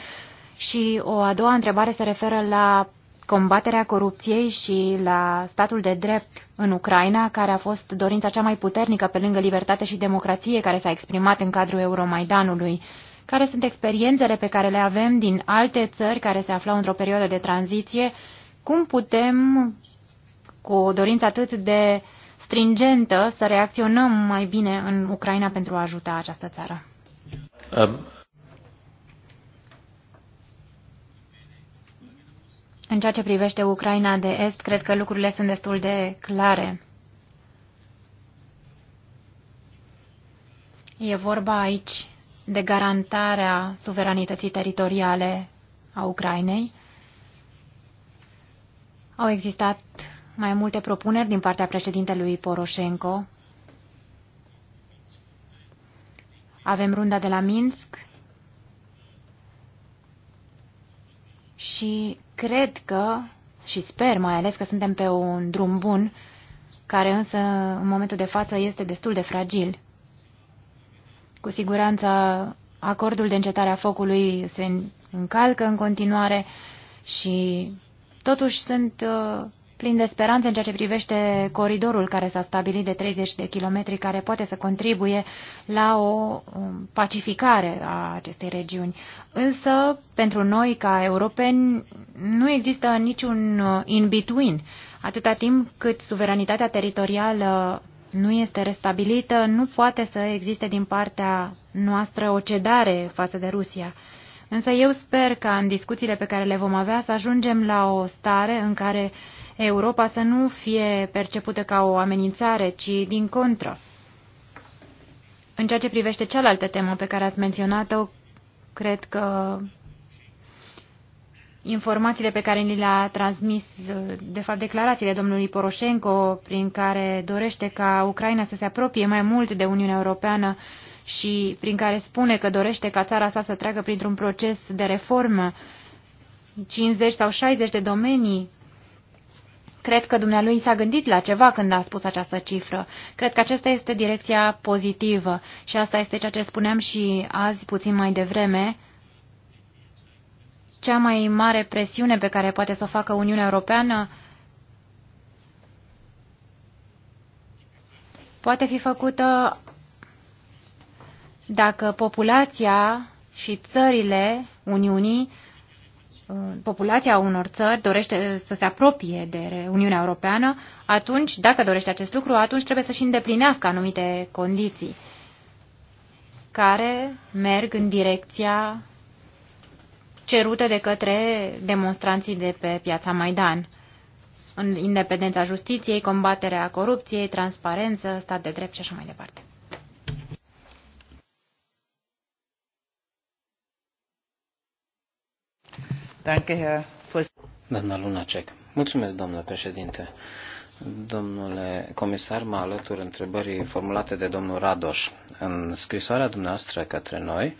Și o a doua întrebare se referă la combaterea corupției și la statul de drept în Ucraina, care a fost dorința cea mai puternică pe lângă libertate și democrație care s-a exprimat în cadrul Euromaidanului care sunt experiențele pe care le avem din alte țări care se aflau într-o perioadă de tranziție, cum putem, cu o dorință atât de stringentă, să reacționăm mai bine în Ucraina pentru a ajuta această țară? Um. În ceea ce privește Ucraina de Est, cred că lucrurile sunt destul de clare. E vorba aici de garantarea suveranității teritoriale a Ucrainei. Au existat mai multe propuneri din partea președintelui Poroșenko. Avem runda de la Minsk și cred că, și sper mai ales că suntem pe un drum bun, care însă în momentul de față este destul de fragil. Cu siguranță acordul de încetare a focului se încalcă în continuare și totuși sunt uh, plin de speranțe în ceea ce privește coridorul care s-a stabilit de 30 de kilometri, care poate să contribuie la o pacificare a acestei regiuni. Însă, pentru noi, ca europeni, nu există niciun uh, in-between, atâta timp cât suveranitatea teritorială nu este restabilită, nu poate să existe din partea noastră o cedare față de Rusia. Însă eu sper că în discuțiile pe care le vom avea să ajungem la o stare în care Europa să nu fie percepută ca o amenințare, ci din contră. În ceea ce privește cealaltă temă pe care ați menționat-o, cred că informațiile pe care ni le-a transmis, de fapt declarațiile domnului Poroșenco, prin care dorește ca Ucraina să se apropie mai mult de Uniunea Europeană și prin care spune că dorește ca țara sa să treacă printr-un proces de reformă 50 sau 60 de domenii Cred că dumnealui s-a gândit la ceva când a spus această cifră. Cred că aceasta este direcția pozitivă și asta este ceea ce spuneam și azi puțin mai devreme, cea mai mare presiune pe care poate să o facă Uniunea Europeană poate fi făcută dacă populația și țările Uniunii, uh, populația unor țări dorește să se apropie de Uniunea Europeană, atunci, dacă dorește acest lucru, atunci trebuie să-și îndeplinească anumite condiții care merg în direcția cerute de către demonstranții de pe piața Maidan. În independența justiției, combaterea corupției, transparență, stat de drept și așa mai departe. Danke, Herr Doamna Lunacek. Mulțumesc, doamnă președinte. Domnule comisar, mă alătur întrebării formulate de domnul Radoș. În scrisoarea dumneavoastră către noi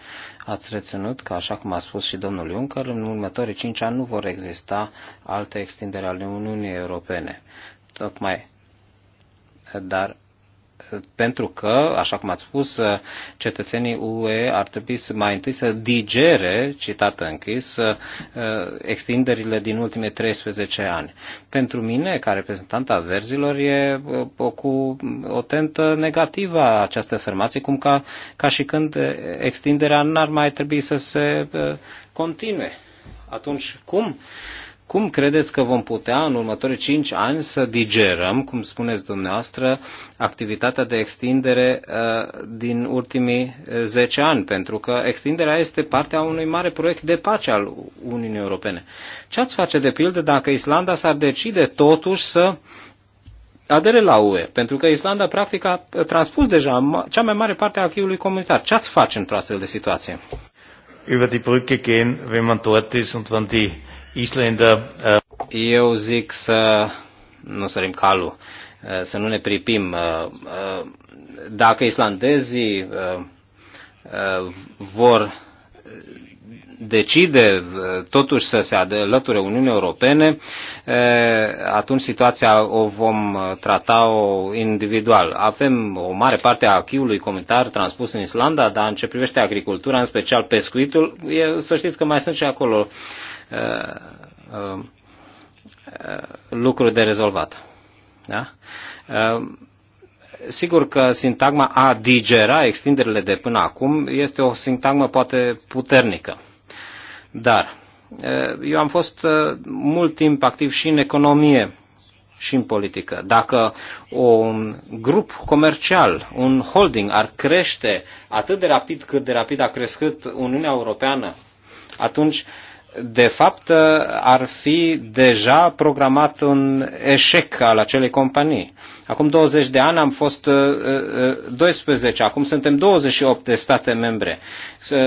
ați reținut că, așa cum a spus și domnul Juncker, în următorii cinci ani nu vor exista alte extindere ale Uniunii Europene. Tocmai. Dar pentru că, așa cum ați spus, cetățenii UE ar trebui să mai întâi să digere, citată închis, extinderile din ultimele 13 ani. Pentru mine, ca reprezentant a verzilor, e o, cu o tentă negativă această afirmație, cum ca, ca și când extinderea n-ar mai trebui să se continue. Atunci, cum? Cum credeți că vom putea în următorii cinci ani să digerăm, cum spuneți dumneavoastră, activitatea de extindere uh, din ultimii uh, zece ani? Pentru că extinderea este partea unui mare proiect de pace al Uniunii Europene. Ce ați face de pildă dacă Islanda s-ar decide totuși să adere la UE? Pentru că Islanda practic a transpus deja cea mai mare parte a acquis comunitar. Ce ați face într-o astfel de situație? Über die Brücke gehen, wenn man dort ist und wenn die Islandă. Uh, Eu zic să nu sărim calul, uh, să nu ne pripim. Uh, dacă islandezii vor decide totuși să se alăture Uniunii Europene, atunci situația o vom trata -o individual. Avem o mare parte a achiului comunitar transpus în Islanda, dar în ce privește agricultura, în special pescuitul, e, să știți că mai sunt și acolo uh, Uh, um, uh, lucru de rezolvat. Da? Uh, sigur că sintagma a digera extinderile de până acum este o sintagmă poate puternică. Dar eu am fost mult timp activ și în economie și în politică. Dacă un grup comercial, un holding ar crește atât de rapid cât de rapid a crescut Uniunea Europeană, atunci de fapt ar fi deja programat un eșec al acelei companii. Acum 20 de ani am fost 12, uh, uh, acum suntem 28 de state membre. Uh,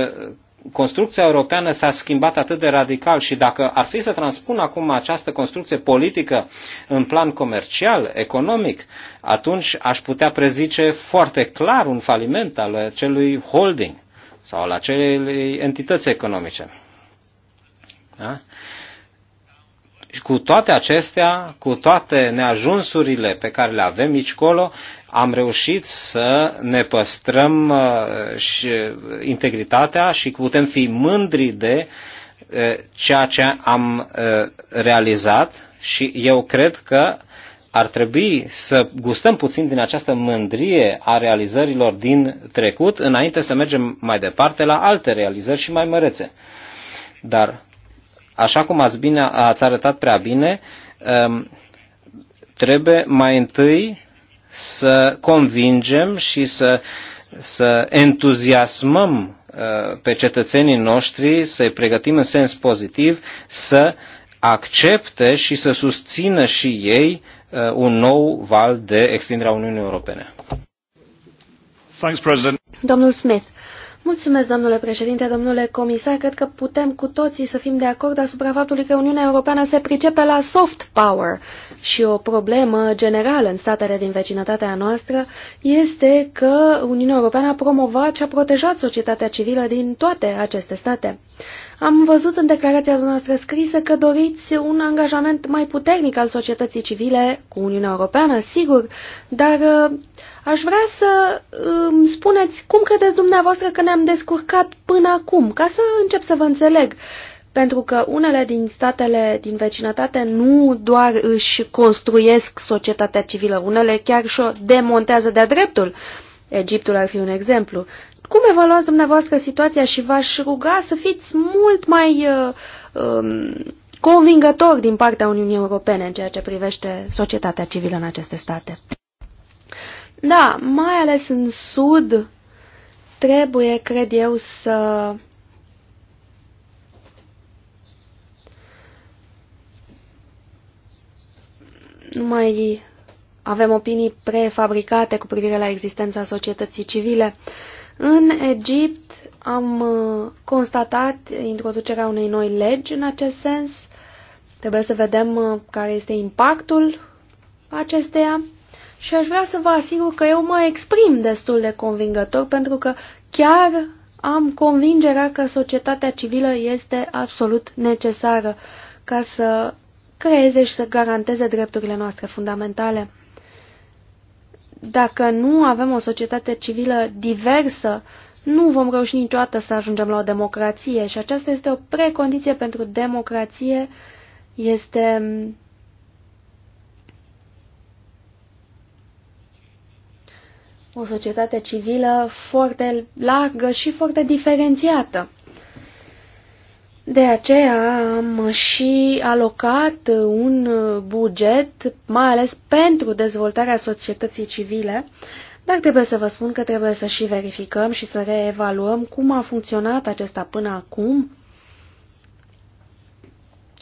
construcția europeană s-a schimbat atât de radical și dacă ar fi să transpun acum această construcție politică în plan comercial, economic, atunci aș putea prezice foarte clar un faliment al acelui holding sau al acelei entități economice. Da? Și cu toate acestea, cu toate neajunsurile pe care le avem aici colo, am reușit să ne păstrăm uh, și integritatea și putem fi mândri de uh, ceea ce am uh, realizat și eu cred că ar trebui să gustăm puțin din această mândrie a realizărilor din trecut înainte să mergem mai departe la alte realizări și mai mărețe. Dar Așa cum ați, bine, ați arătat prea bine, um, trebuie mai întâi să convingem și să, să entuziasmăm uh, pe cetățenii noștri, să-i pregătim în sens pozitiv, să accepte și să susțină și ei uh, un nou val de extindere a Uniunii Europene. Thanks, President. Domnul Smith, Mulțumesc, domnule președinte, domnule comisar. Cred că putem cu toții să fim de acord asupra faptului că Uniunea Europeană se pricepe la soft power și o problemă generală în statele din vecinătatea noastră este că Uniunea Europeană a promovat și a protejat societatea civilă din toate aceste state. Am văzut în declarația dumneavoastră scrisă că doriți un angajament mai puternic al societății civile cu Uniunea Europeană, sigur, dar uh, aș vrea să îmi um, spuneți cum credeți dumneavoastră că ne-am descurcat până acum, ca să încep să vă înțeleg. Pentru că unele din statele din vecinătate nu doar își construiesc societatea civilă, unele chiar și-o demontează de-a dreptul. Egiptul ar fi un exemplu. Cum evaluați dumneavoastră situația și v-aș ruga să fiți mult mai uh, um, convingători din partea Uniunii Europene în ceea ce privește societatea civilă în aceste state? Da, mai ales în Sud trebuie, cred eu, să nu mai avem opinii prefabricate cu privire la existența societății civile. Uh, în Egipt am uh, constatat introducerea unei noi legi în acest sens. Trebuie să vedem uh, care este impactul acesteia și aș vrea să vă asigur că eu mă exprim destul de convingător pentru că chiar am convingerea că societatea civilă este absolut necesară ca să creeze și să garanteze drepturile noastre fundamentale. Dacă nu avem o societate civilă diversă, nu vom reuși niciodată să ajungem la o democrație și aceasta este o precondiție pentru democrație, este o societate civilă foarte largă și foarte diferențiată. De aceea am și alocat un buget, mai ales pentru dezvoltarea societății civile, dar trebuie să vă spun că trebuie să și verificăm și să reevaluăm cum a funcționat acesta până acum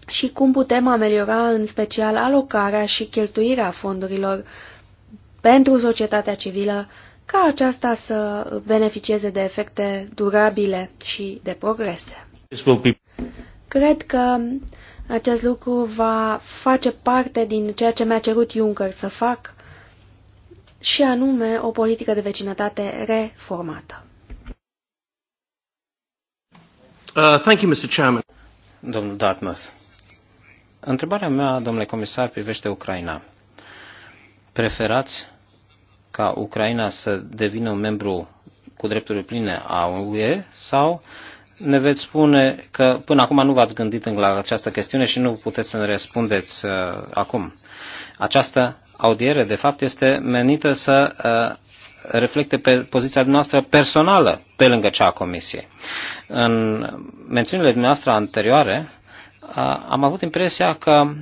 și cum putem ameliora în special alocarea și cheltuirea fondurilor pentru societatea civilă ca aceasta să beneficieze de efecte durabile și de progrese. Cred că acest lucru va face parte din ceea ce mi-a cerut Juncker să fac, și anume o politică de vecinătate reformată. Uh, thank you, Mr. Chairman. Domnul Dartmouth. Întrebarea mea, domnule comisar, privește Ucraina. Preferați ca Ucraina să devină un membru cu drepturi pline a UE sau ne veți spune că până acum nu v-ați gândit la această chestiune și nu puteți să ne răspundeți uh, acum. Această audiere, de fapt, este menită să uh, reflecte pe poziția noastră personală, pe lângă cea a Comisiei. În mențiunile dumneavoastră anterioare, uh, am avut impresia că uh,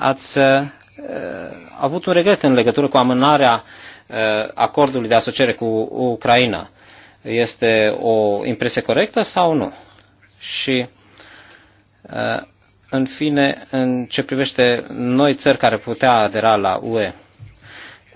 ați uh, avut un regret în legătură cu amânarea acordului de asociere cu Ucraina este o impresie corectă sau nu? Și ă, în fine, în ce privește noi țări care putea adera la UE,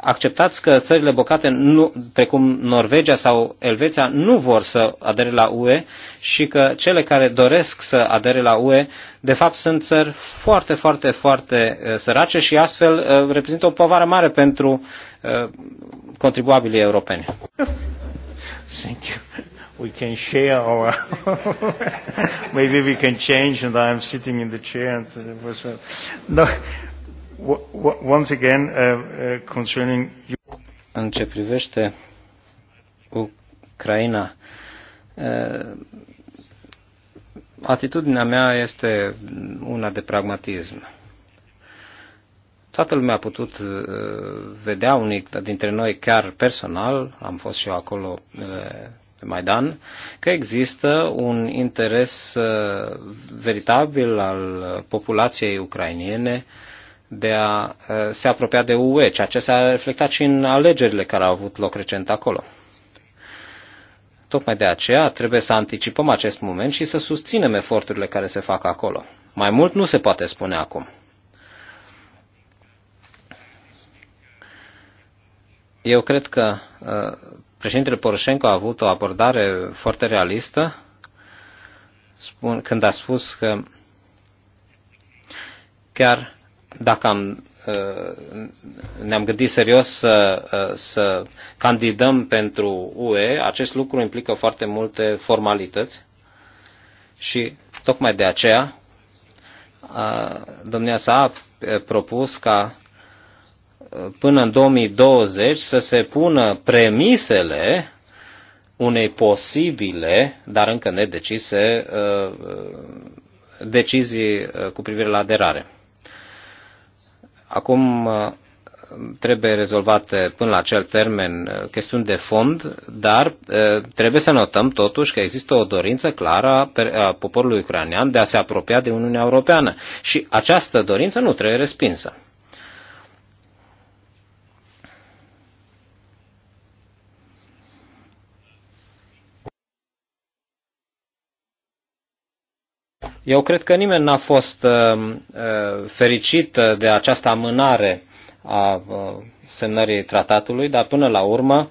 acceptați că țările bocate, nu, precum Norvegia sau Elveția, nu vor să adere la UE și că cele care doresc să adere la UE, de fapt, sunt țări foarte, foarte, foarte ă, sărace și astfel ă, reprezintă o povară mare pentru contribuabilii europeni. Thank you. We can share our. Maybe we can change, and I'm sitting in the chair. And it uh, was uh, no. Once again, uh, uh, concerning. În ce privește Ucraina, uh, atitudinea mea este una de pragmatism Toată lumea a putut uh, vedea unii dintre noi chiar personal, am fost și eu acolo uh, pe Maidan, că există un interes uh, veritabil al populației ucrainiene de a se apropia de UE, ceea ce s-a reflectat și în alegerile care au avut loc recent acolo. Tocmai de aceea trebuie să anticipăm acest moment și să susținem eforturile care se fac acolo. Mai mult nu se poate spune acum. Eu cred că uh, președintele Poroșenko a avut o abordare foarte realistă spun, când a spus că chiar dacă am, uh, ne-am gândit serios să, uh, să candidăm pentru UE, acest lucru implică foarte multe formalități și tocmai de aceea domnia sa a propus ca până în 2020 să se pună premisele unei posibile, dar încă nedecise, uh, decizii uh, cu privire la aderare. Acum uh, trebuie rezolvate până la acel termen chestiuni de fond, dar trebuie să notăm totuși că există o dorință clară a poporului ucrainean de a se apropia de Uniunea Europeană și această dorință nu trebuie respinsă. Eu cred că nimeni n-a fost uh, uh, fericit uh, de această amânare a semnării tratatului, dar până la urmă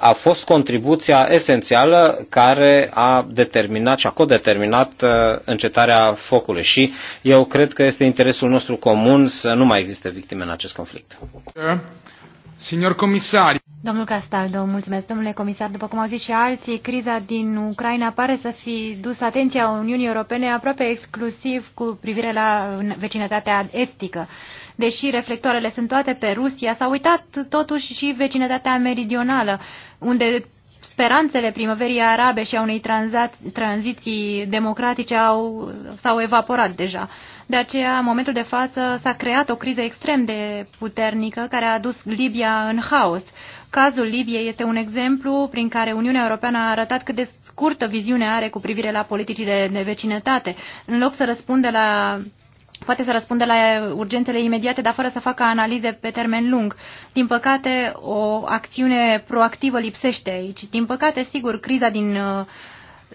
a fost contribuția esențială care a determinat și a codeterminat încetarea focului și eu cred că este interesul nostru comun să nu mai existe victime în acest conflict. Signor comisar. Domnul Castaldo, mulțumesc. Domnule comisar, după cum au zis și alții, criza din Ucraina pare să fi dus atenția Uniunii Europene aproape exclusiv cu privire la vecinătatea estică. Deși reflectoarele sunt toate pe Rusia, s-a uitat totuși și vecinătatea meridională, unde speranțele primăverii arabe și a unei tranziții democratice au, s-au evaporat deja. De aceea, în momentul de față, s-a creat o criză extrem de puternică care a adus Libia în haos. Cazul Libiei este un exemplu prin care Uniunea Europeană a arătat cât de scurtă viziune are cu privire la politicile de vecinătate. În loc să răspunde la poate să răspundă la urgențele imediate, dar fără să facă analize pe termen lung. Din păcate, o acțiune proactivă lipsește aici. Din păcate, sigur, criza din uh,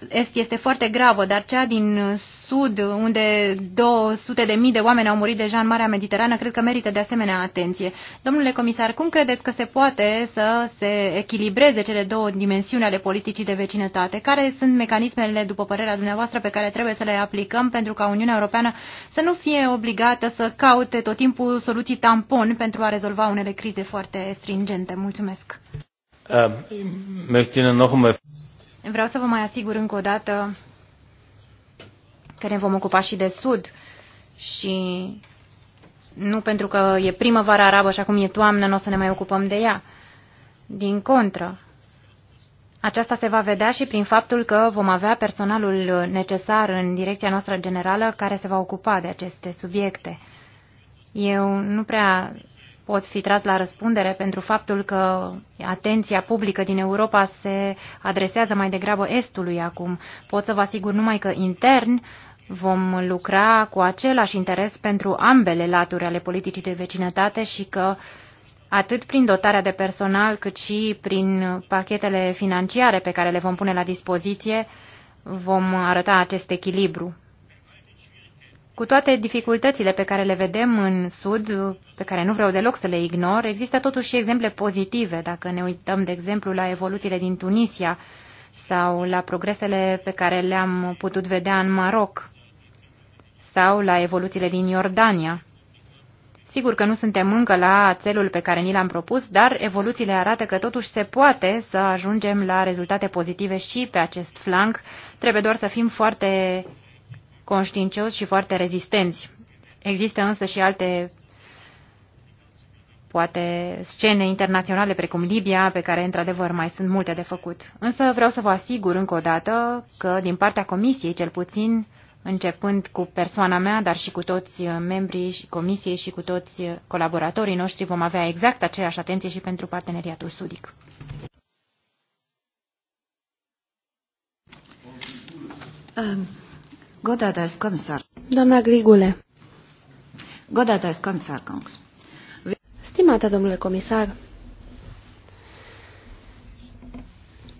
est este foarte gravă, dar cea din sud, unde 200 de mii de oameni au murit deja în Marea Mediterană, cred că merită de asemenea atenție. Domnule comisar, cum credeți că se poate să se echilibreze cele două dimensiuni ale politicii de vecinătate? Care sunt mecanismele, după părerea dumneavoastră, pe care trebuie să le aplicăm pentru ca Uniunea Europeană să nu fie obligată să caute tot timpul soluții tampon pentru a rezolva unele crize foarte stringente? Mulțumesc! Uh, Vreau să vă mai asigur încă o dată că ne vom ocupa și de Sud și nu pentru că e primăvara arabă și acum e toamnă, nu o să ne mai ocupăm de ea. Din contră, aceasta se va vedea și prin faptul că vom avea personalul necesar în direcția noastră generală care se va ocupa de aceste subiecte. Eu nu prea pot fi tras la răspundere pentru faptul că atenția publică din Europa se adresează mai degrabă Estului acum. Pot să vă asigur numai că intern vom lucra cu același interes pentru ambele laturi ale politicii de vecinătate și că atât prin dotarea de personal cât și prin pachetele financiare pe care le vom pune la dispoziție, vom arăta acest echilibru cu toate dificultățile pe care le vedem în Sud, pe care nu vreau deloc să le ignor, există totuși și exemple pozitive. Dacă ne uităm, de exemplu, la evoluțiile din Tunisia sau la progresele pe care le-am putut vedea în Maroc sau la evoluțiile din Iordania. Sigur că nu suntem încă la țelul pe care ni l-am propus, dar evoluțiile arată că totuși se poate să ajungem la rezultate pozitive și pe acest flanc. Trebuie doar să fim foarte conștiincioși și foarte rezistenți. Există însă și alte poate scene internaționale precum Libia, pe care într-adevăr mai sunt multe de făcut. Însă vreau să vă asigur încă o dată că din partea comisiei, cel puțin începând cu persoana mea, dar și cu toți membrii și comisiei și cu toți colaboratorii noștri, vom avea exact aceeași atenție și pentru parteneriatul sudic. Um. Godātais komisār. Doamna Grigule. Godātais komisār, kungs. Stimate domnule comisar,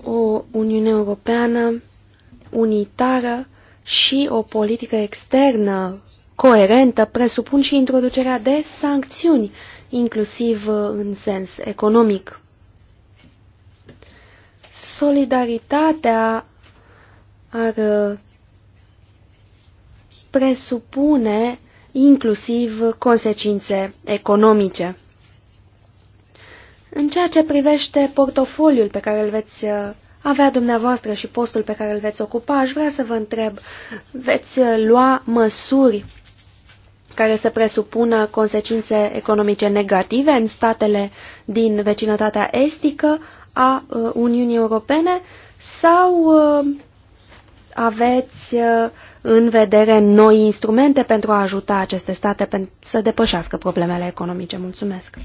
o Uniune Europeană unitară și o politică externă coerentă presupun și introducerea de sancțiuni, inclusiv în sens economic. Solidaritatea ar presupune inclusiv consecințe economice. În ceea ce privește portofoliul pe care îl veți uh, avea dumneavoastră și postul pe care îl veți ocupa, aș vrea să vă întreb, veți uh, lua măsuri care să presupună consecințe economice negative în statele din vecinătatea estică a uh, Uniunii Europene sau aveți uh, în vedere noi instrumente pentru a ajuta aceste state să depășească problemele economice? Mulțumesc!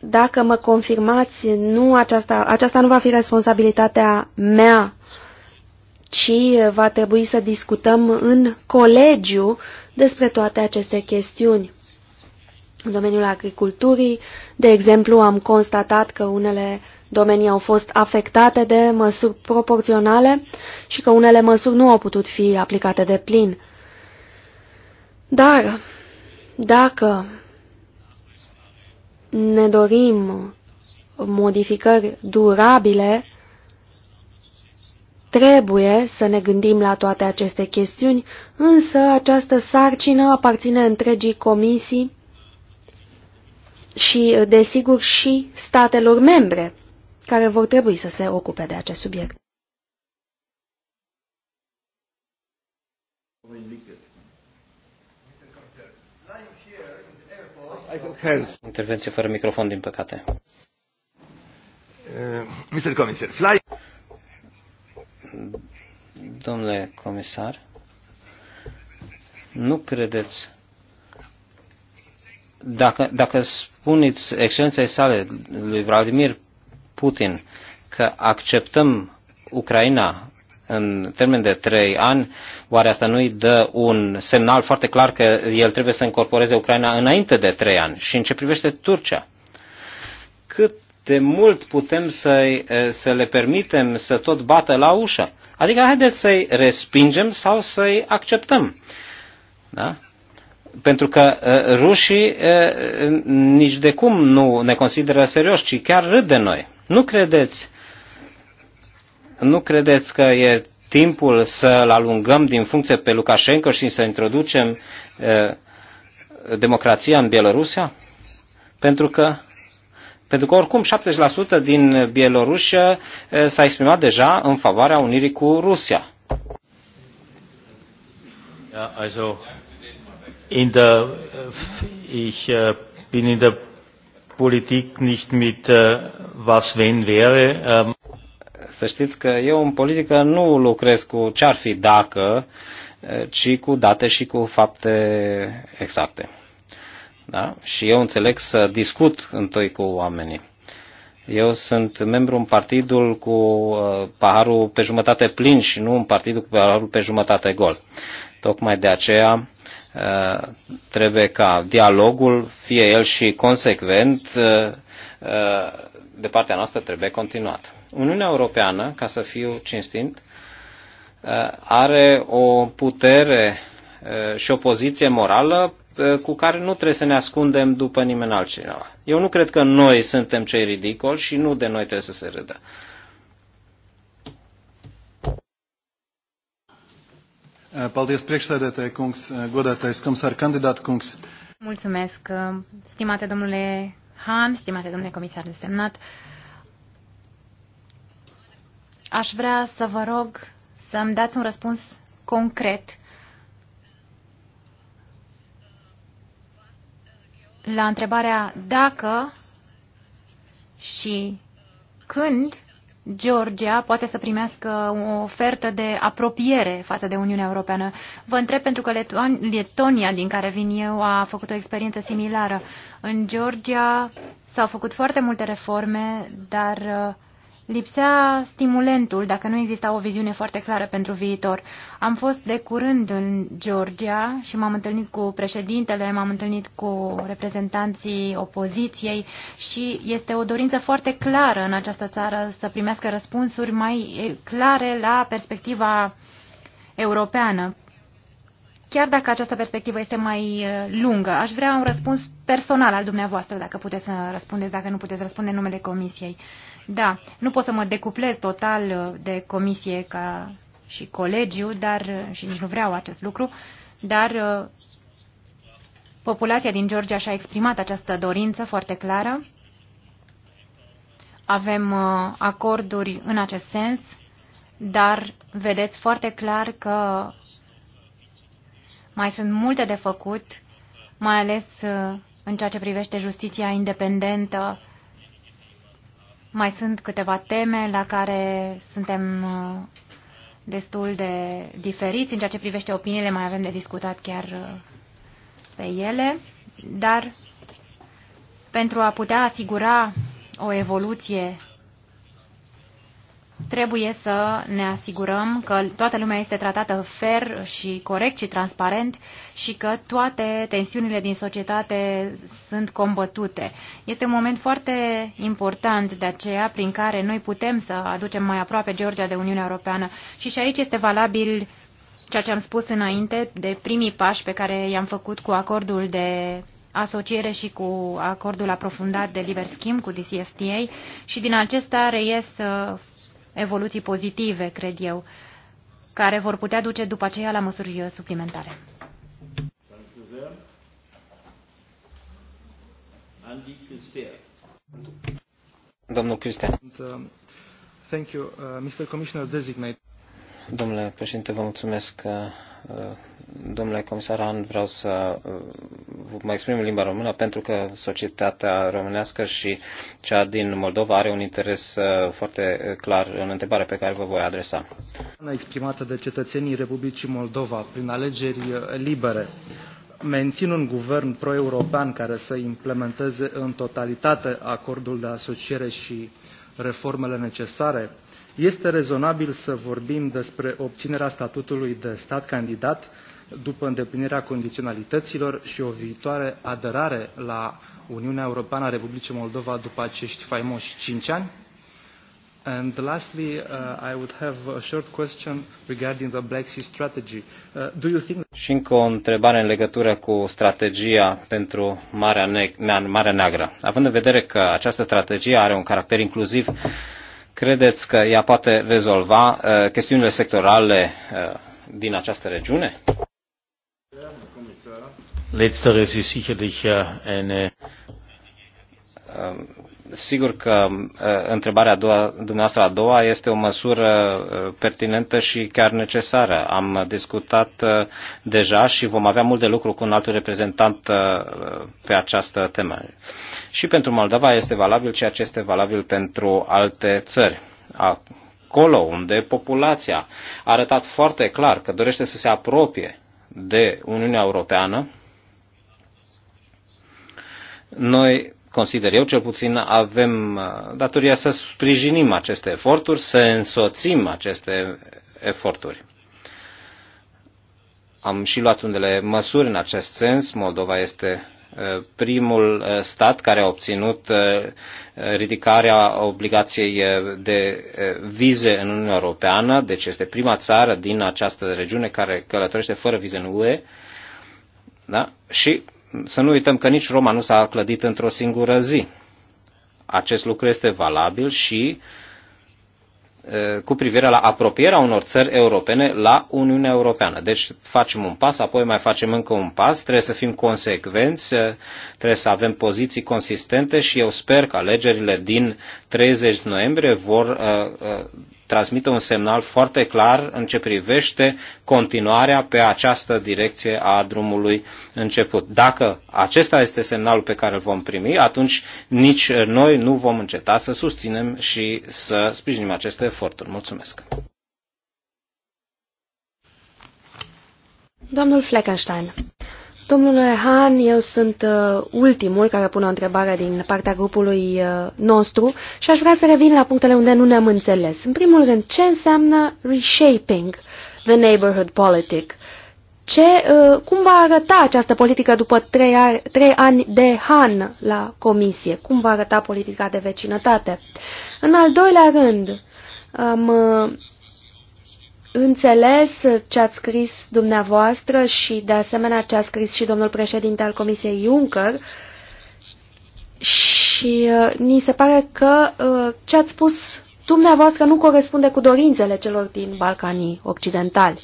Dacă mă confirmați, nu aceasta, aceasta nu va fi responsabilitatea mea, ci va trebui să discutăm în colegiu despre toate aceste chestiuni. În domeniul agriculturii, de exemplu, am constatat că unele domenii au fost afectate de măsuri proporționale și că unele măsuri nu au putut fi aplicate de plin. Dar, dacă ne dorim modificări durabile, Trebuie să ne gândim la toate aceste chestiuni, însă această sarcină aparține întregii comisii și, uh, desigur, și statelor membre care vor trebui să se ocupe de acest subiect. Intervenție fără microfon, din păcate. Uh, Mr. Comisar, fly... Domnule comisar, nu credeți dacă, dacă spuneți excelenței sale lui Vladimir Putin că acceptăm Ucraina în termen de trei ani, oare asta nu-i dă un semnal foarte clar că el trebuie să încorporeze Ucraina înainte de trei ani? Și în ce privește Turcia, cât de mult putem să, eh, să le permitem să tot bată la ușă? Adică haideți să-i respingem sau să-i acceptăm. Da? pentru că uh, rușii uh, nici de cum nu ne consideră serios, ci chiar râd de noi. Nu credeți, nu credeți că e timpul să-l alungăm din funcție pe Lukashenko și să introducem uh, democrația în Bielorusia? Pentru că, pentru că oricum 70% din Bielorusia s-a exprimat deja în favoarea unirii cu Rusia. Yeah, also in der, ich äh, bin in der Politik nicht mit äh, was wenn wäre. Ähm. Să știți că eu în politică nu lucrez cu ce-ar fi dacă, ci cu date și cu fapte exacte. Da? Și eu înțeleg să discut întâi cu oamenii. Eu sunt membru în partidul cu paharul pe jumătate plin și nu în partidul cu paharul pe jumătate gol. Tocmai de aceea Uh, trebuie ca dialogul, fie el și consecvent, uh, uh, de partea noastră trebuie continuat. Uniunea Europeană, ca să fiu cinstit, are o putere și o poziție morală cu care nu trebuie să ne ascundem după nimeni altcineva. Eu nu cred că noi suntem cei ridicoli și nu de noi trebuie să se râdă. Eh, paldies, priekšsēdētāji kungs, eh, godātais komisār kandidāta kungs. Mulțumesc, eh, stimate domnule Han, stimate domnule comisar desemnat. Aș vrea să vă rog să-mi dați un răspuns concret la întrebarea dacă și când Georgia poate să primească o ofertă de apropiere față de Uniunea Europeană. Vă întreb pentru că Letonia, din care vin eu, a făcut o experiență similară. În Georgia s-au făcut foarte multe reforme, dar uh, lipsea stimulentul dacă nu exista o viziune foarte clară pentru viitor. Am fost de curând în Georgia și m-am întâlnit cu președintele, m-am întâlnit cu reprezentanții opoziției și este o dorință foarte clară în această țară să primească răspunsuri mai clare la perspectiva europeană. Chiar dacă această perspectivă este mai uh, lungă, aș vrea un răspuns personal al dumneavoastră, dacă puteți să răspundeți, dacă nu puteți răspunde în numele Comisiei. Uh, da, nu pot să mă decuplez total uh, de comisie ca și colegiu, dar uh, și nici nu vreau acest lucru, dar uh, populația din Georgia și-a exprimat această dorință foarte clară. Avem acorduri în acest sens, dar vedeți foarte clar că mai sunt multe de făcut, mai ales în ceea ce privește justiția independentă mai sunt câteva teme la care suntem uh, destul de diferiți în ceea ce privește opiniile, mai avem de discutat chiar uh, pe ele, dar pentru a putea asigura o evoluție Trebuie să ne asigurăm că toată lumea este tratată fer și corect și transparent și că toate tensiunile din societate sunt combătute. Este un moment foarte important de aceea prin care noi putem să aducem mai aproape Georgia de Uniunea Europeană și și aici este valabil ceea ce am spus înainte de primii pași pe care i-am făcut cu acordul de asociere și cu acordul aprofundat de liber schimb cu DCFTA și din acesta reies uh, evoluții pozitive, cred eu, care vor putea duce după aceea la măsuri suplimentare. Domnul Cristian. Uh, Domnule președinte, vă mulțumesc, uh, Domnule comisar Han, vreau să uh, mă exprim în limba română pentru că societatea românească și cea din Moldova are un interes uh, foarte clar în întrebarea pe care vă voi adresa. Exprimată de cetățenii Republicii Moldova prin alegeri uh, libere, mențin un guvern pro-european care să implementeze în totalitate acordul de asociere și reformele necesare, este rezonabil să vorbim despre obținerea statutului de stat candidat după îndeplinirea condiționalităților și o viitoare aderare la Uniunea Europeană a Republicii Moldova după acești faimoși 5 ani? And lastly, uh, I would have a short question regarding the Black Sea strategy. Uh, do you think Și încă o întrebare în legătură cu strategia pentru Marea, ne- Marea Neagră. Având în vedere că această strategie are un caracter inclusiv, credeți că ea poate rezolva uh, chestiunile sectorale uh, din această regiune? Letzteres ist sicherlich äh, eine sigur că uh, întrebarea a doua, dumneavoastră a doua este o măsură uh, pertinentă și chiar necesară. Am discutat uh, deja și vom avea mult de lucru cu un alt reprezentant pe această temă. Și pentru Moldova este valabil ceea ce este valabil pentru alte țări. Acolo unde populația a arătat foarte clar că dorește să se apropie de Uniunea Europeană, noi, consider eu cel puțin, avem uh, datoria să sprijinim aceste eforturi, să însoțim aceste eforturi. Am și luat unele măsuri în acest sens. Moldova este uh, primul uh, stat care a obținut ridicarea obligației de vize în Uniunea Europeană, deci este prima țară din această regiune care călătorește fără vize în UE. Da? Și să nu uităm că nici Roma nu s-a clădit într-o singură zi. Acest lucru este valabil și cu privire la apropierea unor țări europene la Uniunea Europeană. Deci facem un pas, apoi mai facem încă un pas, trebuie să fim consecvenți, trebuie să avem poziții consistente și eu sper că alegerile din 30 noiembrie vor transmită un semnal foarte clar în ce privește continuarea pe această direcție a drumului început. Dacă acesta este semnalul pe care îl vom primi, atunci nici noi nu vom înceta să susținem și să sprijinim aceste eforturi. Mulțumesc! Domnul Fleckenstein. Domnule Han, eu sunt uh, ultimul care pune o întrebare din partea grupului uh, nostru și aș vrea să revin la punctele unde nu ne-am înțeles. În primul rând, ce înseamnă reshaping the neighborhood politic? Ce, uh, cum va arăta această politică după trei, ar, trei ani de Han la comisie? Cum va arăta politica de vecinătate? În al doilea rând, am... Uh, înțeles ce ați scris dumneavoastră și de asemenea ce a scris și domnul președinte al Comisiei Juncker și uh, ni se pare că uh, ce ați spus dumneavoastră nu corespunde cu dorințele celor din Balcanii Occidentali.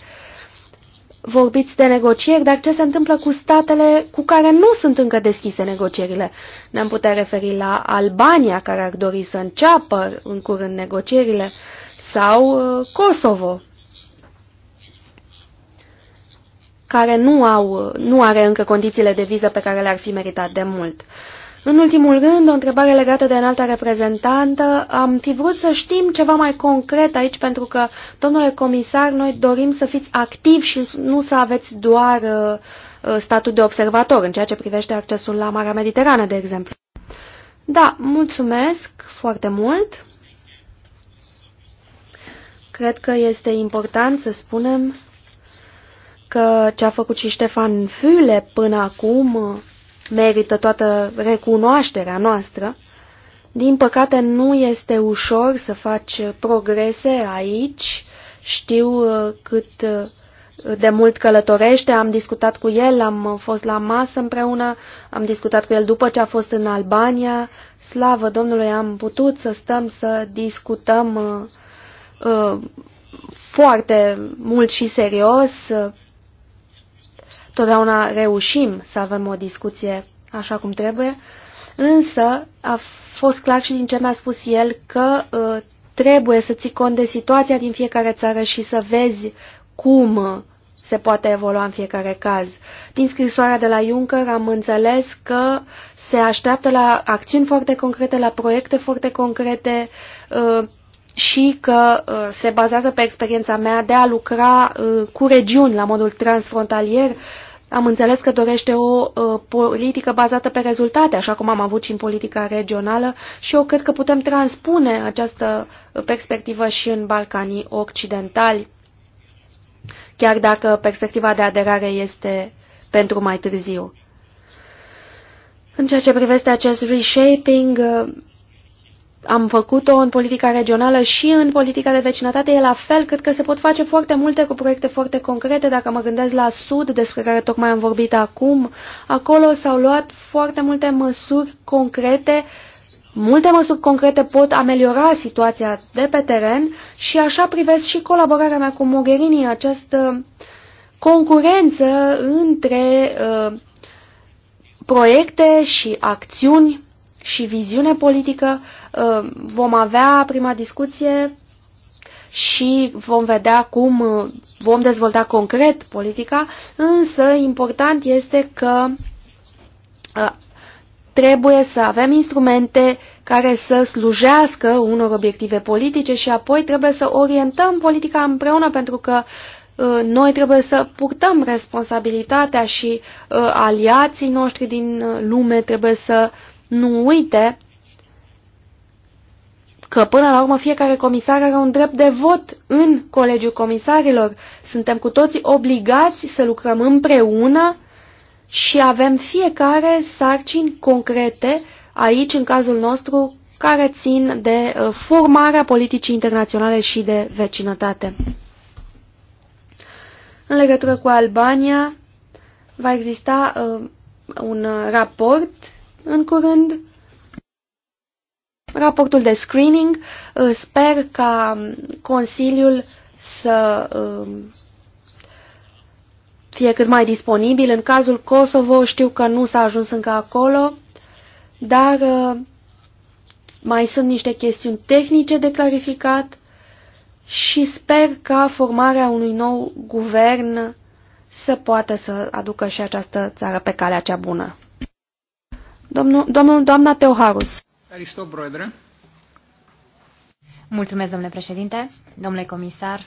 Vorbiți de negocieri, dar ce se întâmplă cu statele cu care nu sunt încă deschise negocierile? Ne-am putea referi la Albania, care ar dori să înceapă în curând negocierile, sau uh, Kosovo, care nu, au, nu are încă condițiile de viză pe care le-ar fi meritat de mult. În ultimul rând, o întrebare legată de înalta reprezentantă. Am fi vrut să știm ceva mai concret aici, pentru că, domnule comisar, noi dorim să fiți activ și nu să aveți doar uh, uh, statut de observator în ceea ce privește accesul la Marea Mediterană, de exemplu. Da, mulțumesc foarte mult. Cred că este important să spunem că ce a făcut și Ștefan Fule până acum merită toată recunoașterea noastră. Din păcate nu este ușor să faci progrese aici. Știu uh, cât uh, de mult călătorește, am discutat cu el, am fost la masă împreună, am discutat cu el după ce a fost în Albania. Slavă Domnului, am putut să stăm să discutăm uh, uh, foarte mult și serios totdeauna reușim să avem o discuție așa cum trebuie, însă a fost clar și din ce mi-a spus el că uh, trebuie să ții cont de situația din fiecare țară și să vezi cum uh, se poate evolua în fiecare caz. Din scrisoarea de la Juncker am înțeles că se așteaptă la acțiuni foarte concrete, la proiecte foarte concrete uh, și că uh, se bazează pe experiența mea de a lucra uh, cu regiuni la modul transfrontalier am înțeles că dorește o uh, politică bazată pe rezultate, așa cum am avut și în politica regională și eu cred că putem transpune această perspectivă și în Balcanii Occidentali, chiar dacă perspectiva de aderare este pentru mai târziu. În ceea ce privește acest reshaping, uh, am făcut-o în politica regională și în politica de vecinătate, e la fel, cred că se pot face foarte multe cu proiecte foarte concrete. Dacă mă gândesc la Sud, despre care tocmai am vorbit acum, acolo s-au luat foarte multe măsuri concrete Multe măsuri concrete pot ameliora situația de pe teren și așa privesc și colaborarea mea cu Mogherini, această concurență între uh, proiecte și acțiuni și viziune politică. Uh, vom avea prima discuție și vom vedea cum uh, vom dezvolta concret politica, însă important este că uh, trebuie să avem instrumente care să slujească unor obiective politice și apoi trebuie să orientăm politica împreună pentru că noi trebuie să purtăm responsabilitatea și aliații noștri din lume trebuie să uh, nu uite că până la urmă fiecare comisar are un drept de vot în Colegiul Comisarilor. Suntem cu toții obligați să lucrăm împreună și avem fiecare sarcini concrete aici, în cazul nostru, care țin de uh, formarea politicii internaționale și de vecinătate. În legătură cu Albania, va exista uh, un uh, raport în curând raportul de screening. Uh, sper ca Consiliul să um, fie cât mai disponibil. În cazul Kosovo știu că nu s-a ajuns încă acolo, dar uh, mai sunt niște chestiuni tehnice de clarificat și sper ca formarea unui nou guvern să poată să aducă și această țară pe calea cea bună. Domnul, domnul, doamna Teoharus. Mulțumesc, domnule președinte, domnule comisar.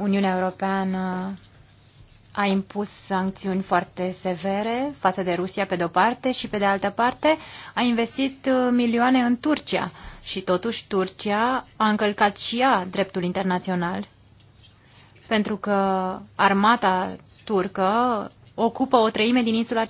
Uniunea Europeană a impus sancțiuni foarte severe față de Rusia pe de-o parte și pe de altă parte a investit uh, milioane în Turcia și totuși Turcia a încălcat și ea dreptul internațional pentru că armata turcă ocupă o treime din insula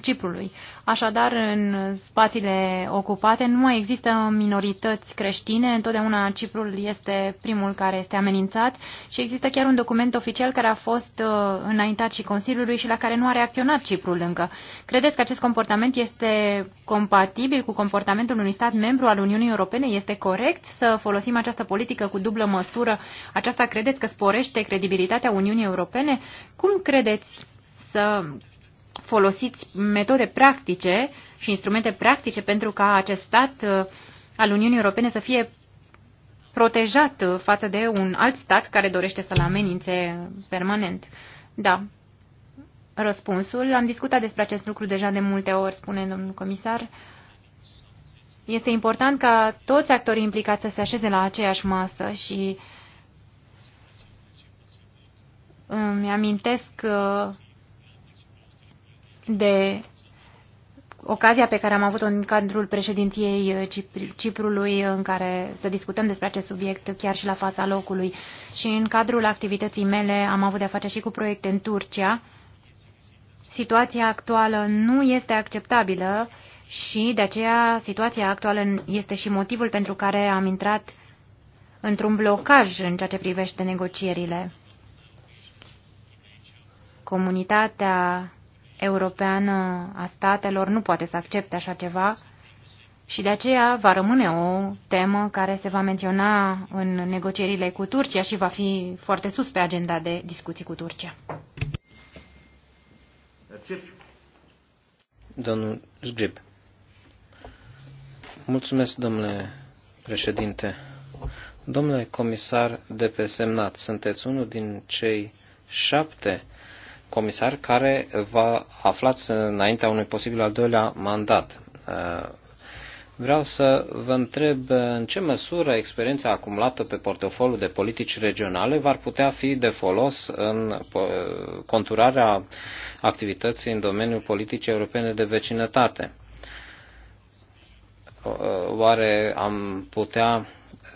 Ciprului. Așadar, în spațiile ocupate nu mai există minorități creștine, întotdeauna Ciprul este primul care este amenințat și există chiar un document oficial care a fost uh, înaintat și Consiliului și la care nu a reacționat Ciprul încă. Credeți că acest comportament este compatibil cu comportamentul unui stat membru al Uniunii Europene? Este corect să folosim această politică cu dublă măsură? Aceasta credeți că sporește credibilitatea Uniunii Europene? Cum credeți să folosiți metode practice și instrumente practice pentru ca acest stat uh, al Uniunii Europene să fie protejat față de un alt stat care dorește să-l amenințe permanent. Da. Răspunsul. Am discutat despre acest lucru deja de multe ori, spune domnul comisar. Este important ca toți actorii implicați să se așeze la aceeași masă și îmi amintesc uh, de ocazia pe care am avut-o în cadrul președintiei Ciprului, în care să discutăm despre acest subiect chiar și la fața locului. Și în cadrul activității mele am avut de-a face și cu proiecte în Turcia. Situația actuală nu este acceptabilă și de aceea situația actuală este și motivul pentru care am intrat într-un blocaj în ceea ce privește negocierile. Comunitatea europeană a statelor nu poate să accepte așa ceva și de aceea va rămâne o temă care se va menționa în negocierile cu Turcia și va fi foarte sus pe agenda de discuții cu Turcia. Domnul Zgrib. Mulțumesc, domnule președinte. Domnule comisar de pe semnat, sunteți unul din cei șapte comisar care vă aflați înaintea unui posibil al doilea mandat. Uh, vreau să vă întreb uh, în ce măsură experiența acumulată pe portofoliul de politici regionale v-ar putea fi de folos în uh, conturarea activității în domeniul politicii europene de vecinătate. Oare am putea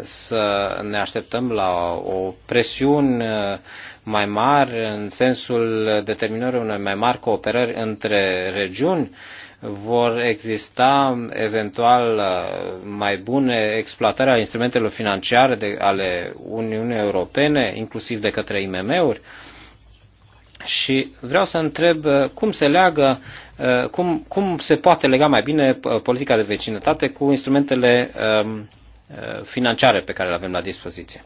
să ne așteptăm la o presiune mai mare în sensul determinării unei mai mari cooperări între regiuni, vor exista eventual mai bune exploatarea instrumentelor financiare de, ale Uniunii Europene, inclusiv de către IMM-uri. Și vreau să întreb cum se leagă, cum, cum se poate lega mai bine politica de vecinătate cu instrumentele um, Uh, financiare pe care le avem la dispoziție.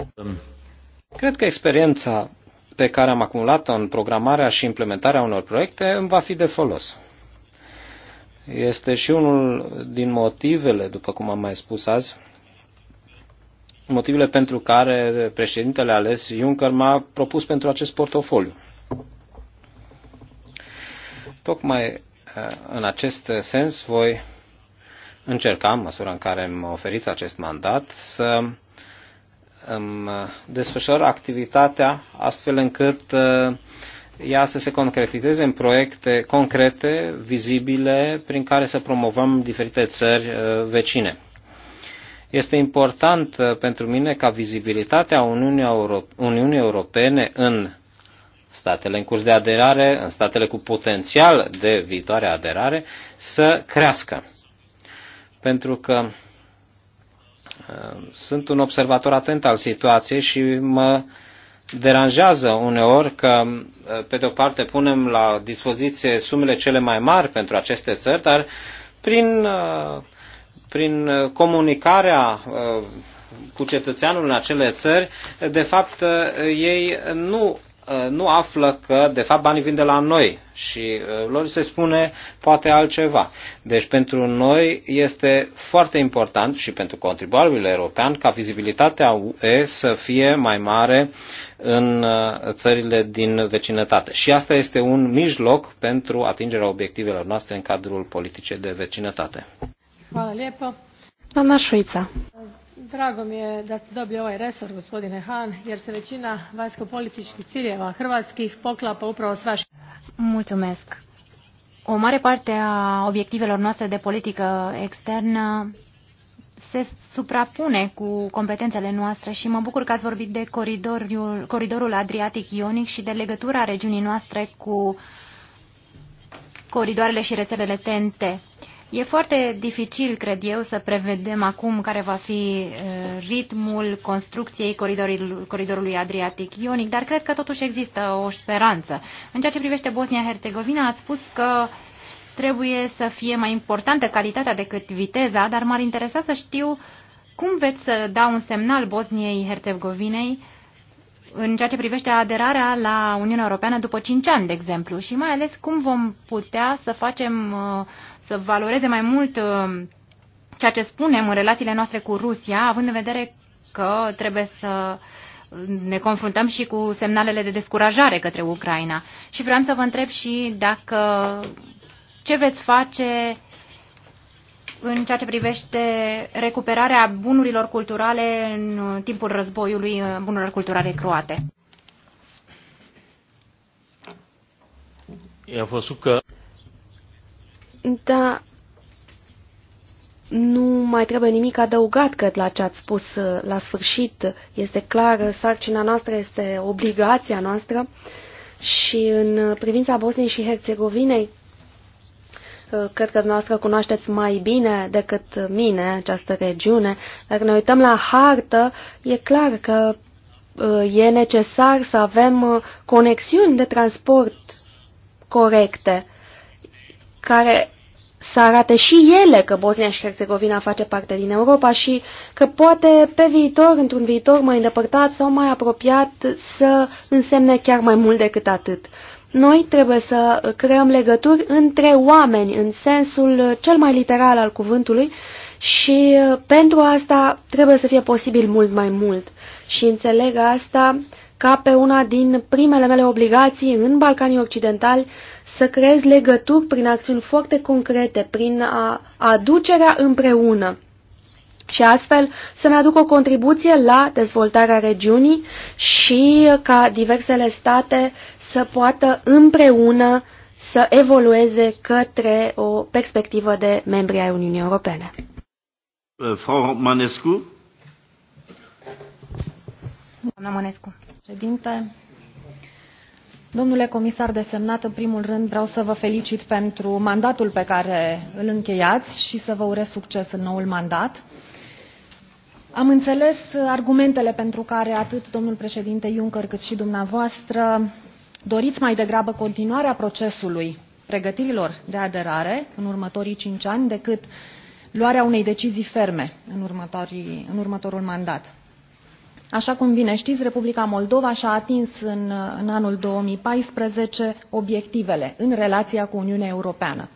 Cred că experiența pe care am acumulat-o în programarea și implementarea unor proiecte îmi va fi de folos. Este și unul din motivele, după cum am mai spus azi, motivele pentru care președintele ales Juncker m-a propus pentru acest portofoliu. Tocmai uh, în acest sens voi încerca, în măsura în care îmi oferiți acest mandat, să îmi desfășor activitatea astfel încât uh, ea să se concretizeze în proiecte concrete, vizibile, prin care să promovăm diferite țări uh, vecine. Este important uh, pentru mine ca vizibilitatea Uniunii, Euro- Uniunii Europene în statele în curs de aderare, în statele cu potențial de viitoare aderare, să crească pentru că uh, sunt un observator atent al situației și mă deranjează uneori că, uh, pe de o parte, punem la dispoziție sumele cele mai mari pentru aceste țări, dar prin, uh, prin comunicarea cu cetățeanul în acele țări, de fapt, ei nu Uh, nu află că, de fapt, banii vin de la noi și uh, lor se spune poate altceva. Deci, pentru noi este foarte important și pentru contribuabilul european ca vizibilitatea UE să fie mai mare în uh, țările din vecinătate. Și asta este un mijloc pentru atingerea obiectivelor noastre în cadrul politicii de vecinătate. Doamna Șuița drago mi je da ste dobili ovaj resor gospodine hahn jer se većina vanjskopolitičkih ciljeva hrvatskih poklapa upravo s vašim. Mulțumesc. O mare parte a obiectivelor noastre de politică externă se suprapune cu competențele noastre și mă bucur că ați vorbit de coridorul, coridorul Adriatic-Ionic și de legătura regiunii noastre cu coridoarele și rețelele TNT. E foarte dificil, cred eu, să prevedem acum care va fi ritmul construcției coridorului Adriatic Ionic, dar cred că totuși există o speranță. În ceea ce privește Bosnia-Herzegovina, ați spus că trebuie să fie mai importantă calitatea decât viteza, dar m-ar interesa să știu cum veți să da un semnal Bosniei Herzegovinei în ceea ce privește aderarea la Uniunea Europeană după 5 ani, de exemplu, și mai ales cum vom putea să facem să valoreze mai mult uh, ceea ce spunem în relațiile noastre cu Rusia, având în vedere că trebuie să ne confruntăm și cu semnalele de descurajare către Ucraina. Și vreau să vă întreb și dacă ce veți face în ceea ce privește recuperarea bunurilor culturale în timpul războiului, bunurilor culturale croate. Eu vă că da, nu mai trebuie nimic adăugat, cred, la ce ați spus uh, la sfârșit. Este clar, uh, sarcina noastră este obligația noastră și în uh, privința Bosniei și Herțegovinei, cred că dumneavoastră cunoașteți mai bine decât mine această regiune. Dacă ne uităm la hartă, e clar că e necesar să avem conexiuni de transport corecte, care să arate și ele că Bosnia și Herțegovina face parte din Europa și că poate pe viitor, într-un viitor mai îndepărtat sau mai apropiat, să însemne chiar mai mult decât atât. Noi trebuie să creăm legături între oameni, în sensul cel mai literal al cuvântului, și pentru asta trebuie să fie posibil mult mai mult. Și înțeleg asta ca pe una din primele mele obligații în Balcanii Occidentali să creezi legături prin acțiuni foarte concrete, prin a, aducerea împreună și astfel să ne aducă o contribuție la dezvoltarea regiunii și ca diversele state să poată împreună să evolueze către o perspectivă de membri ai Uniunii Europene. Uh, Frau Manescu. Doamna Manescu. Președinte, Domnule comisar desemnat, în primul rând vreau să vă felicit pentru mandatul pe care îl încheiați și să vă urez succes în noul mandat. Am înțeles argumentele pentru care atât domnul președinte Juncker cât și dumneavoastră doriți mai degrabă continuarea procesului pregătirilor de aderare în următorii cinci ani decât luarea unei decizii ferme în, în următorul mandat. Așa cum bine știți, Republica Moldova și-a atins în, în anul 2014 obiectivele în relația cu Uniunea Europeană.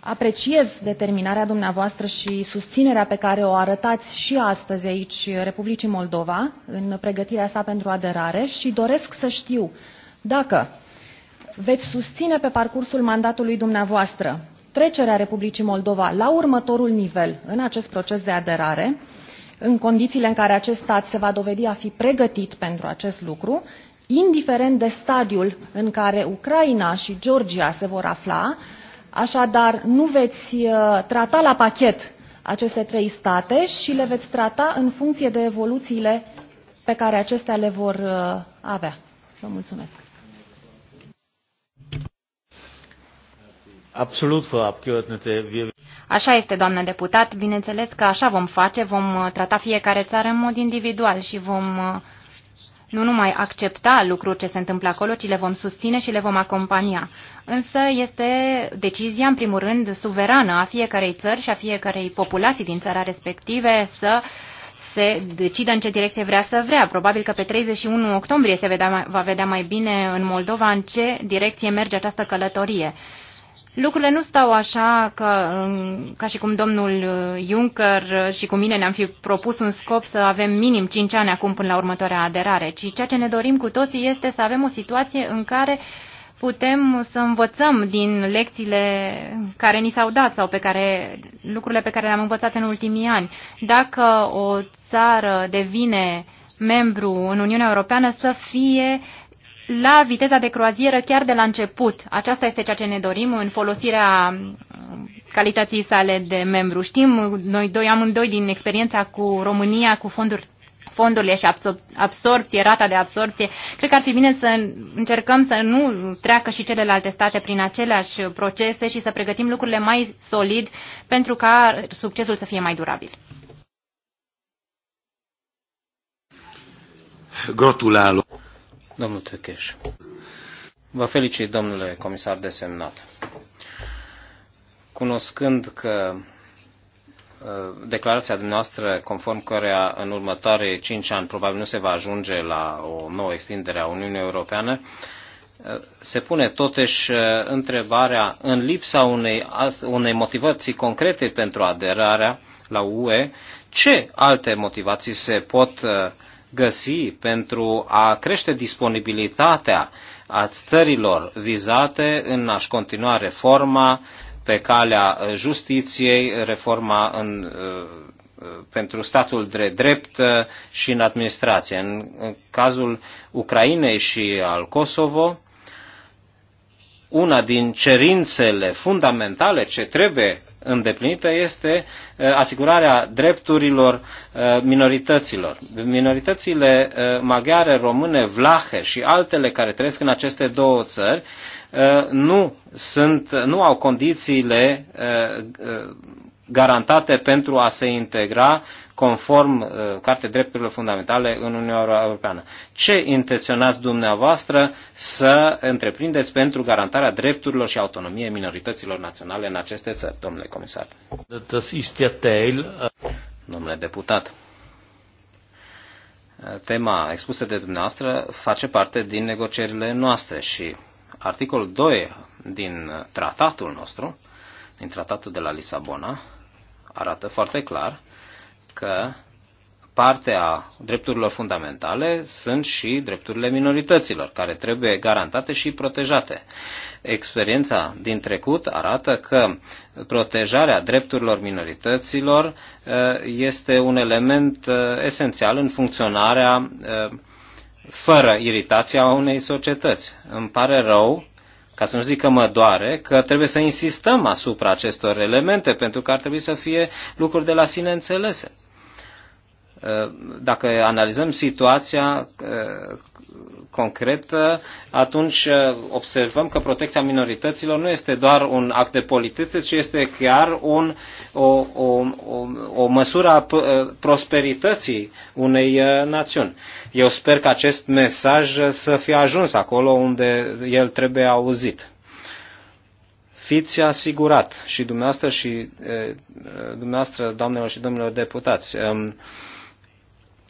Apreciez determinarea dumneavoastră și susținerea pe care o arătați și astăzi aici Republicii Moldova în pregătirea sa pentru aderare și doresc să știu dacă veți susține pe parcursul mandatului dumneavoastră trecerea Republicii Moldova la următorul nivel în acest proces de aderare, în condițiile în care acest stat se va dovedi a fi pregătit pentru acest lucru, indiferent de stadiul în care Ucraina și Georgia se vor afla, așadar nu veți uh, trata la pachet aceste trei state și le veți trata în funcție de evoluțiile pe care acestea le vor uh, avea. Vă mulțumesc. Absolut, Frau Așa este, doamnă deputat, bineînțeles că așa vom face, vom uh, trata fiecare țară în mod individual și vom uh, nu numai accepta lucruri ce se întâmplă acolo, ci le vom susține și le vom acompania. Însă este decizia, în primul rând, suverană a fiecarei țări și a fiecarei populații din țara respective să se decidă în ce direcție vrea să vrea. Probabil că pe 31 octombrie se vedea, va vedea mai bine în Moldova în ce direcție merge această călătorie. Lucrurile nu stau așa ca, ca și cum domnul uh, Juncker și cu mine ne-am fi propus un scop să avem minim 5 ani acum până la următoarea aderare, ci ceea ce ne dorim cu toții este să avem o situație în care putem să învățăm din lecțiile care ni s-au dat sau pe care, lucrurile pe care le-am învățat în ultimii ani. Dacă o țară devine membru în Uniunea Europeană să fie la viteza de croazieră chiar de la început. Aceasta este ceea ce ne dorim în folosirea calității sale de membru. Știm, noi doi amândoi din experiența cu România, cu fonduri fondurile și absorpție, rata de absorpție, cred că ar fi bine să încercăm să nu treacă și celelalte state prin aceleași procese și să pregătim lucrurile mai solid pentru ca succesul să fie mai durabil. Gratulálok. Domnul Tăcheș. Vă felicit, domnule comisar desemnat. Cunoscând că uh, declarația dumneavoastră conform cărea în următoare 5 ani probabil nu se va ajunge la o nouă extindere a Uniunii Europeană, uh, se pune totuși uh, întrebarea în lipsa unei, unei motivații concrete pentru aderarea la UE, ce alte motivații se pot uh, găsi pentru a crește disponibilitatea a țărilor vizate în a-și continua reforma pe calea uh, justiției, reforma în, uh, uh, pentru statul de drept și în administrație. În cazul Ucrainei și al Kosovo, una din cerințele fundamentale ce trebuie îndeplinită este uh, asigurarea drepturilor uh, minorităților. Minoritățile uh, maghiare, române, vlahe și altele care trăiesc în aceste două țări nu, sunt, nu au condițiile garantate pentru a se integra conform uh, Cartei Drepturilor Fundamentale în Uniunea Europeană. Ce intenționați dumneavoastră să întreprindeți pentru garantarea drepturilor și autonomiei minorităților naționale în aceste țări, domnule comisar? Uh, domnule deputat, tema expusă de dumneavoastră face parte din negocierile noastre și articolul 2 din tratatul nostru, din tratatul de la Lisabona, arată foarte clar că partea drepturilor fundamentale sunt și drepturile minorităților, care trebuie garantate și protejate. Experiența din trecut arată că protejarea drepturilor minorităților eh, este un element eh, esențial în funcționarea eh, fără iritația unei societăți. Îmi pare rău ca să nu zic că mă doare, că trebuie să insistăm asupra acestor elemente, pentru că ar trebui să fie lucruri de la sine înțelese dacă analizăm situația uh, concretă, uh, atunci uh, observăm că protecția minorităților nu este doar un act de politică, ci este chiar un, o, o, o, o măsură a prosperității unei națiuni. Eu sper că acest mesaj să fie ajuns acolo unde el trebuie auzit fiți asigurat și dumneavoastră și dumneavoastră, doamnelor și domnilor deputați, um,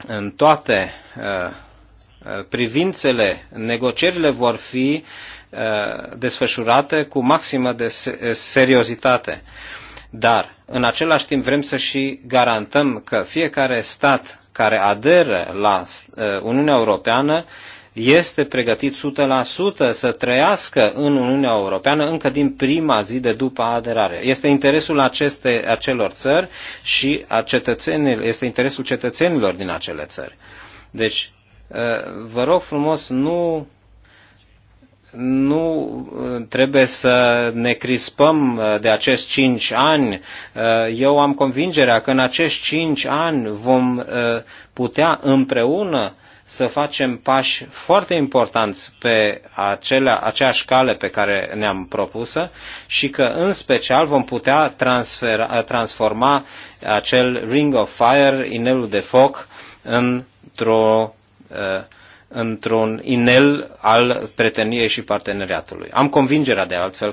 în toate uh, uh, privințele, negocierile vor fi uh, desfășurate cu maximă de seriozitate. Dar, în același timp, vrem să și garantăm că fiecare stat care aderă la Uniunea Europeană este pregătit 100% să trăiască în Uniunea Europeană încă din prima zi de după aderare. Este interesul aceste, acelor țări și a cetățenilor, este interesul cetățenilor din acele țări. Deci, uh, vă rog frumos, nu nu uh, trebuie să ne crispăm uh, de acești cinci ani. Eu am convingerea că în acești cinci ani vom putea împreună să facem pași foarte importanți pe acelea, aceeași cale pe care ne-am propusă și că, în special, vom putea transfera, transforma acel Ring of Fire, inelul de foc, într-o eh, într-un inel al preteniei și parteneriatului. Am convingerea de altfel că